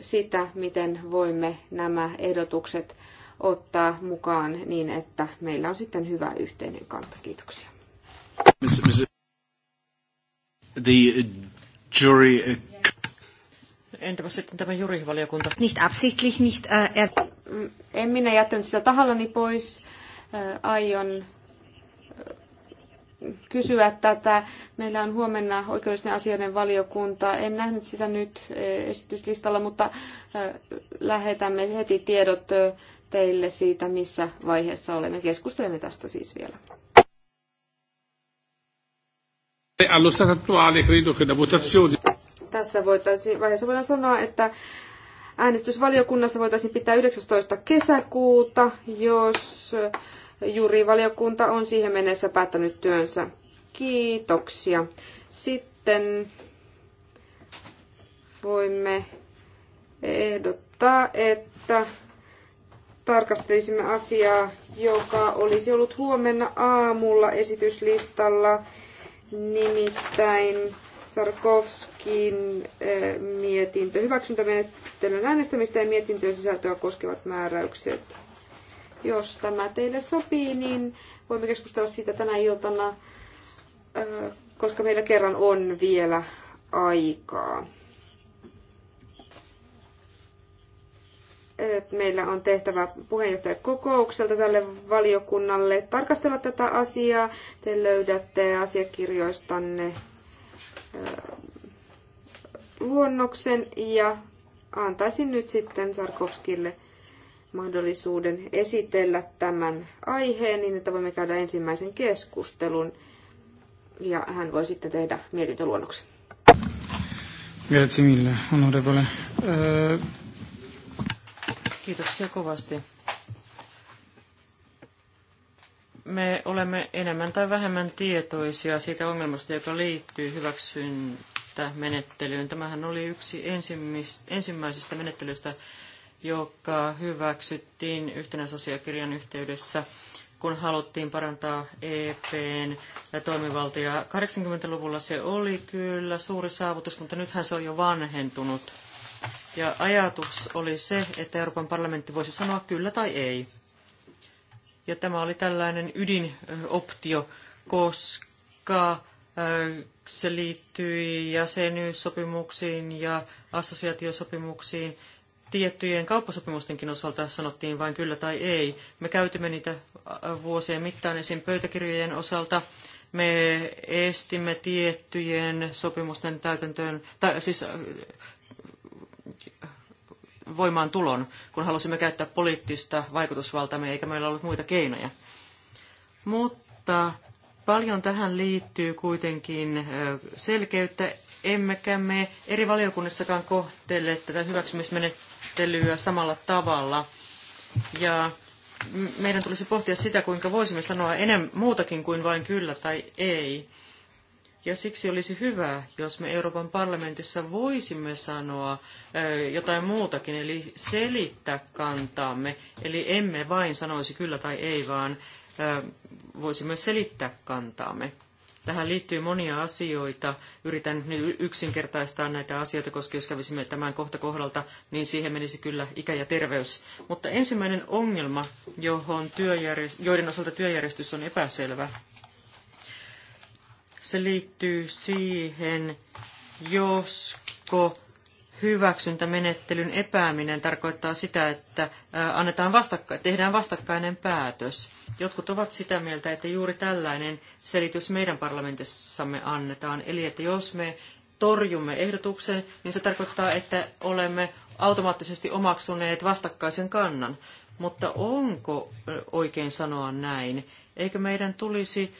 sitä, miten voimme nämä ehdotukset ottaa mukaan niin, että meillä on sitten hyvä yhteinen kanta. Kiitoksia. The jury Entäpä sitten tämä jurivaliokunta? Nicht absichtlich, nicht, äh, er- mm, en minä jättänyt sitä tahallani pois. Äh, aion äh, kysyä tätä. Meillä on huomenna oikeudellisten asioiden valiokunta. En nähnyt sitä nyt äh, esityslistalla, mutta äh, lähetämme heti tiedot teille siitä, missä vaiheessa olemme. Keskustelemme tästä siis vielä. E allo stato attuale credo che la votazione tässä voitaisiin, vaiheessa voidaan sanoa, että äänestysvaliokunnassa voitaisiin pitää 19. kesäkuuta, jos jurivaliokunta on siihen mennessä päättänyt työnsä. Kiitoksia. Sitten voimme ehdottaa, että tarkastelisimme asiaa, joka olisi ollut huomenna aamulla esityslistalla, nimittäin Tarkovskin eh, mietintö, hyväksyntämenettelyn äänestämistä ja mietintöjen sisältöä koskevat määräykset. Jos tämä teille sopii, niin voimme keskustella siitä tänä iltana, eh, koska meillä kerran on vielä aikaa. Meillä on tehtävä puheenjohtajakokoukselta tälle valiokunnalle tarkastella tätä asiaa. Te löydätte asiakirjoistanne luonnoksen ja antaisin nyt sitten Sarkovskille mahdollisuuden esitellä tämän aiheen niin, että voimme käydä ensimmäisen keskustelun ja hän voi sitten tehdä mietintöluonnoksen. Grazie mille, onorevole. Kiitoksia kovasti me olemme enemmän tai vähemmän tietoisia siitä ongelmasta, joka liittyy hyväksyntämenettelyyn. Tämähän oli yksi ensimmäisistä menettelyistä, joka hyväksyttiin yhtenäisasiakirjan yhteydessä, kun haluttiin parantaa EPn toimivaltia. 80-luvulla se oli kyllä suuri saavutus, mutta nythän se on jo vanhentunut. Ja ajatus oli se, että Euroopan parlamentti voisi sanoa kyllä tai ei ja tämä oli tällainen ydinoptio, koska se liittyi jäsenyyssopimuksiin ja assosiaatiosopimuksiin. Tiettyjen kauppasopimustenkin osalta sanottiin vain kyllä tai ei. Me käytimme niitä vuosien mittaan esim. pöytäkirjojen osalta. Me estimme tiettyjen sopimusten täytäntöön, tai siis voimaan tulon, kun halusimme käyttää poliittista vaikutusvaltaamme, eikä meillä ollut muita keinoja. Mutta paljon tähän liittyy kuitenkin selkeyttä, emmekä me eri valiokunnissakaan kohtele tätä hyväksymismenettelyä samalla tavalla. Ja meidän tulisi pohtia sitä, kuinka voisimme sanoa enemmän muutakin kuin vain kyllä tai ei. Ja siksi olisi hyvä, jos me Euroopan parlamentissa voisimme sanoa jotain muutakin, eli selittää kantaamme. Eli emme vain sanoisi kyllä tai ei, vaan voisimme selittää kantaamme. Tähän liittyy monia asioita. Yritän nyt yksinkertaistaa näitä asioita, koska jos kävisimme tämän kohta kohdalta, niin siihen menisi kyllä ikä ja terveys. Mutta ensimmäinen ongelma, johon työjärjest- joiden osalta työjärjestys on epäselvä, se liittyy siihen, josko hyväksyntämenettelyn epääminen tarkoittaa sitä, että annetaan vastakka- tehdään vastakkainen päätös. Jotkut ovat sitä mieltä, että juuri tällainen selitys meidän parlamentissamme annetaan. Eli että jos me torjumme ehdotuksen, niin se tarkoittaa, että olemme automaattisesti omaksuneet vastakkaisen kannan. Mutta onko oikein sanoa näin? Eikö meidän tulisi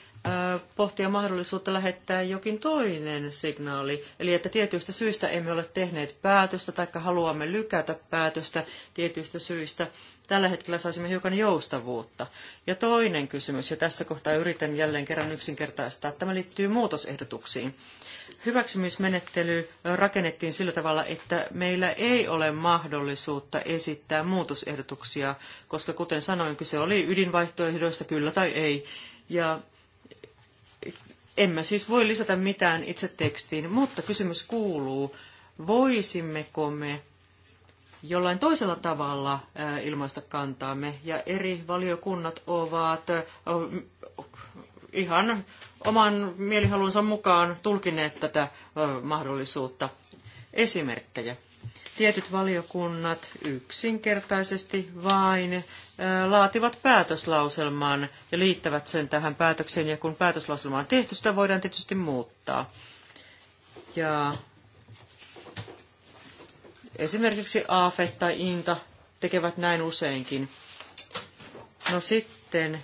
pohtia mahdollisuutta lähettää jokin toinen signaali, eli että tietyistä syistä emme ole tehneet päätöstä tai haluamme lykätä päätöstä tietyistä syistä. Tällä hetkellä saisimme hiukan joustavuutta. Ja toinen kysymys, ja tässä kohtaa yritän jälleen kerran yksinkertaistaa, tämä liittyy muutosehdotuksiin. Hyväksymismenettely rakennettiin sillä tavalla, että meillä ei ole mahdollisuutta esittää muutosehdotuksia, koska kuten sanoin, kyse oli ydinvaihtoehdoista kyllä tai ei. Ja emme siis voi lisätä mitään itse tekstiin, mutta kysymys kuuluu, voisimmeko me jollain toisella tavalla ilmaista kantaamme, ja eri valiokunnat ovat ihan oman mielihalunsa mukaan tulkineet tätä mahdollisuutta. Esimerkkejä tietyt valiokunnat yksinkertaisesti vain laativat päätöslauselman ja liittävät sen tähän päätökseen, ja kun päätöslauselma on tehty, sitä voidaan tietysti muuttaa. Ja esimerkiksi AFE tai INTA tekevät näin useinkin. No sitten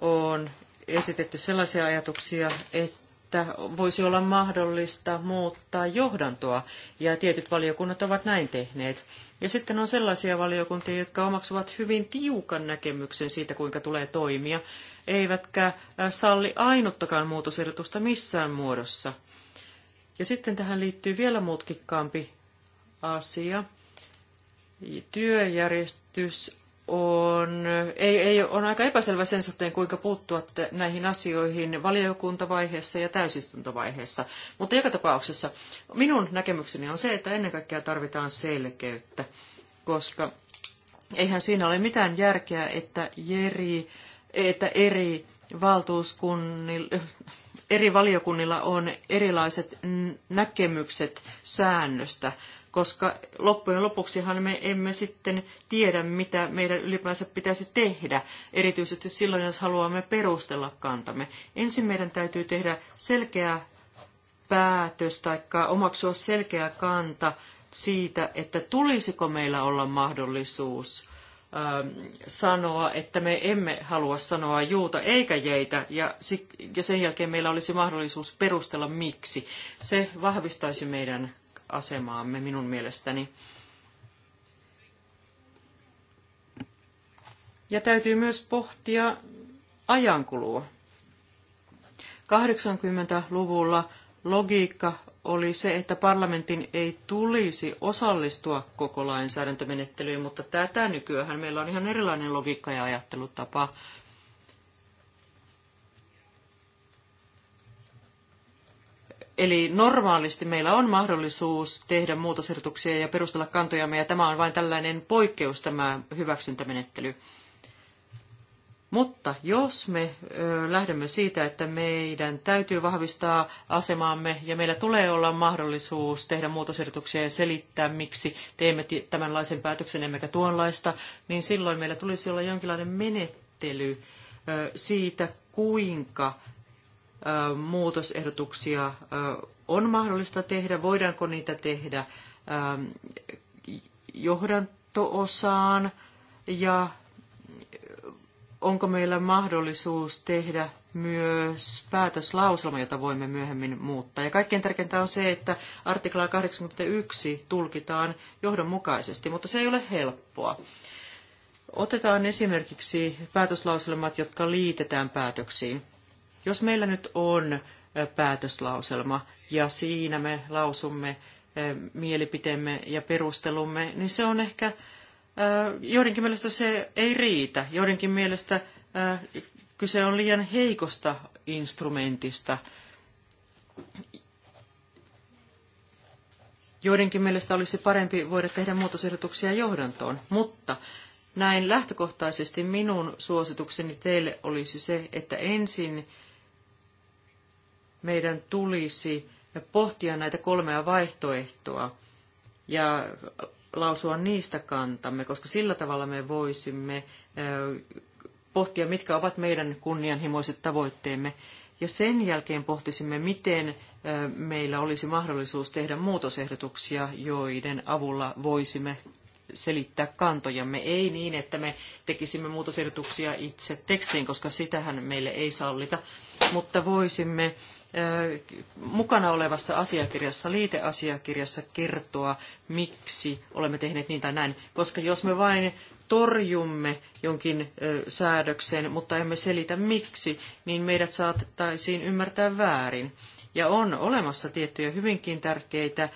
on esitetty sellaisia ajatuksia, että että voisi olla mahdollista muuttaa johdantoa, ja tietyt valiokunnat ovat näin tehneet. Ja sitten on sellaisia valiokuntia, jotka omaksuvat hyvin tiukan näkemyksen siitä, kuinka tulee toimia, eivätkä äh, salli ainuttakaan muutosehdotusta missään muodossa. Ja sitten tähän liittyy vielä mutkikkaampi asia. Työjärjestys on, ei, ei, on aika epäselvä sen suhteen, kuinka puuttua näihin asioihin valiokuntavaiheessa ja täysistuntovaiheessa. Mutta joka tapauksessa minun näkemykseni on se, että ennen kaikkea tarvitaan selkeyttä, koska eihän siinä ole mitään järkeä, että, eri että eri valtuuskunnilla, eri valiokunnilla on erilaiset näkemykset säännöstä – koska loppujen lopuksihan me emme sitten tiedä, mitä meidän ylipäänsä pitäisi tehdä, erityisesti silloin, jos haluamme perustella kantamme. Ensin meidän täytyy tehdä selkeä päätös tai omaksua selkeä kanta siitä, että tulisiko meillä olla mahdollisuus ähm, sanoa, että me emme halua sanoa juuta eikä jeitä, ja, sen jälkeen meillä olisi mahdollisuus perustella miksi. Se vahvistaisi meidän asemaamme minun mielestäni. Ja täytyy myös pohtia ajankulua. 80-luvulla logiikka oli se, että parlamentin ei tulisi osallistua koko lainsäädäntömenettelyyn, mutta tätä nykyään meillä on ihan erilainen logiikka ja ajattelutapa. Eli normaalisti meillä on mahdollisuus tehdä muutosehdotuksia ja perustella kantojamme, ja tämä on vain tällainen poikkeus tämä hyväksyntämenettely. Mutta jos me lähdemme siitä, että meidän täytyy vahvistaa asemaamme ja meillä tulee olla mahdollisuus tehdä muutosehdotuksia ja selittää, miksi teemme tämänlaisen päätöksen emmekä tuonlaista, niin silloin meillä tulisi olla jonkinlainen menettely siitä, kuinka muutosehdotuksia on mahdollista tehdä, voidaanko niitä tehdä johdantoosaan ja onko meillä mahdollisuus tehdä myös päätöslauselma, jota voimme myöhemmin muuttaa. Ja kaikkein tärkeintä on se, että artiklaa 81 tulkitaan johdonmukaisesti, mutta se ei ole helppoa. Otetaan esimerkiksi päätöslauselmat, jotka liitetään päätöksiin. Jos meillä nyt on päätöslauselma ja siinä me lausumme mielipiteemme ja perustelumme, niin se on ehkä, joidenkin mielestä se ei riitä, joidenkin mielestä kyse on liian heikosta instrumentista. Joidenkin mielestä olisi parempi voida tehdä muutosehdotuksia johdantoon, mutta näin lähtökohtaisesti minun suositukseni teille olisi se, että ensin meidän tulisi pohtia näitä kolmea vaihtoehtoa ja lausua niistä kantamme, koska sillä tavalla me voisimme pohtia, mitkä ovat meidän kunnianhimoiset tavoitteemme. Ja sen jälkeen pohtisimme, miten meillä olisi mahdollisuus tehdä muutosehdotuksia, joiden avulla voisimme selittää kantojamme. Ei niin, että me tekisimme muutosehdotuksia itse tekstiin, koska sitähän meille ei sallita, mutta voisimme mukana olevassa asiakirjassa, liiteasiakirjassa kertoa, miksi olemme tehneet niin tai näin. Koska jos me vain torjumme jonkin säädöksen, mutta emme selitä miksi, niin meidät saatettaisiin ymmärtää väärin. Ja on olemassa tiettyjä hyvinkin tärkeitä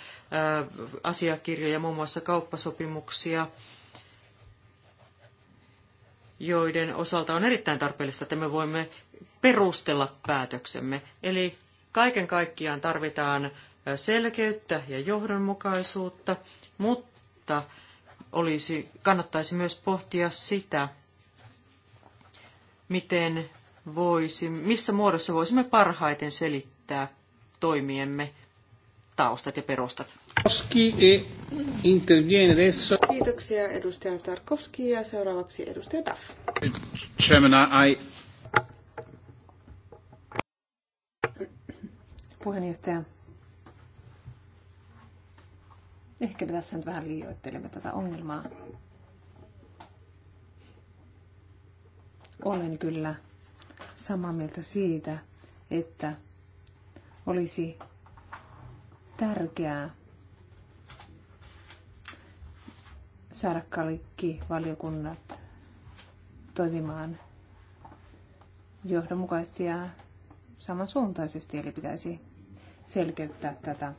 asiakirjoja, muun muassa kauppasopimuksia, joiden osalta on erittäin tarpeellista, että me voimme perustella päätöksemme. Eli Kaiken kaikkiaan tarvitaan selkeyttä ja johdonmukaisuutta, mutta olisi, kannattaisi myös pohtia sitä, miten voisi, missä muodossa voisimme parhaiten selittää toimiemme taustat ja perustat. E Kiitoksia edustaja Tarkovski ja seuraavaksi edustaja Duff. Chairman, I puheenjohtaja. me tässä nyt vähän liioittelemme tätä ongelmaa. Olen kyllä samaa mieltä siitä, että olisi tärkeää saada kaikki valiokunnat toimimaan johdonmukaisesti ja samansuuntaisesti, eli pitäisi selkeyttää tätä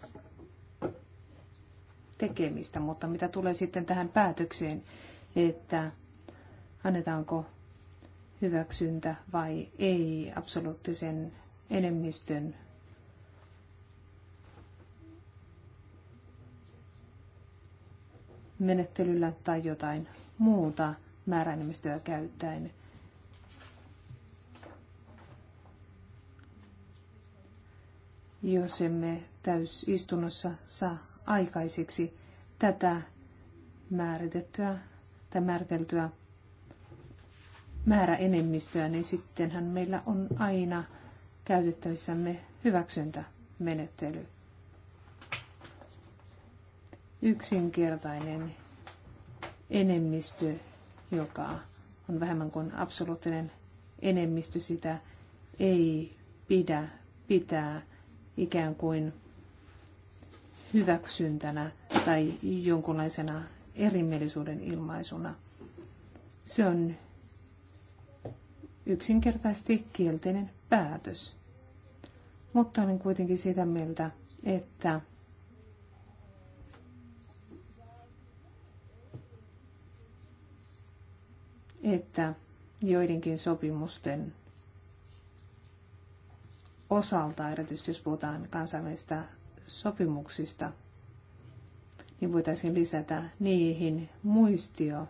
tekemistä, mutta mitä tulee sitten tähän päätökseen, että annetaanko hyväksyntä vai ei absoluuttisen enemmistön menettelyllä tai jotain muuta määräenemmistöä käyttäen – jos emme täysistunnossa saa aikaiseksi tätä määritettyä tai määriteltyä määräenemmistöä, niin sittenhän meillä on aina käytettävissämme hyväksyntämenettely. Yksinkertainen enemmistö, joka on vähemmän kuin absoluuttinen enemmistö, sitä ei pidä pitää ikään kuin hyväksyntänä tai jonkunlaisena erimielisyyden ilmaisuna. Se on yksinkertaisesti kielteinen päätös. Mutta olen kuitenkin sitä mieltä, että että joidenkin sopimusten osalta, erityisesti jos puhutaan kansainvälisistä sopimuksista, niin voitaisiin lisätä niihin muistio.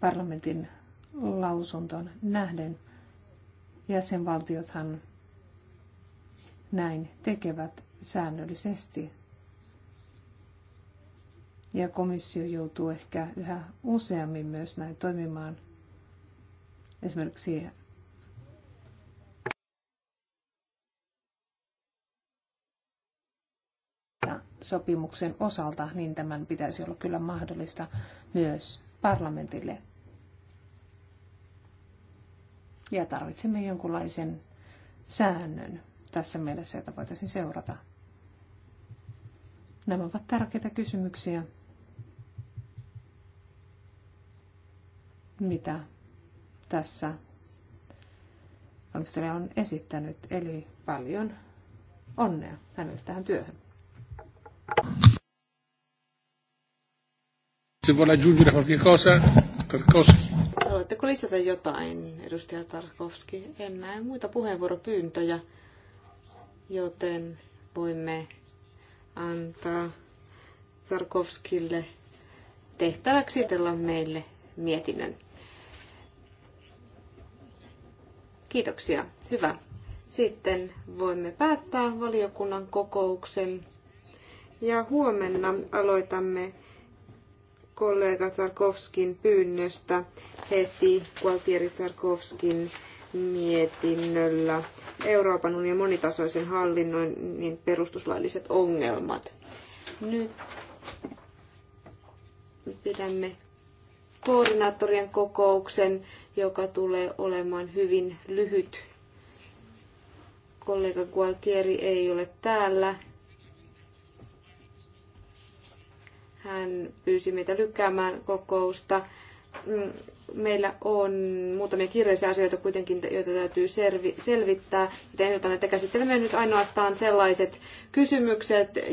Parlamentin lausunton nähden jäsenvaltiothan näin tekevät säännöllisesti ja komissio joutuu ehkä yhä useammin myös näin toimimaan. Esimerkiksi sopimuksen osalta, niin tämän pitäisi olla kyllä mahdollista myös parlamentille. Ja tarvitsemme jonkunlaisen säännön tässä mielessä, jota voitaisiin seurata. Nämä ovat tärkeitä kysymyksiä. mitä tässä valmistelija on esittänyt. Eli paljon onnea hänelle tähän työhön. Se vuole aggiungere Tarkovski. Haluatteko lisätä jotain, edustaja Tarkovski? En näe muita puheenvuoropyyntöjä, joten voimme antaa Tarkovskille tehtäväksi esitellä meille mietinnön. Kiitoksia. Hyvä. Sitten voimme päättää valiokunnan kokouksen. Ja huomenna aloitamme kollega Tarkovskin pyynnöstä heti Gualtieri Tarkovskin mietinnöllä Euroopan unionin monitasoisen hallinnoinnin perustuslailliset ongelmat. Nyt pidämme koordinaattorien kokouksen joka tulee olemaan hyvin lyhyt. Kollega Gualtieri ei ole täällä. Hän pyysi meitä lykkäämään kokousta. Mm, meillä on muutamia kirjallisia asioita kuitenkin, joita täytyy selvittää, joten ehdotan, että käsittelemme nyt ainoastaan sellaiset kysymykset,